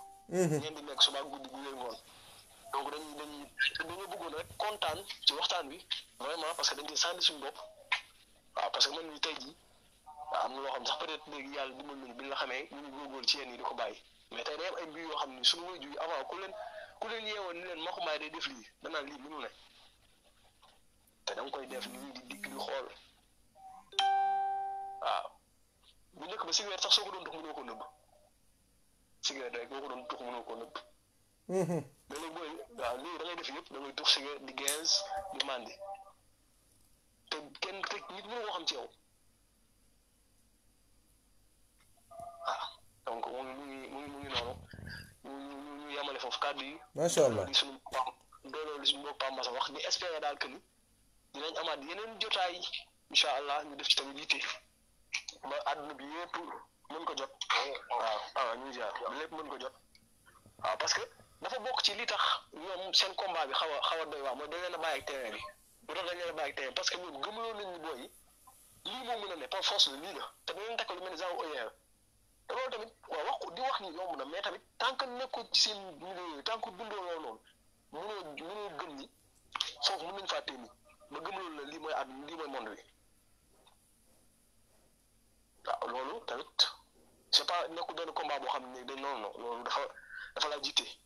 ñeen di nekk suba guddi gu wéy ngoon. donc dañuy dañuy dañoo bëggoon rek kontaan ci waxtaan wi vraiment parce que dañ ci sànni suñu bopp waaw parce que man mii tey jii am na loo xam sax peut être léegi yàlla dimbal nañu bi la xamee ñu ngi góorgóor ci yéen yi di ko bàyyi mais tey day am ay mbir yoo xam ni suñu way ju avant ku leen ku leen yeewoon ni leen maxumaay day def lii danaan lii mënu ne te da nga koy def ni di dikk di xool waaw bu njëkk ba sigaret sax soo ko doon tux mënoo ko nëbb sigaret rek boo ko doon tux mënoo ko nëbb da lay booy waaw léegi da ngay def yëpp da ngay dux si nga di gaz di mandi te kenn te nit mënu ko xam ci yow waaw donc mu ngi mu ngi mu ngi noonu ñu ñu ñu yemale foofu kàddu yi. macha allah di suñu pam dooloo li suñu mbokk pam masa wax di espérer daal que ni dinañ amaat yeneen jotaay incha allah ñu gitu. def ci tamit yitte ba àdduna bi yëpp mën ko jot. waaw waaw ñu ngi jaar lépp mën ko jot waaw parce que. dafa bokk ci li tax ñoom seen combat bi xaw a xaw a doy waa mooy dañ leen a bàyyi ak terrain bi parce que ñun gëmloo lii moo mën a ne te bu leen takkal lu loolu tamit waaw di wax ni yomb na mais tamit tant que nekkul ci seen milieu yooyu tant que dundoo loo gëm ni la lii mooy àdduna lii mooy monde bi ah, pas nekkul benn combat boo xam ne dañ dafa dafa laa jiite.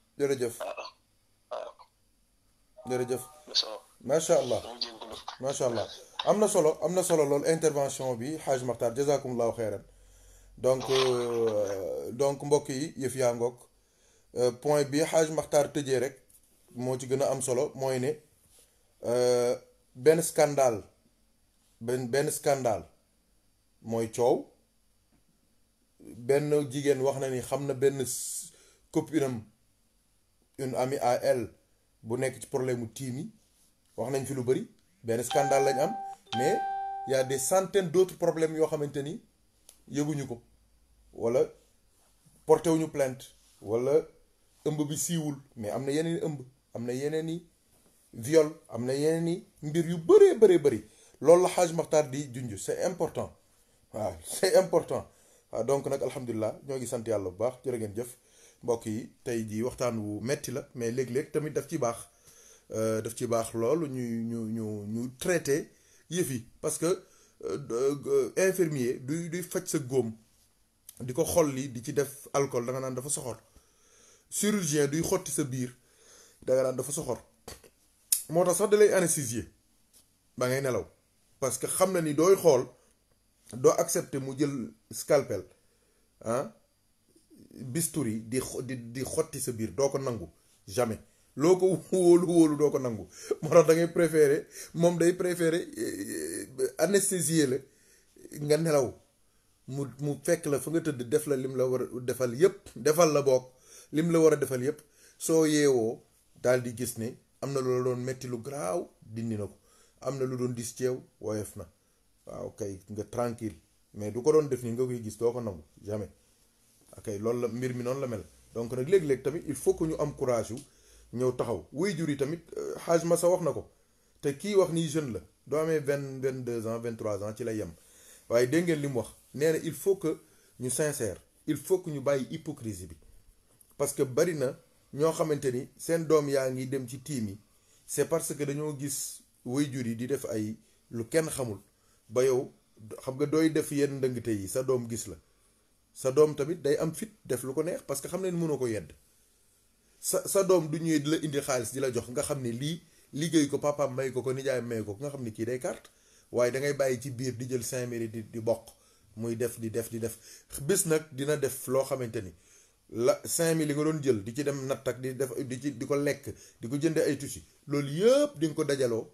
لرجف jërëjëf macha allah macha allah am solo am solo lool intervention bi Haj Makhtar jazakumullahu xeyran donc euh, donc mbokk yi yëf yaa ngoog euh, point bi Haj Makhtar tëjee rek moo ci gën am solo mooy ne euh, benn scandale ben benn scandale mooy coow benn jigéen wax na ni xam na copinam une amie à elle bu qui ci problème mu wax nañ fi lu scandale lañ am mais y a des centaines d'autres problèmes yo xamanteni ni ko wala porté une plainte wala le bi mais amna yeneen viol amna yeneen mbir yu loolu la Makhtar di c'est important c'est important donc nak alhamdulilah ñogi sant vous bu baax mbokk yi tey jii waxtaan wu metti la mais léeg-léeg tamit daf ci baax euh, daf ci baax loolu ñu ñu ñu ñu traité yëf yi parce que euh, euh, infirmier duy duy faj sa góom di ko li di ci def alcool da nga naan dafa soxor chirurgien duy xotti sa biir da nga naan dafa soxor moo tax sax da lay anesthésier ba ngay nelaw parce que xam na ni dooy xool doo accepter mu jël scalpel ah. bisturi di di di xotti sa biir doo ko nangu jamais loo ko wóolu wóolu doo ko nangu moo tax da ngay préféré moom day préféré eh, anesthésier la nga nelaw mu mu fekk la fa nga tëdd def la lim la war a defal yépp defal la bokk lim la war a defal yépp soo yeewoo daal di gis ni am na lu la doon metti lu garaaw dindi na ko am na lu doon dis ceew woyof na waaw kay nga tranquille mais du ko doon def nii nga koy gis doo ko nangu jamais ok loolu la mbir mi noonu la mel donc nag léeg-léeg tamit il faut que ñu am courage yu ñëw taxaw waajur yi tamit xaaj euh, ma sa wax na ko te kii wax nii jeune la doo amee vingt vingt deux ans vingt trois ans ci lay yem waaye dégg ngeen li mu wax nee na il faut que ñu sincère il faut que ñu bàyyi hypocrisie bi parce que bari na ñoo xamante ni seen doom yaa ngi dem ci tiim yi c'est parce que dañoo gis waajur yi di def ay lu kenn xamul ba yow xam nga dooy def yenn ndëngte yi sa doom gis la. sa doom tamit day am fit def lu ko neex parce que xam ne mënoo ko yedd sa sa doom du ñëwee di la indi xaalis di la jox nga xam ne lii liggéey ko papa may ko ko nijaay may ko nga xam ne kii day carte waaye da ngay bàyyi ci biir di jël cinq mille di di bokk muy def di def di def bis nag dina def loo xamante ni la cinq mille yi nga doon jël di ci dem natt ak di def di ci di ko lekk di ko jënde ay tusi loolu yëpp di nga ko dajaloo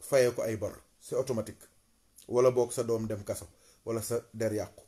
fayee ko ay bor c'est automatique wala boog sa doom dem kaso wala sa der yàqu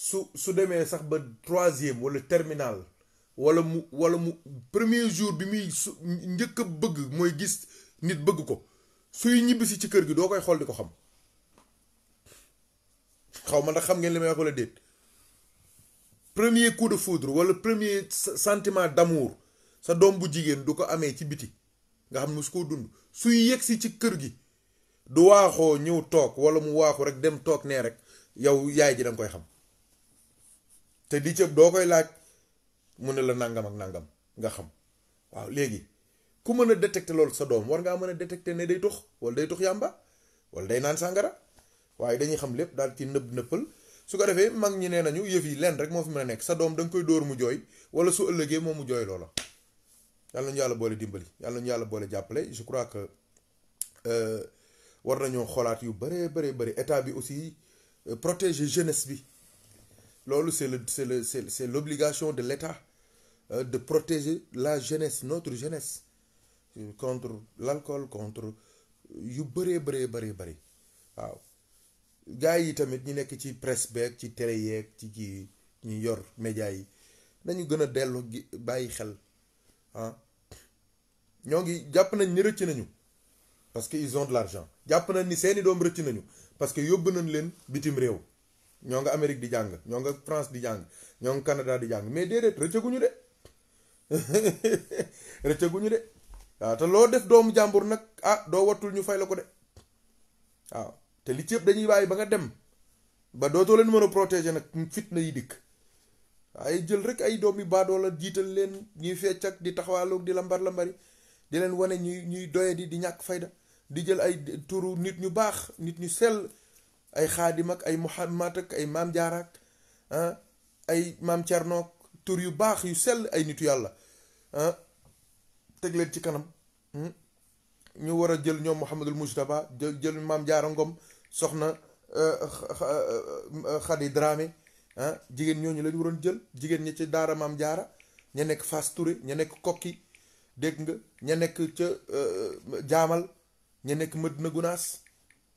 su su demee sax ba troisième wala terminal wala mu wala mu premier jour bi muy su njëkk a bëgg mooy gis nit bëgg ko suy ñibbisi ci kër gi doo koy xool di ko xam xaw ma ndax xam ngeen li may wax wala déet premier coup de foudre wala premier sa sentiment d'amour sa doom bu jigéen du ko amee ci biti nga xam ne su ko dund suy si ci kër gi du waaxoo ñëw toog wala mu waaxu rek dem toog nee rek yow yaay ji danga koy xam te li ci doo koy laaj mu ne la nangam ak nangam nga xam waaw léegi ku mën a détecter loolu sa doom war ngaa mën a détecter ne day tux wala day tux yàmba wala day naan sàngara waaye dañuy xam lépp daal ci nëbb nëppal su ko defee mag ñi nee nañu yëf yi lenn rek moo fi mën a nekk sa doom da koy dóor mu jooy wala su ëllëgee moom mu jooy loola. yàlla nañu yàlla boole dimbali yàlla nañu yàlla boole jàppale je crois que euh, war nañoo xoolaat yu bëree bëri bëri état bi aussi euh, protéger jeunesse bi. loolu c'est le c'est c'est c'est l'obligation de l'État euh, de protéger la jeunesse notre jeunesse contre l'alcool contre yu bëree bëree bëree bëri waaw gars yi tamit ñi nekk ci presse beeg ci télé yeeg ci ki ñu yor média yi nañu gën a dellu bàyyi xel ah ñoo ngi jàpp nañ ni rëcc nañu parce que ils ont de l'argent jàpp nañ ni seeni doom rëcc nañu parce que yóbbu nañ leen bitim réew ñoo nga Amérique di jàng ñoo nga France di jàng ñoo nga Canada di jàng mais déedéet rëccaguñu de rëccaguñu de waaw te loo def doomu jàmbur nag ah doo wattul ñu fay la ko de waaw te li ci yëpp dañuy bàyyi ba nga dem ba dootoo leen mën a protéger nag fitna yi dikk ay jël rek ay doom yi baadoo la jiital leen ñuy fecc ak di taxawaaloog di lambar lambari di leen wane ñuy ñuy doye di di ñàkk fayda di jël ay turu nit ñu baax nit ñu sell ay xaadim ak ay muhammad ak ay maam jaaraak ah, ay maam cernook tur yu baax yu sell ay nitu yàlla ah teg leen ci kanam hmm? ñu war a jël ñoom muhammadul mujtaba jël maam jaara ngom soxna eh, eh, eh, xadi dramé ah jigéen ñooñu lañu waroon jël jigéen ñi ci daara maam jaara ña nekk Fass Touré ña nekk kokki dégg nga ña nekk ca jaamal ña nekk Medina Gunaas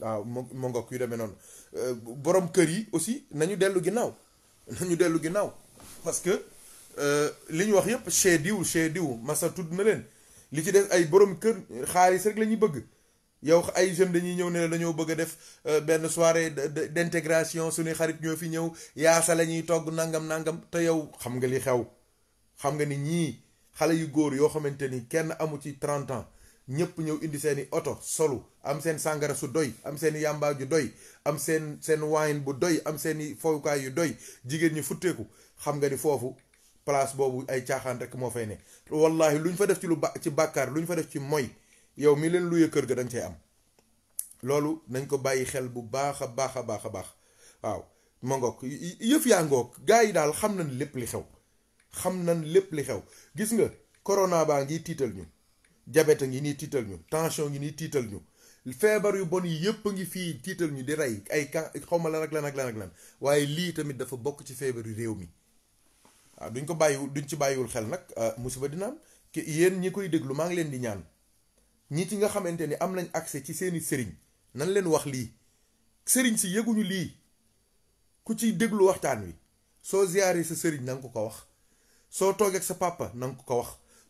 waaw ah, mo mo ngoog yu demee noonu euh, borom kër yi aussi nañu dellu ginnaaw nañu dellu ginnaaw parce que euh, li ñu wax yëpp chez diw chez diw masa tudd na leen li ci des ay borom kër xaalis rek la ñuy bëgg yow ay jeunes dañuy ñëw ne la dañoo bëgg a def euh, benn soirée d'intégration suñu xarit ñoo fi ñëw yaasa la ñuy togg nangam nangam te yow xam nga li xew xam nga ni ñii xale yu góor yoo xamante ni kenn amu ci 30 ans. ñëpp ñëw indi seen i oto solu am seen sàngara su doy am seen yàmbaar yàmbaa ju doy am seen seen wine bu doy am seen i fowukaay yu doy jigéen ñi futteeku xam nga ni foofu place boobu ay caaxaan rek moo fay ne wallahi lu ñu fa def ci lu ba ci bàkkaar lu ñu fa def ci moy yow mi leen luye kër gi danga cay am loolu nañ ko bàyyi xel bu baax a baax a baax a baax waaw ma ngoog yëf yaa ngoog gars yi daal xam na lépp li xew xam na lépp li xew gis nga corona baa ngi tiital ñu jabet a ngi nii tiital ñu tension ngi nii tiital ñu feebar yu bon yi yëpp a ngi fii tiital ñu di rey ay ka xaw ma lan ak lan ak lan ak lan waaye lii tamit dafa bokk ci feebar yu réew mi waaw duñ ko bàyyiwul duñ ci bàyyiwul xel nag ah, musiba dina ki yéen ñi koy déglu maa ngi leen di ñaan ñi ci nga xamante ni am nañ accès ci seeni sëriñ nan leen wax lii sëriñ si yëguñu lii ku ci déglu waxtaan wi soo ziyaaree sa sëriñ na nga ko ko wax soo toogee ak sa pàppa na ko ko wax.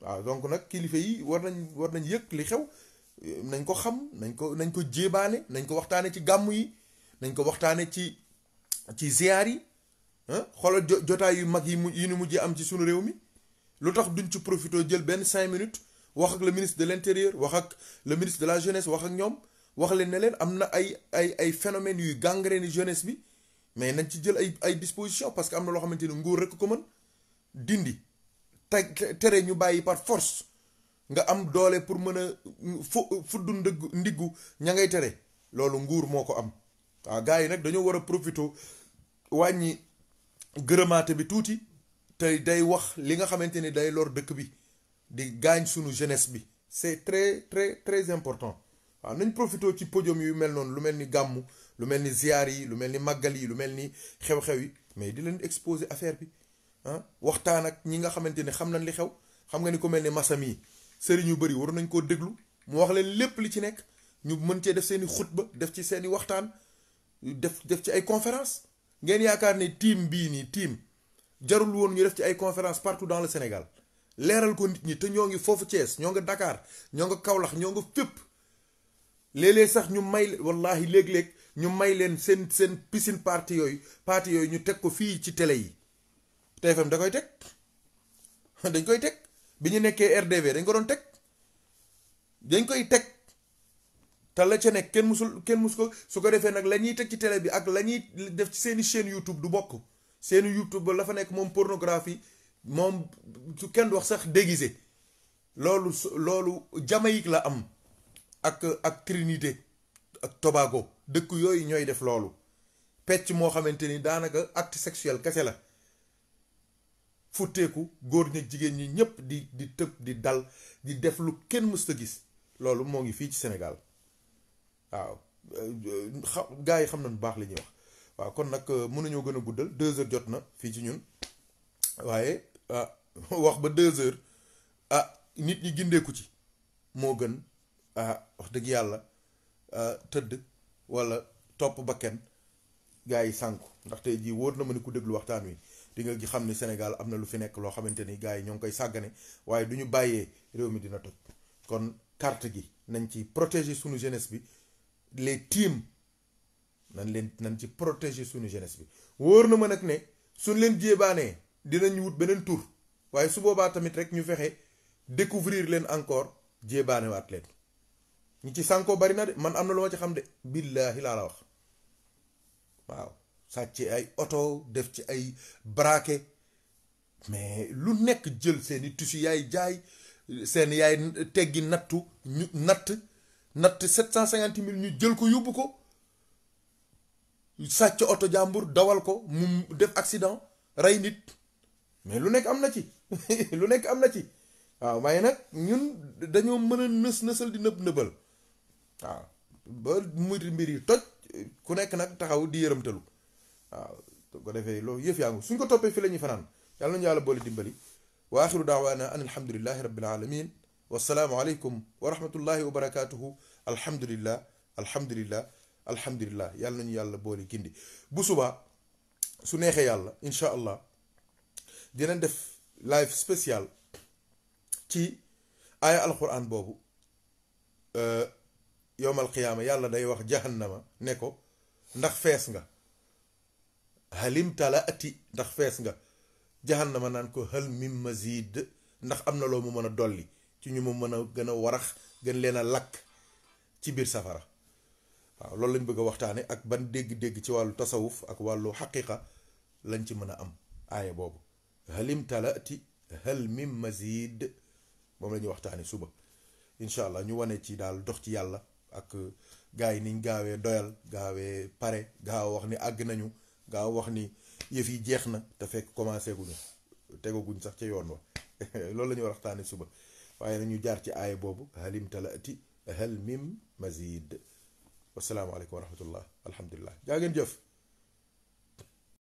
waaw donc nag kilifa yi war nañ war nañ yëg li xew nañ ko xam nañ ko nañ ko jébaane nañ ko waxtaane ci gàmm yi nañ ko waxtaane ci ci ziar yi xoolal jotaay yu mag yi mu yi nu mujjee am ci sunu réew mi lu tax duñ ci profité jël benn cinq minutes wax ak le ministre de l'intérieur wax ak le ministre de la jeunesse wax ak ñoom wax leen ne leen am na ay ay ay phénomènes yuy gangrène jeunesse bi mais nañ ci jël ay ay dispositions parce que am na loo xamante ni nguur rek ko mën dindi. te tere ñu bayyi par force nga am doole pour mën a mm, fu fuddu ndëgg ndiggu ña ngay tere loolu nguur moo ko am waaw gars yi nag dañoo war a profité wàññi gërëmaate bi tuuti te day wax li nga xamante ni day lor dëkk bi di gaañ sunu jeunesse bi c'est très très très important waaw nañ profito ci podium yu mel noonu lu mel ni gàmmu lu mel ni ziyaar yi lu mel ni màggal yi lu mel ni xew-xew yi mais di leen exposer affaire bi Ah, waxtaan ak ñi nga xamante ni xam nañ li xew xam nga ni ku mel ne masam yi sëriñ bëri war nañ koo déglu mu wax leen lépp li ci nekk ñu mën cee def seen i xutba def ci seen i waxtaan def def ci ay conférence ngeen yaakaar ne team bii nii team jarul woon ñu def ci ay conférence partout dans le Sénégal leeral ko nit ñi te ñoo ngi foofu Thiès ñoo nga Dakar ñoo nga Kaolack ñoo nga fépp léeg-léeg sax ñu may wallahi léeg-léeg ñu may leen seen seen piscine parti yooyu parti yooyu ñu teg ko fii ci télé yi TFM da koy teg dañ koy teg bi ñu nekkee RDV dañ ko doon teg dañ koy teg te la ca nekk kenn musul kenn mus ko su ko defee nag la ñuy teg ci télé bi ak la ñuy def ci seeni chaîne YouTube du bokk seeni YouTube ba la fa nekk moom pornographie moom su kenn du wax sax déguisé loolu su loolu Jamaïque la am ak ak Trinité ak Tobago dëkk yooyu ñooy def loolu pecc moo xamante ni daanaka acte sexuel kese la. futteeku góor ñi jigéen ñi ñëpp di di tëb di dal di def lu kenn mësta gis loolu moo ngi fii ci senegal waaw euh, xa gars yi xam na nañu baax lañuy wax waaw kon nag mun euh, mënuñoo gën a guddal deux heures jot na fii ci ñun waaye ah wax ba deux heures ah nit ñi gindeeku ci moo gën ah wax dëgg yàlla ah, tëdd walla topp ba kenn gaa yi sànku ndaxte jii wóor na ma ni ku déglu waxtaan wi. di nga xam ni Sénégal amna lu fi nek lo xamanteni gaay ñong koy sagane waye duñu bayé bàyyee réew mi dina toj kon carte gi nañ ci protéger sunu jeunesse bi les teams nañ leen nañ ci protéger sunu jeunesse bi wóor ma nak ne suñ leen djébané dinañ wut benen tour waye su boba tamit rek ñu fexe découvrir leen encore djébané wat leen ñi ci sanko bari na de man amna na lu ma ci xam de billahi laa la wax waaw sàcc ay oto def ci ay braqué mais lu nekk jël seeni tissu yaay jaay seen yaay teggi nattu ñu natt natt sept cent cinquante mille ñu jël ko yóbbu ko sàcc oto jàmbur dawal ko mu def accident rey nit mais lu nekk am na ci lu nekk am na ci waaw waaye nag ñun dañoo mën a nës nësal di nëb nëbal waaw ba muy mbir yi toj ku nekk nag taxaw di yërëmtalu waaw ko defee loolu yëf yaa ngi suñ ko toppee fi la ñuy fanaan yàlla nañu yàlla boole dimbali wa axiru daawaana an alhamdulilahi rabbil alamin wasalaamu aleykum wa rahmatullahi wa barakaatuhu alhamdulillah alhamdulillah alhamdulillah yàlla nañu yàlla boole gindi bu suba su neexee yàlla incha allah dinañ def live spécial ci aaya alquran boobu yowmal qiyaama yàlla day wax jahannama ne ko ndax fees nga halim tala ati ndax fees nga jahannama naan ko hal mim mazid ndax am na loo mu mën a dolli ci ñu mu mën a gën a warax gën leen a lakk ci biir safara waaw loolu lañ bëgg a waxtaane ak ban dégg-dégg ci wàllu tasawuf ak wàllu xaqiqa lañ ci mën a am aaya boobu halim talati hal mim mazid moom la ñuy suba incha allah ñu wane ci daal dox ci yàlla ak gaa yi niñ gaawee doyal gaawee pare gaaw wax ni àgg nañu gaaw wax ni yëf yi jeex na te fekk commencé guñu tegaguñ sax ca yoon wa loolu la ñu war waxtaane suba waaye nañu jaar ci aaya boobu halim talaati hal mim mazid wasalaamualeykum wa rahmatullah alhamdulilah jaa ngeen jëf